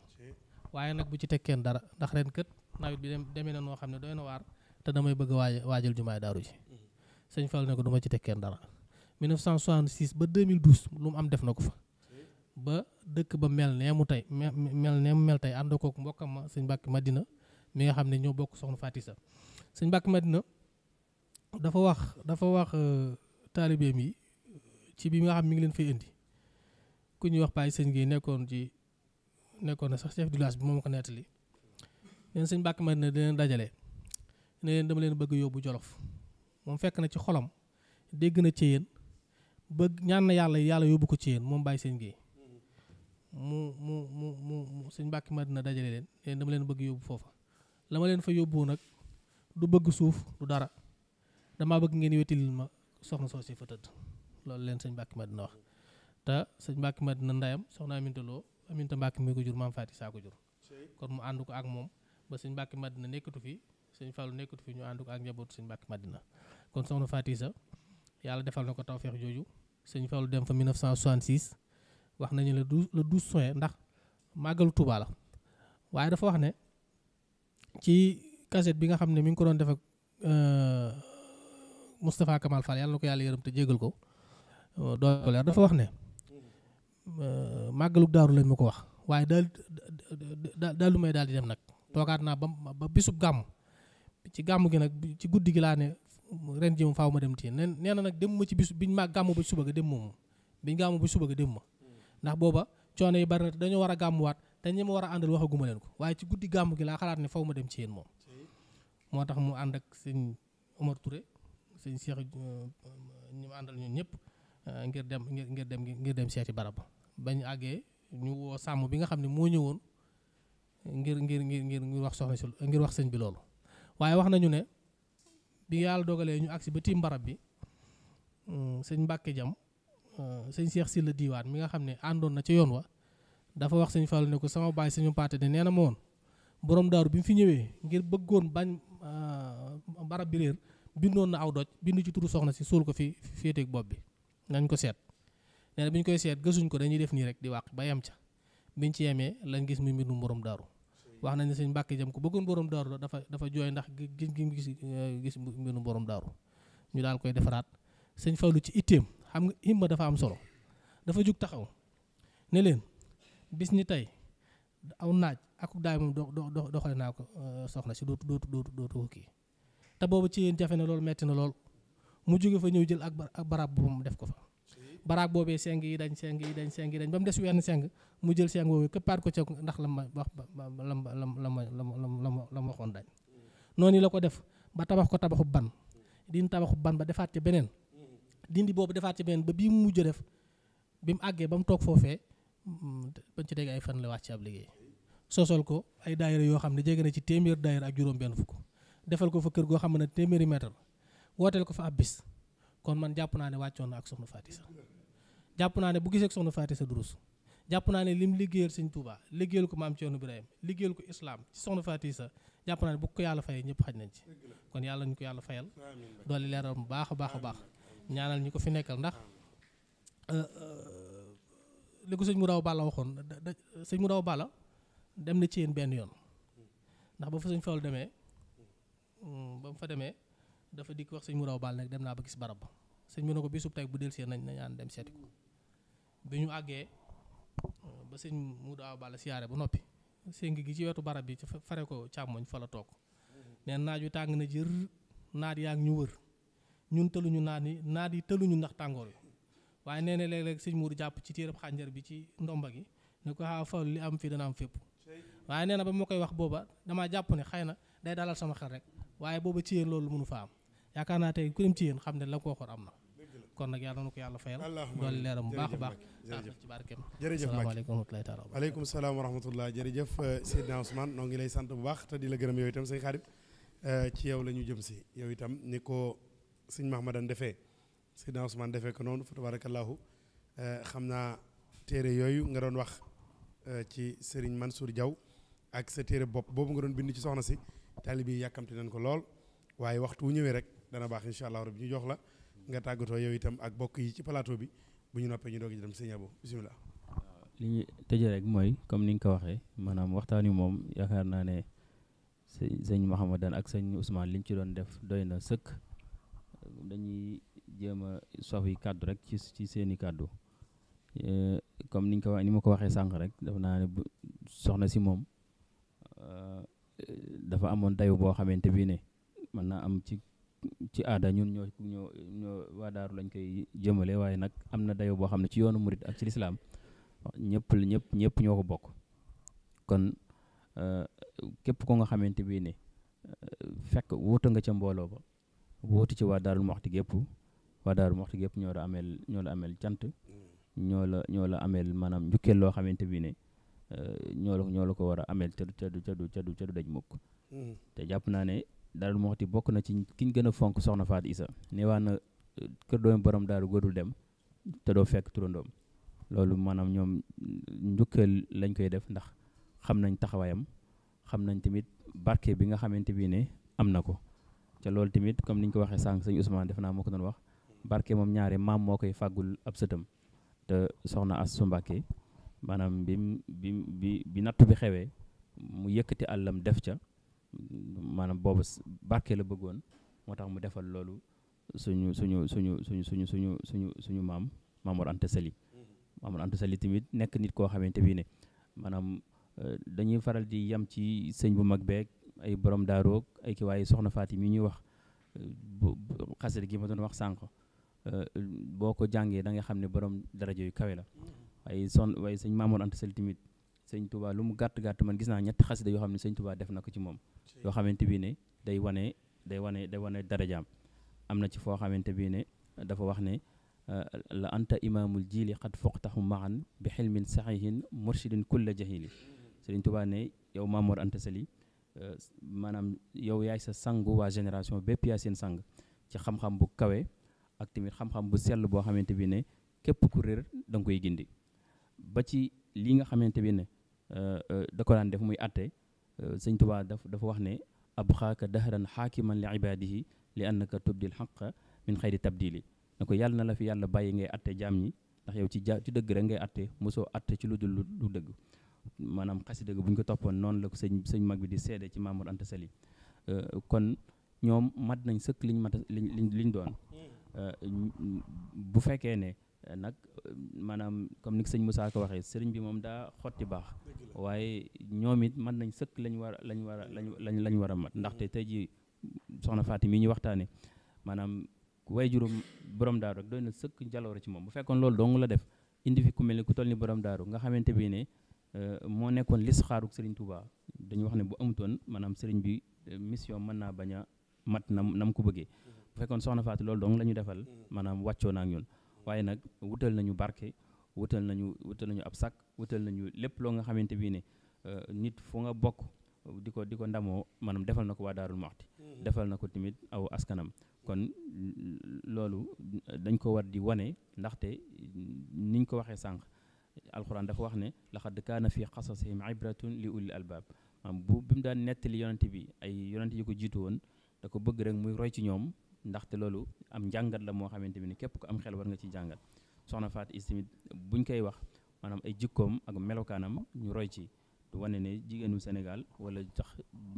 waaye nag bu ci teg kenn dara ndax ren kët nawet bi demee na noo xam ne doy na waar te damay bëgg a waaj waajal jumaay daaru ji mhm. sëñ Fallou na ko du ma ci teg kenn dara 1966 ba 2012 lu mu am def na ko fa. ba dëkk ba mel nee mu tey mel nee mu mel tey ànd kook mbokkam ma sëñ Mbàkke Madina mi nga xam ne ñoo bokk soxna Faati Sa sëñ Mbàkke Madina dafa wax dafa wax euh, taalibeem yi ci bi nga xam mi ngi leen fay indi ku ñuy wax Baye Sëñ Guèye nekkoon ci nekkoon na sax chef du bi moom ko nettali leen sëñ Mbàkke Madina daleen dajale ne leen dama leen bëgg yóbbu Jolof moom fekk na ci xolom dégg na ci yéen bëgg ñaan na yàlla yàlla yóbbu ko ci yéen moom Baye Sëñ Guèye mu mu mu mu mu suñ mbàkki madina dajale leen leen dama leen bëgg yóbbu foofa lama leen fa yóbbu nag du bëgg suuf du dara dama bëgg ngeen wetilil ma soxna soo si fa tëdd loolu leen sëñ mbàkki madina wax te sëñ mbàkki madina ndayam soxna aminta loo aminta mbàkki mi ko jur maam faati saa ko jur kon mu ànd ko ak moom ba sëñ mbàkki madina nekkatu fi sëñ falu nekkatu fii ñu ànd ko ak njabootu sëñ mbàkki madina kon soxna faati sa yàlla defal na ko tawfeex jooju sëñ Fallou dem fa wax nañu le du le du juin ndax màggalu Tuuba la waaye dafa wax ne ci cassette bi nga xam ne mi ngi ko doon def ak euh, Moustapha Kamal Fall yàlla ko yàlla yërëm te jégal ko euh, doo ko leer dafa wax ne euh, màggalu daaru lañ mu ko wax waaye daal daal lu may daal di dem nag toogaat naa ba ba bisub gàmm ci gàmm gi nag ci guddi gi laa ne ren ji faaw ma dem tii nee na nag dem ma ci bisu biñ ma gàmm ba suba ga dem moom biñ gàmm ba suba ga dem ma ndax booba coono yi bari na dañoo war a gàmmuwaat te ñi ma war a àndal waxaguma leen ko waaye ci guddi gàmm gi laa xalaat ne faw ma dem ci yéen moom moo tax mu ànd ak sëñ Omar Touré sëñ Cheikh euh, ñu àndal ñun ñëpp euh, ngir dem ngir dem ngir dem seeti barab bañ àggee ñu woo sàmm bi nga xam ne moo ñëwoon ngir ngir ngir ngir ngir wax soxna si ngir wax sëñ bi loolu waaye wax nañu ne bi yàlla dogalee ñu agsi ba tiim barab bi euh, sëñ Mbàkke jam Euh, sëñ Cheikh Sylla Diwaan mi nga xam ne àndoon na ca yoon wa dafa wax sëñ Fallou ne ko sama baay sëñu paate de nee na ma woon borom daaru bi mu fi ñëwee ngir bëggoon bañ euh, barab bi réer bindoon na aw doj bind ci turu soxna si suul ko fi féeteeg bopp bi nañ ko seet nee na koy seet gësuñ ko dañuy def nii rek di wàq ba yem ca biñ ci yemee lañ gis muy mbindum borom daaru wax nañ ne sëñ Mbàkke ko bëggoon borom daaru la dafa dafa jooy ndax gis gis euh, gis mbindum borom daaru ñu xam nga himma dafa am solo dafa jug taxaw ne leen bis ni tey aw naaj aku daay moom do do doxale naa ko euh, soxna si dootu dootu dootu dootu kii te boobu ci yéen jafe ne loolu metti na lool mu jóge fa ñëw jël ak baraab boobu mu def ko fa. baraag boobee seng yi dañ seng yi dañ seng yi dañ ba mu des wenn seng mu jël seng boobu këppaat ko ca ndax la ma wax la ma la ma la ma la ma waxoon dañ. noonu la ko def ba tabax ko tabaxu ban di tabaxu ban ba defaat dindi boobu defaat ci benn ba bii mu mujj def bi mu àggee ba mu toog foofee mm, bañ ci dégg ay fan la wàcc ci ab liggéey sosol ko ay daayira yoo xam ne jege na ci téeméer daayira ak juróom-benn fukk defal ko fa kër goo xam ne téeméeri mètre la wooteel ko fa ab bis kon man jàpp naa ne wàccoon na ak soxna Faty Issa jàpp naa ne bu gisee ak soxna Faty Issa durus jàpp naa ne lim liggéeyal sëñ Touba liggéeyal ko maam Thierno Ibrahima liggéeyal ko islam ci soxna Faty jàpp naa ne bu ko yàlla fayee ñëpp xaj nañ ci kon yàlla ñu ko yàlla fayal doole leeral bu baax a baax a baax ñaanal ñi ko fi nekkal ndax euh, euh, li ko sëñ Mouraw Balla waxoon da sëñ Mouraw Balla dem na ci yéen benn yoon ndax ba fa sëñ Fall demee hmm, ba mu fa demee dafa dikk wax sëñ Mouraw Balla nag dem naa ba gis barab ba sëñ bi ne ko bisub tey bu delsee nañ nañaan dem seeti ko bi ñu àggee euh, ba sëñ mu Mouraw Balla siyaare ba noppi séngi gi ci wetu barab bi fare ko càmmooñ fa la toog mm-hmm. neen naaj wi tàng na jër naat yaa ngi ñu wër ñun tëluñu naat yi naat yi tëluñu ndax tàngoor bi waaye nee na léeg-léeg sëñ Mourou jàpp ci téerab xànjar bi ci ndomba gi ne ko xaa ah, fa li am fii dana am fépp waaye nee na ba moo koy wax booba damaa jàpp ne xëy na day dalal sama xel rek waaye booba ci yéen loolu mënu fa am yaakaar naa tey ku dem ci yéen xam ne la ko waxoon am na kon nag yàlla na ko yàlla fayal dool leeram bu baax a baax ci barkeem jërëjëf asalaamaaleykum wa rahmatullahi taala aleykum salaam wa rahmatullah jërëjëf euh, Seydina ngi lay sant bu baax te di la gërëm yow itam sëñ Xaadim euh, ci yow la ñu jëm si yow itam ni sëñ Mahmadan defee Seydina Ousmane defee ko noonu fa tabarakallahu eh, xam naa téere yooyu nga doon wax eh, ci Serigne Mansour Diaw ak sa téere bopp boobu nga doon bind ci soxna si taalibe yi yàkkamti nañ ko lool waaye waxtu wu ñëwee rek dana baax incha allah rabbi ñu jox la nga tàggatoo yow itam ak bokk yi ci plateau bi bu ñu noppee ñu doog a dem sëñ Abo bisimilah. li ñu tëjee rek mooy comme ni nga ko waxee maanaam waxtaan wi moom yaakaar naa ne sëñ Mahamadan ak sëñ Ousmane liñ ci doon def doy na sëkk. dañuy jéem a sof yi kàddu rek ci ci seen i kàddu euh, comme niñ ko ni ma ko waxee sànq rek def naa ne soxna si moom euh, dafa amoon dayu boo xamante bii ne mën naa am ci ci aada ñun ñoo ñoo waa daaru lañ koy jëmalee waaye nag am na dayu boo xam ne ci yoonu murit ak ci lislaam ñëpp ñëpp ñoo ko bokk kon euh, képp ko nga xamante bii ne fekk wuuta nga ca mbooloo ba wootu ci waa Daarul Moxti gépp waa Daarul Moxti gépp ñoo la ameel ñoo la ameel cant ñoo la ñoo la ameel maanaam njukkeel loo xamante bi ne euh, ñoo la ñoo la ko war a ameel te du te du te du te daj mukk mm-hmm. te jàpp naa ne Daarul Moxti bokk na ci ki ñu gën a fonk soxna Faat Isa neewaa na euh, kër doomi borom daaru góodul dem te doo fekk turandoom loolu maanaam ñoom njukkeel lañ koy def ndax xam nañ taxawaayam xam nañ tamit barke bi nga xamante bii ne am na ko ca loolu tamit comme ni ñu ko waxee sànq sëñ Ousmane def naa moo ko doon wax barke moom ñaare maam moo koy fàggul ab sëtam te soxna Astu Mbàkke maanaam bi bi bi bi natt bi xewee mu yëkkati àllam def ca maanaam boobu barke la bëggoon moo tax mu defal loolu suñu suñu suñu suñu suñu suñu suñu suñu maam Mamour Anta Sali mm-hmm. Mamour Anta Sali tamit nekk nit koo xamante bi ne maanaam euh, dañuy faral di yam ci sëñ bu mag beeg ay borom daaroog ay ki waaye soxna Fatim yi ñuy wax xasida gi ma doon wax sànq euh, boo ko jàngee da nga xam ne borom daraja yu kawe la waaye son waaye sëñ Mamour Anta Sall tamit sëñ Touba lu mu gàtt gàtt man gis naa ñetti xasida yoo xam ne sëñ Touba def na ko ci moom yoo xamante bi ne day wane day wane day wane darajaam am na ci foo xamante bi ne dafa wax ne euh, la anta imaamul jili xat foqtaxu maxan bi xilmin saxihin mursidin kulla jahili sëriñ Touba ne yow Mamour Anta Sali Euh, maanaam yow yaay sa sangu waa génération bépp yaay seen sang ci xam-xam bu kawe ak tamit xam-xam bu sell boo xamante bi ne képp ku réer da nga koy gindi ba ci li nga xamante bi ne euh, euh, da ko daan def muy atte sëñ Tuubaa daf dafa wax ne abxaaka dahran xaakiman li ibaadihi li annaka tubdil xaqa min xayri tabdili na ko yàlla na la fi yàlla bàyyi ngay atte jaam ñi ndax yow ci ja ci dëgg rek ngay atte mosoo atte ci lu dul lu dëgg maanaam xasida ga bu ñu ko toppoon noonu la ko sëñ sëñ mag bi di seede ci Mamour Anta euh, kon ñoom mat nañ sëkk liñ mat liñ liñ liñ doon euh, bu fekkee ne euh, nag maanaam comme ni sëñ Moussa ko waxee sëriñ bi moom daa xotti baax waaye ñoom it mat nañ sëkk lañ war a lañ war a lañ lañ war mat ndaxte tey jii soxna Fatim yi ñuy waxtaane maanaam way juróom borom daaru rek doy na sëkk a ci moom bu fekkoon loolu dong la def indi fi ku mel ni ku toll ni borom daaru nga xamante bi ne Euh, moo nekkoon listixaaruk Serigne Touba dañu wax ne bu amutoon maanaam Serigne bi euh, mission mën naa bañ a mat na nam ko bëggee bu fekkoon soxna Fatou loolu dong la ñu defal maanaam wàccoo naa ak ñun waaye nag wutal nañu barke wutal nañu wutal nañu ab sàkk wutal nañu lépp loo nga xamante bi ne euh, nit fu nga di ko di ko ndamoo maanaam defal na ko waa Daarul Muxti mm-hmm. defal na ko tamit aw askanam kon loolu dañ ko war di wane ndaxte niñ ko waxee sànq alxuraan dafa wax ne laxad kaana fi xasasihim ibratun li ulil albaab maanaam bu bi mu daan nettali yonante bi ay yonante yu ko jiitu woon da ko bëgg rek muy roy ci ñoom ndaxte loolu am njàngat la moo xamante bi ne képp ko am xel war nga ci jàngat soxna Faat Is tamit buñ koy wax maanaam ay jikkoom ak melokaanam ñu roy ci du wane ne jigéenu Sénégal wala jax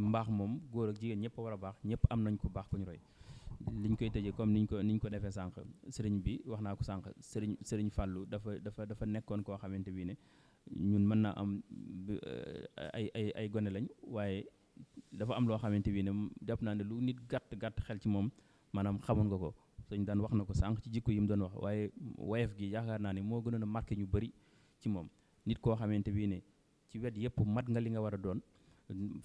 mbaax moom góor ak jigéen ñëpp a war a baax ñëpp am nañ ko baax ku ñu roy liñ koy tëjee comme niñ ko niñ ko defee sànq sëriñ bi wax naa ko sànq sëriñ sëriñ Fallou dafa dafa dafa nekkoon koo xamante bi ne ñun mën naa am eh, ay ay ay gone lañ waaye dafa am loo xamante bi ne def naa ne lu nit gàtt gàtt xel ci moom maanaam xamoon nga ko sëñ daan wax na ko sànq ci jikko yi mu doon wax waaye woyof gi yaakaar naa ne moo gënoon a marqué ñu bari ci moom nit koo xamante bi ne ci wet yëpp mat nga li nga war a doon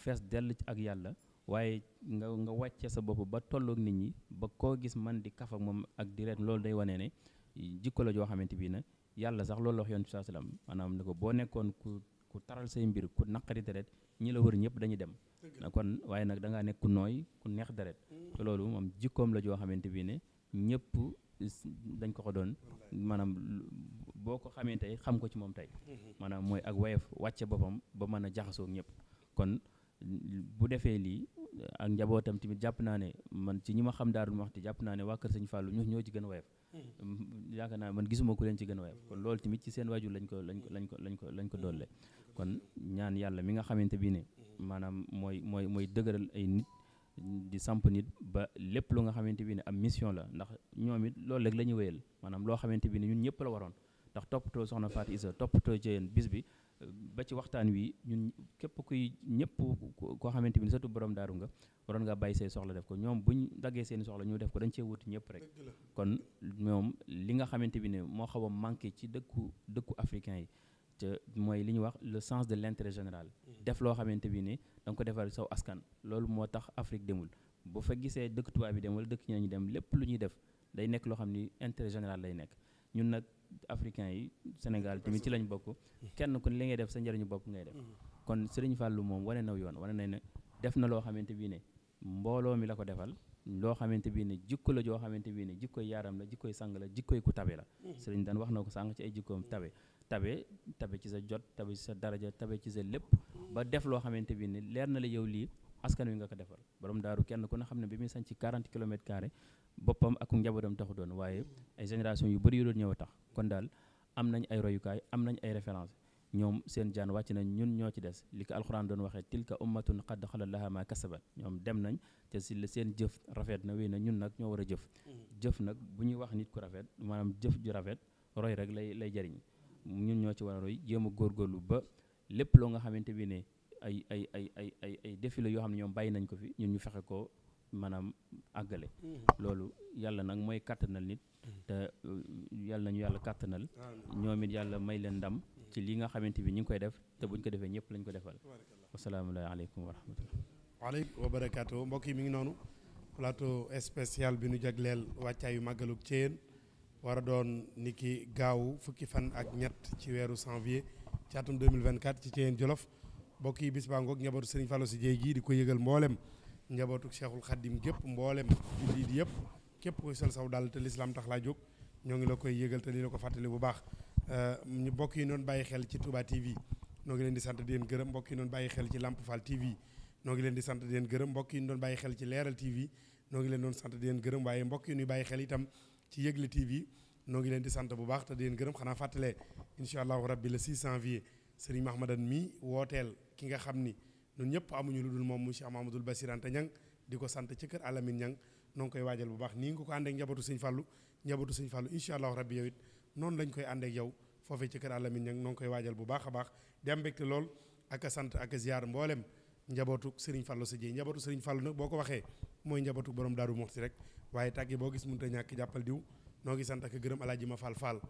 fees dell ak yàlla waaye nga nga wàcce sa bopp ba tollook nit ñi ba koo gis man di kaf ak moom ak di loolu day wanee ne jikko la joo xamante bii na yàlla sax loolu la wax yoon bi sa salaam maanaam ne ko boo nekkoon ku ku taral say mbir ku naqari deret ñi la wër ñëpp dañuy dem kon waaye nag da ngaa nekk nooy ku neex deret mm. loolu moom jikkoom la joo xamante bii ne ñëpp dañ ko ko doon maanaam boo ko xamee tey xam ko ci moom tey mm-hmm. maanaam mooy ak wayef wàcce boppam ba mën a jaxasoo ñëpp kon bu defee lii ak njabootam tamit jàpp naa ne man ci ñi ma xam daarul maxti jàpp naa ne waa kër sëñ Fallou ñu ñoo ci gën a woyof hmm. yaakaar naa man gisuma ko leen ci gën a woyof kon loolu tamit ci seen waajur lañ ko lañ ko lañ ko lañ ko lañ ko doole kon ñaan yàlla mi nga xamante bi ne maanaam mooy mooy mooy dëgëral ay nit di samp nit ba lépp lu nga xamante bi ne am mission la ndax ñoom it loolu rek la ñuy wéyal maanaam loo xamante bi ne ñun ñëpp la waroon ndax toppatoo soxna Fatou toppatoo ci bis bi ba ci waxtaan wi ñun képp kuy ñëpp koo xamante ni surtout borom daaru nga waroon nga bàyyi say soxla def ko ñoom buñ daggee seen soxla ñu def ko dañ cee wuti ñëpp rek kon ñoom li nga xamante bi ne moo xaw a manqué ci dëkku dëkku africain yi te mooy li ñu wax le sens de l'intérêt général hmm. def loo xamante bi ne da nga ko defal saw askan loolu moo tax Afrique demul bu fa gisee dëkk tubaab bi dem wala dëkk ñeneen ñu dem lépp lu ñuy def day nekk loo xam ni intérêt général lay nekk africain yi Sénégal tamit ci lañ bokk kenn ku li ngay def sa njëriñu bopp ngay def kon Serigne Fallou moom wane na yoon wane na ne def na loo xamante bii ne mbooloo mi la ko defal loo xamante bii ne jikko la joo xamante bii ne jikkoy yaaram la jikkoy sang la jikkoy ku tabe la mm-hmm. Serigne daan wax na ko sànq ci ay jikkoom tabe tabe tabe ci sa jot tabe ci sa daraja tabe ci sa lépp ba def loo xamante bii ne leer na la yow lii askan wi nga ko defal boroom daaru kenn ku ne xam ne bi muy sañ ci 40 kilomètres carrés boppam ak njabootam taxu doon waaye ay génération yu bëri yu doon ñëw a tax kon daal am nañ ay royukaay am nañ ay référence ñoom seen jaan wàcc nañ ñun ñoo ci des li ko alxuraan doon waxee tilka ummatun qad xalat laha ma kasabat ñoom dem nañ te si la seen jëf rafet na wéy na ñun nag ñoo war a jëf mm. jëf nag bu ñuy wax nit ku rafet maanaam jëf ju rafet roy rek lay lay jariñ ñun ñoo ci war a roy jéem a góorgóorlu ba lépp loo nga xamante bi ne ay ay ay ay ay ay défi yoo xam ne ñoom bàyyi nañ ko fi ñun ñu fexe ko maanaam àggale mm-hmm. loolu yàlla nag mooy kàttanal nit mm-hmm. te uh, yàlla nañu yàlla kàttanal ñoom it yàlla may leen ndam mm-hmm. ci lii nga xamante bi ñu ngi koy def te buñ ko defee ñëpp lañ ko defal wasalaamualeykum wa rahmatullah waaleykum wa mbokk yi mi ngi noonu plateau spécial bi nu jagleel wàccaayu màggalug Céyeen war a doon ni ki gaawu fukki fan ak ñett ci weeru janvier ci atum 2024 ci Céyeen Jolof bokk yi bis baa ngoog njabootu Serigne si jéey gii di ko yëgal mbooleem njabootu cheikhul xaddim gépp mboolem jullit yëpp képp koy sol saw dal te lislaam tax laa jóg ñoo ngi la koy yëgal te di la ko fàttali bu baax euh, ñu mbokk yi noonu bàyyi xel ci Touba TV ngi leen sant di leen gërëm mbokk yi noonu xel ci Lamp Fall TV noo ngi leen di sant di leen gërëm mbokk yi ñu doon bàyyi xel ci Leeral TV noo ngi leen doon sant di leen gërëm waaye mbokk yi ñuy bàyyi xel itam ci Yëgle TV noo ngi leen di sant bu baax te di leen gërëm xanaa fàttalee incha allahu rabbi le 6 janvier Serigne Mahmadan mi wooteel ki nga xam ni ñun ñëpp amuñu lu dul moom mu Cheikh Mamadou Bassir Anta Niang di ko sant ci kër Alamine Niang noo ngi koy waajal bu baax nii nga ko ànd ak njabootu sëñ Fallou njabootu sëñ Fallou incha allahu rabbi yow it noonu lañ koy ànd ak yow foofee ci kër Alamine Niang noo koy waajal bu baax a baax di am mbégte lool ak sant ak a ziar mboolem njabootu Serigne Fallou sa jiy njabootu sëriñ Fallou nag boo ko waxee mooy njabootu borom Daaru Muxti rek waaye tàggi boo gis mënut ñàkk jàppal diw noo ngi sant ak gërëm alaaji ma Fall Fall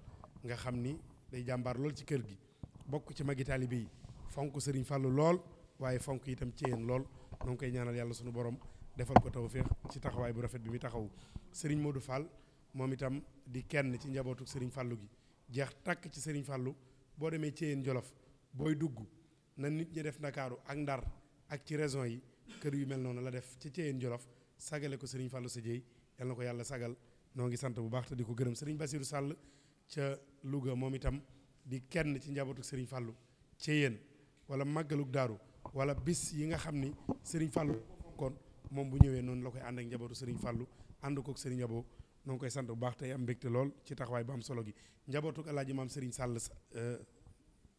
nga xam ni day jàmbaar lool ci kër gi bokk ci magi taalibe yi fonk Serigne Fallou lool waaye fonk itam ci yéen lool noo koy ñaanal yàlla sunu borom defal ko tawféex ci taxawaay bu rafet bi muy taxaw Serigne Modou Fall moom itam di kenn ci njabootu Serigne fàllu gi jeex takk ci Serigne Fallou boo demee ci yéen Jolof booy dugg na nit def Ndakaaru ak Ndar ak ci région yi kër yu mel noonu la def ci Ceyeen Jolof sagale ko Serigne Fallou Sadieye yal na yàlla sagal noo ngi sant bu baax te di ko gërëm Serigne Bassirou Sall ca Louga moom itam di kenn ci njabootu Serigne Fallou Ceyeen wala màggalug daaru wala bis yi nga xam ni Serigne Fallou kon moom bu ñëwee noonu la koy ànd ak njabootu Serigne fàllu ànd kook Serigne Abo noo ngi koy sant bu baax tey am lool ci taxawaay bu am solo gi njabootuk alaaji maam Serigne Sall euh,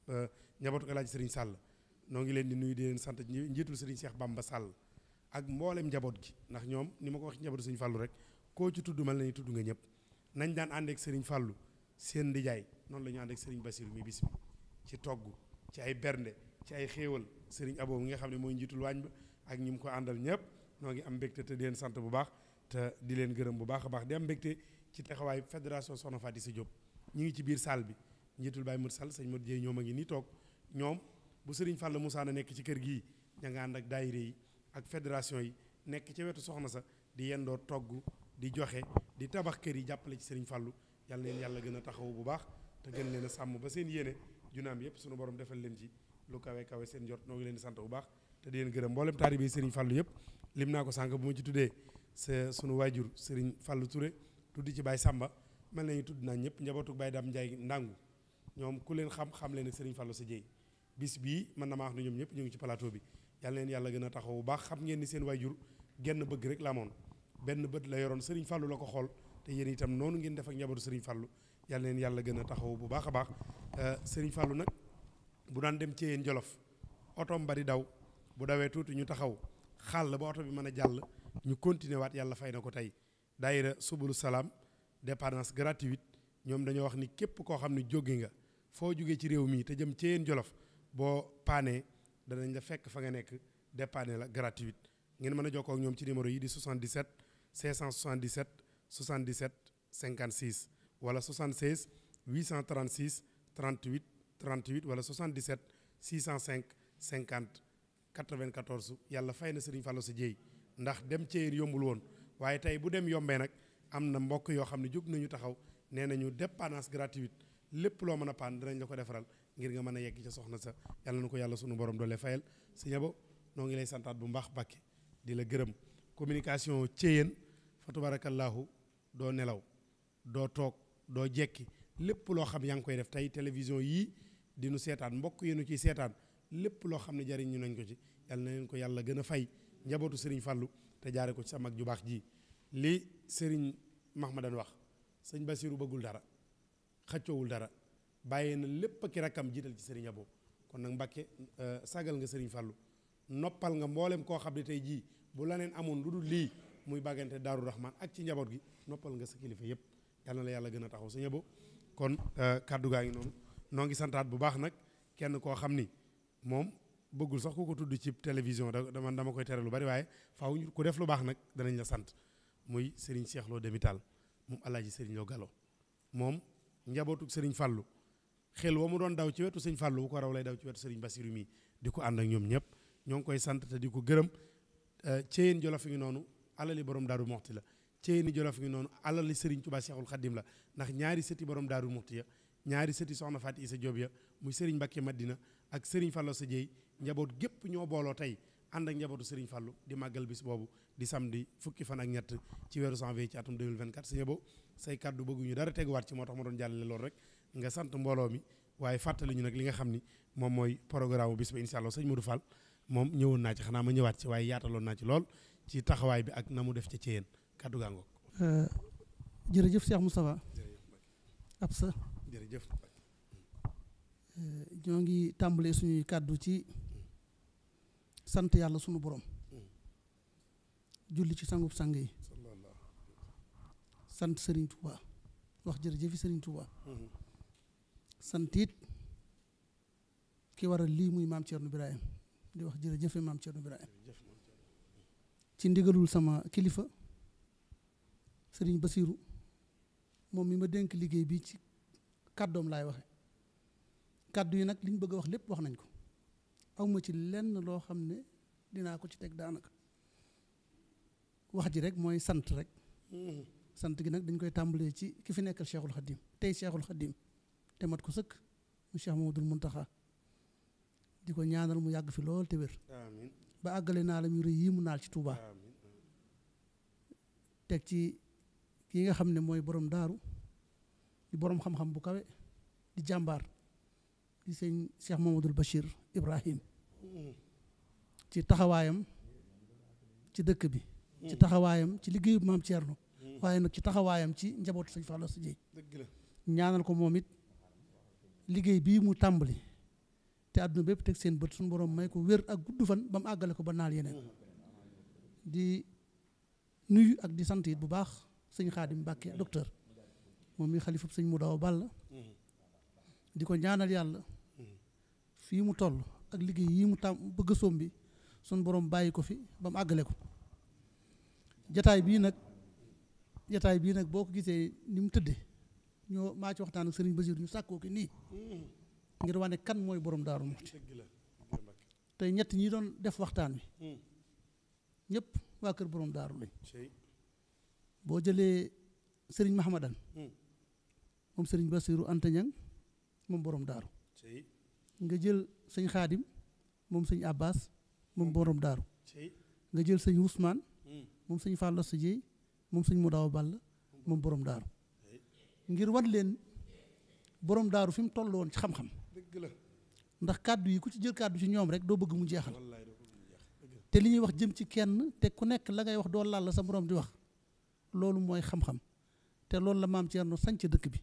euh, njabootuk alaaji Serigne Sall noo ngi leen di nuyu di leen sant njiitul Serigne Cheikh Bamba Sall ak mboolem njaboot gi ndax ñoom ni ma ko wax njabootu Serigne Fallou rek koo ci tudd mel na ni tudd nga ñëpp nañ daan ànd ak Serigne seen ndijaay noonu la ñu ànd ak Serigne Bassirou mi bis bi ci togg ci ay bernde ci ay xéewal sëriñ Abo mi nga xam ne mooy njiitul waañ ba ak ñi mu ko àndal ñëpp noo ngi am mbégte te leen sant bu baax te di leen gërëm bu baax a baax di am mbégte ci taxawaay fédération Soxna di sa Diop ñu ngi ci biir salle bi njiitul Baye Modou Sall sëñ Modou jee ñoom a ngi nii toog ñoom bu sëriñ Fàll Moussa na nekk ci kër gii ña ak daayire yi ak fédération yi nekk ci wetu soxna sa di yendoo togg di joxe di tabax kër yi jàppale ci sëriñ Fàllu yàlla leen yàlla gën a taxaw bu baax te gën leen sàmm ba seen yéene junaam yépp suñu borom defal leen ci lu kawee kawe seen jot noo ngi leen di sant bu baax te di leen gërëm mboolem bi Serigne Fallou yëpp lim naa ko sànq bu ma ci tuddee sa sunu waajur Serigne Fallou Touré tuddi ci Baye Samba mel nañu tudd naa ñëpp njabootu Baye Dame Ndiaye ndàngu ñoom ku leen xam xam leen ne Serigne Fallou sa jéy bis bii mën na maa wax ñoom ñëpp ñu ngi ci plateau bi yàlla yàlla gën a taxaw bu baax xam ngeen di seen waajur genn bëgg rek la benn bët la yoroon Serigne fallu la ko xool te yéen itam noonu ngeen def ak njabootu Serigne Fallou yàlla leen yàlla gën a taxaw bu baax a baax euh, Serigne fallu nag bu daan dem ci yéen jolof otoom bari daw bu dawee tuuti ñu taxaw xàll ba oto bi mën a jàll ñu continuer waat yàlla fay na ko tey daayira subulu salaam dépendance gratuite ñoom dañoo wax ni képp koo xam ne jóge nga foo jógee ci réew mii te jëm ci jolof boo paanee danañ la fekk fa nga nekk dépanne la gratuite ngeen mën a jokkoo ak ñoom ci numéro yi di 77 577 77 56 wala 76 836 38 38 wala 77 605 50 94 yàlla fay na Serigne Fallou sa jéey ndax dem Thiéyeen yombul woon waaye tey bu dem yombee nag am na mbokk yoo xam ne jóg nañu taxaw nee nañu dépannage gratuite lépp loo mën a paan dinañ la ko defaral ngir nga mën a yegg ca soxna sa yàlla na ko yàlla sunu borom doole fayal si Abo noo ngi lay santaat bu mbaax Bakke di la gërëm communication Thiéyeen fa tubarakallaahu doo nelaw doo toog doo di nu seetaan mbokk yi nu ciy seetaan lépp loo xam ne jariñ ñu nañ ko ci yal na leen ko yàlla gën a fay njabootu Serigne Fallou te jaare ko ci sa mag ju baax ji li Serigne Mahmadan wax sëñ Basiru bëggul dara xàccoowul dara bàyyee na lépp ki rakkam jiital ci Serigne Abo kon nag Mbàkke euh, sagal nga Serigne Fallou noppal nga mboolem koo xam ne tey jii bu laneen amoon lu dul lii muy bàggante Daaru Rahman ak ci njaboot gi noppal nga sa kilifa yëpp yal na yàlla gën a taxaw Serigne Abo kon euh, kaddu gaa ngi noonu. noo ngi santaat bu baax nag kenn koo xam ni moom bëggul sax ku ko tudd ci télévision da man dama koy tere lu bari waaye faaw ku def lu baax nag danañ la sant muy Serigne Cheikh Lo Demital moom Alaaji Serigne Lo Gallo moom njabootu Serigne Fallou xel wa mu doon daw ci wetu Serigne Fallou bu ko raw lay daw ci wetu Serigne Bassirou mi di ko ànd ak ñoom ñëpp ñoo ngi koy sant te di ko gërëm euh, Ceyeen Jolof ngi noonu alali borom Daaru Moxti la Ceyeen Jolof ngi noonu alali Serigne Touba Cheikhul Khadim la ndax ñaari sëti borom Daaru Moxti ya ñaari sëti soxna Faati Isa Joob ya muy sëriñ Mbàkke Madina ak sëriñ Fallu sa jeey njaboot gépp ñoo booloo tey ànd ak njabootu sëriñ Fallu di màggal bis boobu di samedi fukki fan ak ñett ci weeru janvier ci atum 2024 sëñ Abo say kàddu bëgguñu dara teguwaat ci moo tax doon jàllale loolu rek nga sant mbooloo mi waaye fàttali ñu nag li nga xam ni moom mooy programme bis ba incha allah sëñ Modou Fall moom ñëwoon naa ci xanaa ma ñëwaat ci waaye yaataloon naa ci lool ci taxawaay bi ak na mu def ca ci yéen kàddu gaangoog euh, jërëjëf Cheikh Moustapha Absa jërëjëf eh, ñoo ngi tàmbalee suñuy kàddu ci sant yàlla sunu borom julli ci sangub sang yi sant Serigne Touba wax jërëjëfi Serigne Touba sant it ki waral lii muy maam Thierno Birahim di wax jërëjëfe maam Thierno Birahim ci ndigalul sama kilifa Serigne Basirou moom mi ma dénk liggéey bi ci kàddoom laay waxe kàddu yi nag liñ bëgg a wax lépp wax nañ ko awma ci lenn loo xam ne dinaa ko ci teg daanaka wax ji rek mooy sant rek sant gi nag dañ koy tàmbalee ci ki fi nekkal cheikhul xadim tey cheikhul xadim te mat ko sëkk mu cheikh mun muntaxa di ko ñaanal mu yàgg fi lool te wér ba àggale naa la mu rëy yi mu naal ci Touba teg ci ki nga xam ne mooy borom daaru boroom xam-xam bu kawe di jàmbaar di sëñ Cheikh Mamadou Bachir Ibrahim ci taxawaayam ci dëkk bi ci taxawaayam ci liggéeyu maam Thierno waaye nag ci taxawaayam ci njabootu sëñ Fallou Sy Dieye ñaanal ko moom it liggéey bii mu tàmbali te àdduna bépp teg seen bët suñ boroom may ko wér ak gudd fan ba mu àggale ko ba naal yeneen di nuyu ak di sant yit bu baax sëñ Xaadim Mbàkke docteur moom mi xalifab sëñ mu daaw ball mm-hmm. di ko ñaanal yàlla mm-hmm. fii mu toll ak liggéey yii mu tam bëgg a sombi suñ borom bàyyi ko fi ba mu àggale ko jataay bii nag jataay bii nag boo ko gisee ni mu tëddee ñoo maa waxtaan sëriñ Basiir ñu sàkkoo ki nii mm-hmm. ngir wane kan mooy boroom daaru Muxti te ñett ñi doon def waxtaan wi mm. ñëpp waa kër borom daaru lañ boo jëlee sëriñ Mahamadan mm. moom sëriñ Basiru Anta Ñang moom borom daaru nga jël sëñ xaadim moom sëñ abbas moom borom daaru nga jël sëñ Ousmane hmm. moom sëñ Fallou sa Dieye moom sëñ Modaw Ball moom borom daaru ngir wat leen borom daaru fi mu toll woon ci xam-xam ndax kàddu yi ku ci jël kàddu ci ñoom rek doo bëgg mu jeexal te li ñuy wax jëm ci kenn te ku nekk la ngay wax doo laal la sa borom di wax loolu mooy xam-xam te loolu la maam Thierno sañ ci dëkk bi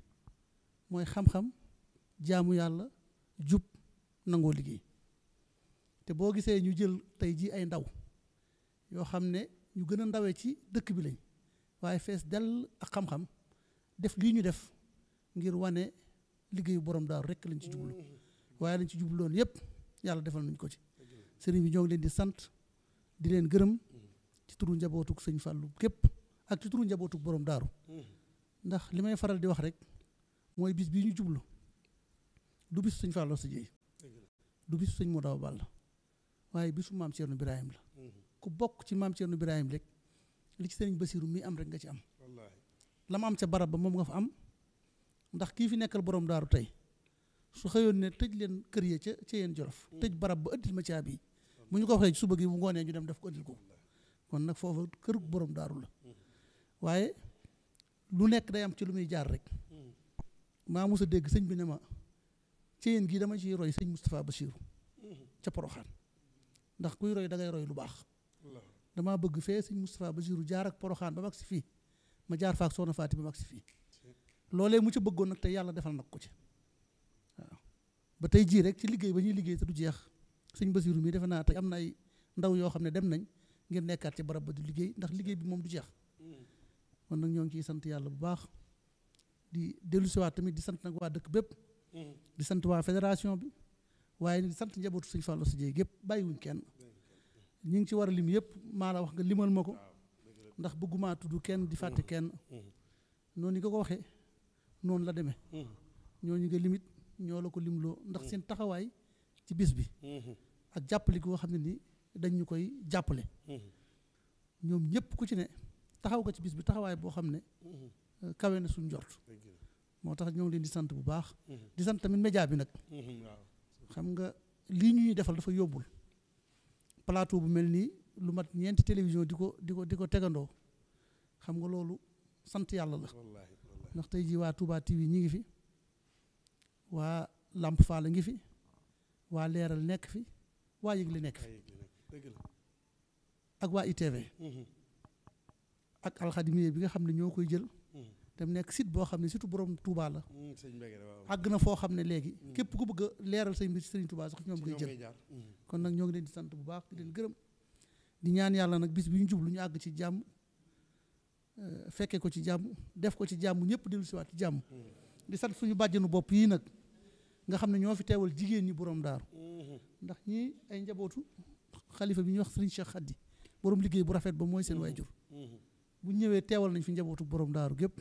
mooy xam-xam jaamu yàlla jub nangoo liggéey te boo gisee ñu jël tey jii ay ndaw yoo xam ne ñu gën a ndawee ci dëkk bi lañ waaye fees dal ak xam-xam def lii ñu def ngir wane liggéeyu borom daal rekk lañ ci jublu waaye lañ ci jub jubloon yépp yàlla defal nañ ko ci sëriñ bi ñoo ngi leen di sant di leen gërëm ci turu njabootuk sëñ Fàllu képp ak ci turu njabootuk borom daaru mm-hmm. ndax li may faral di wax rek mooy bis bi ñu jublu du bisu sëñ Fallou Seye du bisu sëñ Modaw la waaye bisu maam Thierno Birahim la ku bokk ci maam Thierno Birahim rek li ci sëriñ Basiru mi am rek nga ci am la ma am ca barab ba moom nga fa am ndax kii fi nekkal borom daaru tey su xëyoon ne tëj leen kër ya ca ca yéen jolof tëj barab ba ëddil ma caabi bu ñu ko waxee suba gi mu ngoonee ñu dem def ko ëddil ko kon nag foofu kër borom daaru la waaye lu nekk day am ci lu muy maa mos a dégg sëñ bi ne ma ci ceen gi dama ciy roy sëñ mustafa Bassirou ca Poroxaan ndax kuy roy da roy lu baax damaa bëgg fee sëñ Moustapha Bassirou jaar ak Poroxaan ba mag si fii ma jaar faak soxna Faati ba mag si fii loolee mu ci bëggoon nag te yàlla defal nag ko ci ba tey jii rek ci liggéey ba ñuy liggéey te du jeex sëñ Bassirou mi defe naa tey am na ay ndaw yoo xam ne dem nañ ngir nekkaat ci barab ba di liggéey ndax liggéey bi moom du jeex kon sant yàlla bu baax di dellusiwaat tamit di sant nag waa dëkk bépp. Hmm. di sant waa fédération bi. waaye di sant njabootu suñu Fallou si jéeg yëpp bàyyiwuñ kenn. ñu ngi ci war a lim maa wax nga limal ma ko. ndax bëgguma kenn di fàtte kenn. noonu nga ko waxee noonu la demee. ñooñu nga limit ñoo la ko limloo ndax seen taxawaay ci bis bi. ak jàppale goo xam ne ni dañ ñu koy jàppale. Hmm. ñoom ñëpp ku ci ne taxaw ko ci bis bi taxawaay boo xam ne. Hmm. kawe na suñ njort moo tax ñëw ngi leen di sant bu baax mhm. di sant tamit média bi nag mhm, xam nga lii ñuy defal dafa yóbbul plateau bu mel nii lu mat ñeenti télévision di ko di ko di ko tegandoo xam nga loolu sant yàlla la ndax tey jii waa Touba TV ñi ngi fi waa Lamp Fall ngi fi waa Leeral nekk fi waa Yëgle nekk fi ak waa ITV mhm. ak alxadimiye bi nga xam ne ñoo koy jël dem nekk site boo xam ne surtout borom Touba la. Mm, àgg na foo xam ne léegi. Mm. képp ku bëgg a leeral say mbir ci Serigne Touba sax ñoom ngay jël. Mm. kon nag ñoo ngi leen di sant bu baax di leen gërëm. di ñaan yàlla nag bis bi ñu jublu ñu àgg jàmm euh, fekke ko ci jàmm def ko ci jàmm ñëpp dellu siwaat ci jàmm. di sant suñu bàjjenu bopp yii nag nga xam ne ñoo fi teewal jigéen ñi borom daaru mm-hmm. ndax ñii ay njabootu xalifa bi ñuy wax Serigne Cheikh Khady liggéey bu rafet ba mooy seen mm-hmm. waajur. Mm-hmm. bu ñëwee teewal nañ fi njabootu borom daaru gépp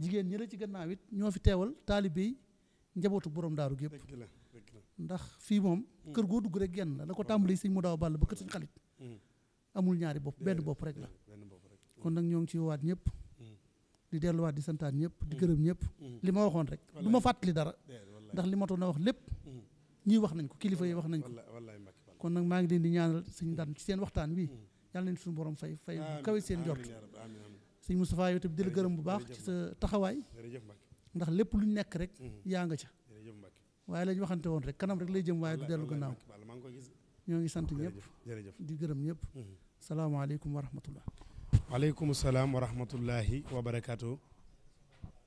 jigéen ñi la ci gannaaw it ñoo fi teewal taalibe yi njabootu borom daaru gépp ndax fii moom hmm. kër goo dugg rek genn la la ko hmm. tàmbali sëñ mu daaw bàll ba kër sëñ xalit hmm. amul ñaari bopp benn bopp rek la kon nag ñoo ngi ci waat ñëpp di delluwaat di santaan ñëpp di gërëm ñëpp li ma waxoon rek du ma fàttali dara ndax li ma doon wax lépp ñii wax nañ ko kilifa yi wax nañ ko kon nag maa ngi leen di ñaanal sëñ daan seen waxtaan wi yàlla leen suñu borom fay fay bu kawe seen jort sëñ Moustapha yow tamit di la gërëm bu baax ci sa taxawaay ndax lépp lu ñu nekk rek mm-hmm. yaa nga ca waaye la ñu waxante woon rek kanam rek lay jëm waaye du dellu gannaaw ñoo ngi sant ñëpp di gërëm ñëpp mm-hmm. salaamaaleykum wa rahmatullah waaleykum salaam wa rahmatullahi wa barakaatu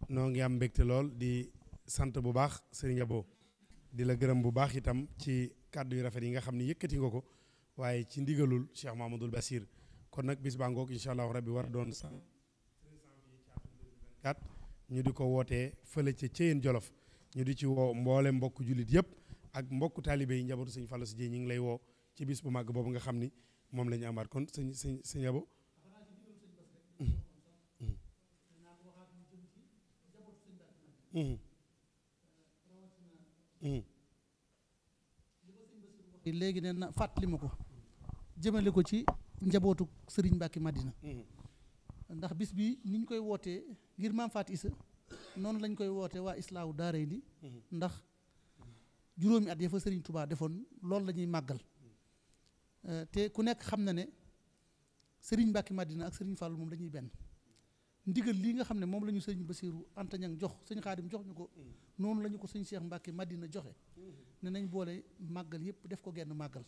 noo ngi am mbégte lool di sant bu baax sëriñ Abo di la gërëm bu baax itam ci kàddu yu rafet yi nga xam ne yëkkati nga ko waaye ci ndigalul Cheikh Mahamadoul Basir kon nag bis baa ngoog incha allahu rabbi war a doon sa 4 ñu di ko wootee fële ca Ceyeen Jolof ñu di ci woo mboole mbokk jullit yëpp ak mbokk taalibe yi njabootu sëñ Fallou si Dieng ñu ngi lay woo ci bis bu màgg boobu nga xam ni moom lañu ñu amaat kon sëñ sëñ sëñ léegi ne na fàttali ma ko jëmale ko ci njabootu sëriñ Mbacke màddina mm-hmm. ndax bis bi ni koy wootee ngir maam Faat Isa noonu lañ koy wootee waa islaawu daaray ni mm-hmm. ndax juróomi at ya fa Serigne defoon loolu la ñuy màggal. Mm-hmm. Euh, te ku nekk xam na ne Serigne Mbacke Madina ak Serigne moom dañuy benn. ndigal lii nga xam ne moom la ñu sëñ Basiiru Anta jox sëñ Xaadim jox ñu ko noonu la ñu ko sëñ Cheikh Mbacke Madina joxe ne nañ boole màggal yëpp def ko genn màggal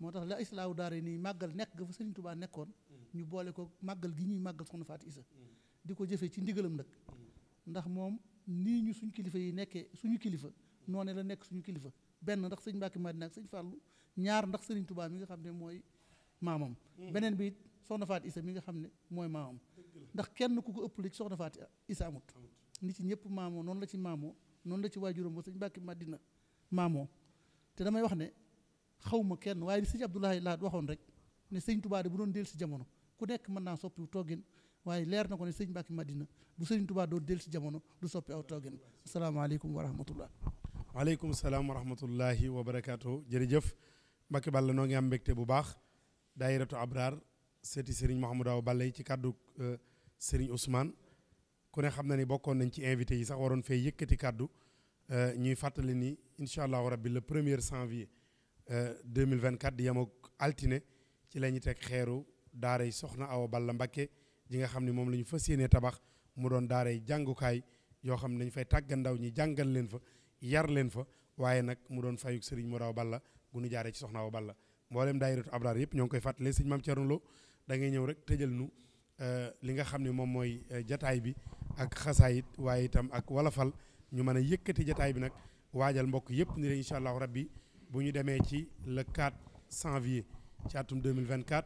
moo tax la islaahu daare nii màggal nekk nga fa Sëriñ Tuubaa nekkoon ñu boole ko màggal gi ñuy màggal soxna Faati Isa di ko jëfee ci ndigalam nag ndax moom nii ñu suñ kilifa yi nekkee suñu kilifa noone la nekk suñu kilifa benn ndax sëñ Mbàkke Madina ak sëñ Fàllu ñaar ndax Sëriñ Tuubaa mi nga xam ne mooy maamam beneen bi it soxna Isa mi nga xam ne mooy maamam ndax kenn ku ko ëppale ci soxna Faati Isa amut ni ci ñëpp maamoo noonu la ci maamoo noonu la ci waajuram ba sëñ Mbàkke Madina maamoo te damay wax ne xaw ma kenn waaye li sëñ Abdoulaye Lahat waxoon rek ne sëñ Touba de bu doon del si jamono ku nekk mën naa soppi toggin waaye leer na ko ne sëñ Mbàkke Madina bu sëñ Touba doo del si jamono du soppi aw toggin asalaamaaleykum wa rahmatullah waaleykum salaam wa rahmatullahi wa barakaatu jërëjëf Mbàkke Balla noo ngi am mbégte bu baax daayiratu Abraar seeti Serigne Mouhamadou Awa Balla ci kaddu euh, Serigne Ousmane ku ne xam na ni bokkoon nañ ci invité yi sax waroon fee yëkkati kàddu euh, ñuy fàttali ni incha allahu rabbi le premier janvier 2024 euh, di yem ak altine ci la ñu teg xeeru daara yi soxna Awa Balla Mbakke ji nga xam ne moom la ñu fas yéenee tabax mu doon daara yi jàngukaay yoo xam ne dañu fay tàggat ndaw ñi jàngal leen fa yar leen fa waaye nag mu doon fayuk Serigne Modaw Balla gu nu jaaree ci soxna Awa Balla mboolem daayiratu Abraar yëpp ñoo ngi koy fàttalee sëñ Maam Thierno Lo da ngay ñëw rek tëjal nu euh, li nga xam ne moom mooy euh, jataay bi ak xasaayit waaye itam ak walafal ñu mën a yëkkati jataay bi nag waajal mbokk yëpp ni leen incha allahu bu ñu demee ci le 4 janvier ci atum 2024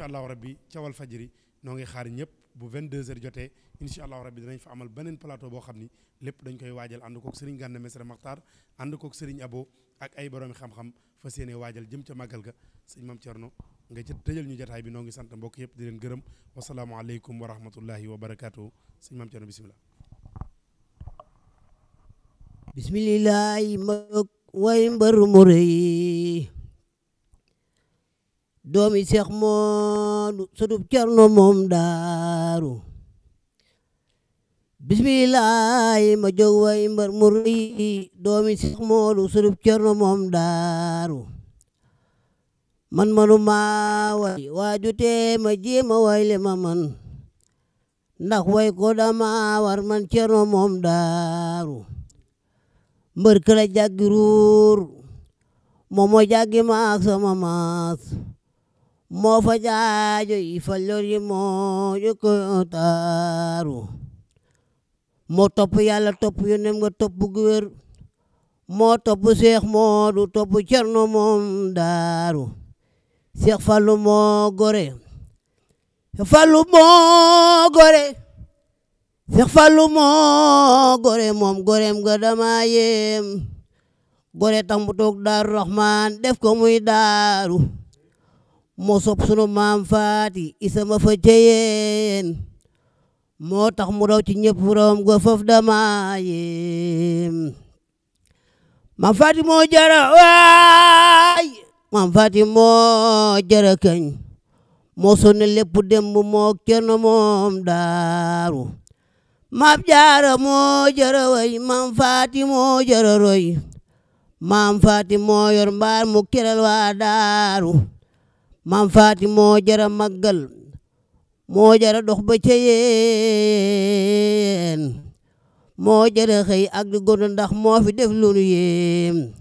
allahu rabbi ca fajiri noo ngi xaar ñëpp bu 22 heures jotee incha allahu rabbi dinañ fa amal beneen plateau boo xam ni lépp dañ koy waajal ànd kook Serigne Gana Messere Maxtaar ànd kook Serigne Abo ak ay boroomi xam-xam fa séene waajal jëm ca màggal ga sëñ Mame Thierno nga jë tëjal ñu jotaay bi noo ngi sant mbokk yëpp di leen gërëm wasalaamualeykum wa rahmatullahi wa barakaatu sëñ Mame Thierno bisimilah bisimilah way mbër mu rëy doomi Seex Moodu sutub Cerno moom daaru bismillaay ma jóg way mbër mu rëy doomi Seex Moodu sutub Cerno moom daaru man manuma way waaju tee ma jéema way le ma man ndax way ko dama war man Cerno moom daaru mbër këla jàggi ruur moom moo jàggi maak maas moo fa jaajo yi fa lor yi moo ju ko topp yàlla topp yu nem topp gu wér moo topp seex moo du topp cerno moom daaru seex fallu moo gore fallu moo gore Seex Fallu moo goreem ga dama yem gore daaru raxmaan def ko muy daaru moo sopp sunu faati isa ma fa ceyeen moo tax mu raw ci ñëpp rom faf dama yem faati moo jara waay maam faati moo jara kañ moo sonne lépp demb moo kenn moom daaru maam jaara moo jara way maam faati moo jara roy maam faati moo yor mbaar mu kiral waa daaru maam faati moo jara maggal moo jara dox ba ca moo jara xëy ak di góor ndax moo fi def lu nu yéem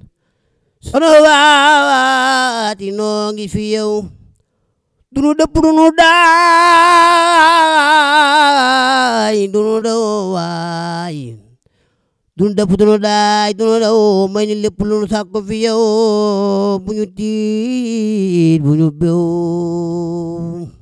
sono waawaati noo ngi fi yow dunu dëpp dunu daay dunu daw dunu dëpp dunu daay dunu daw oh. may ni lépp lu nu sàkk fi yow oh. bu ñu tiit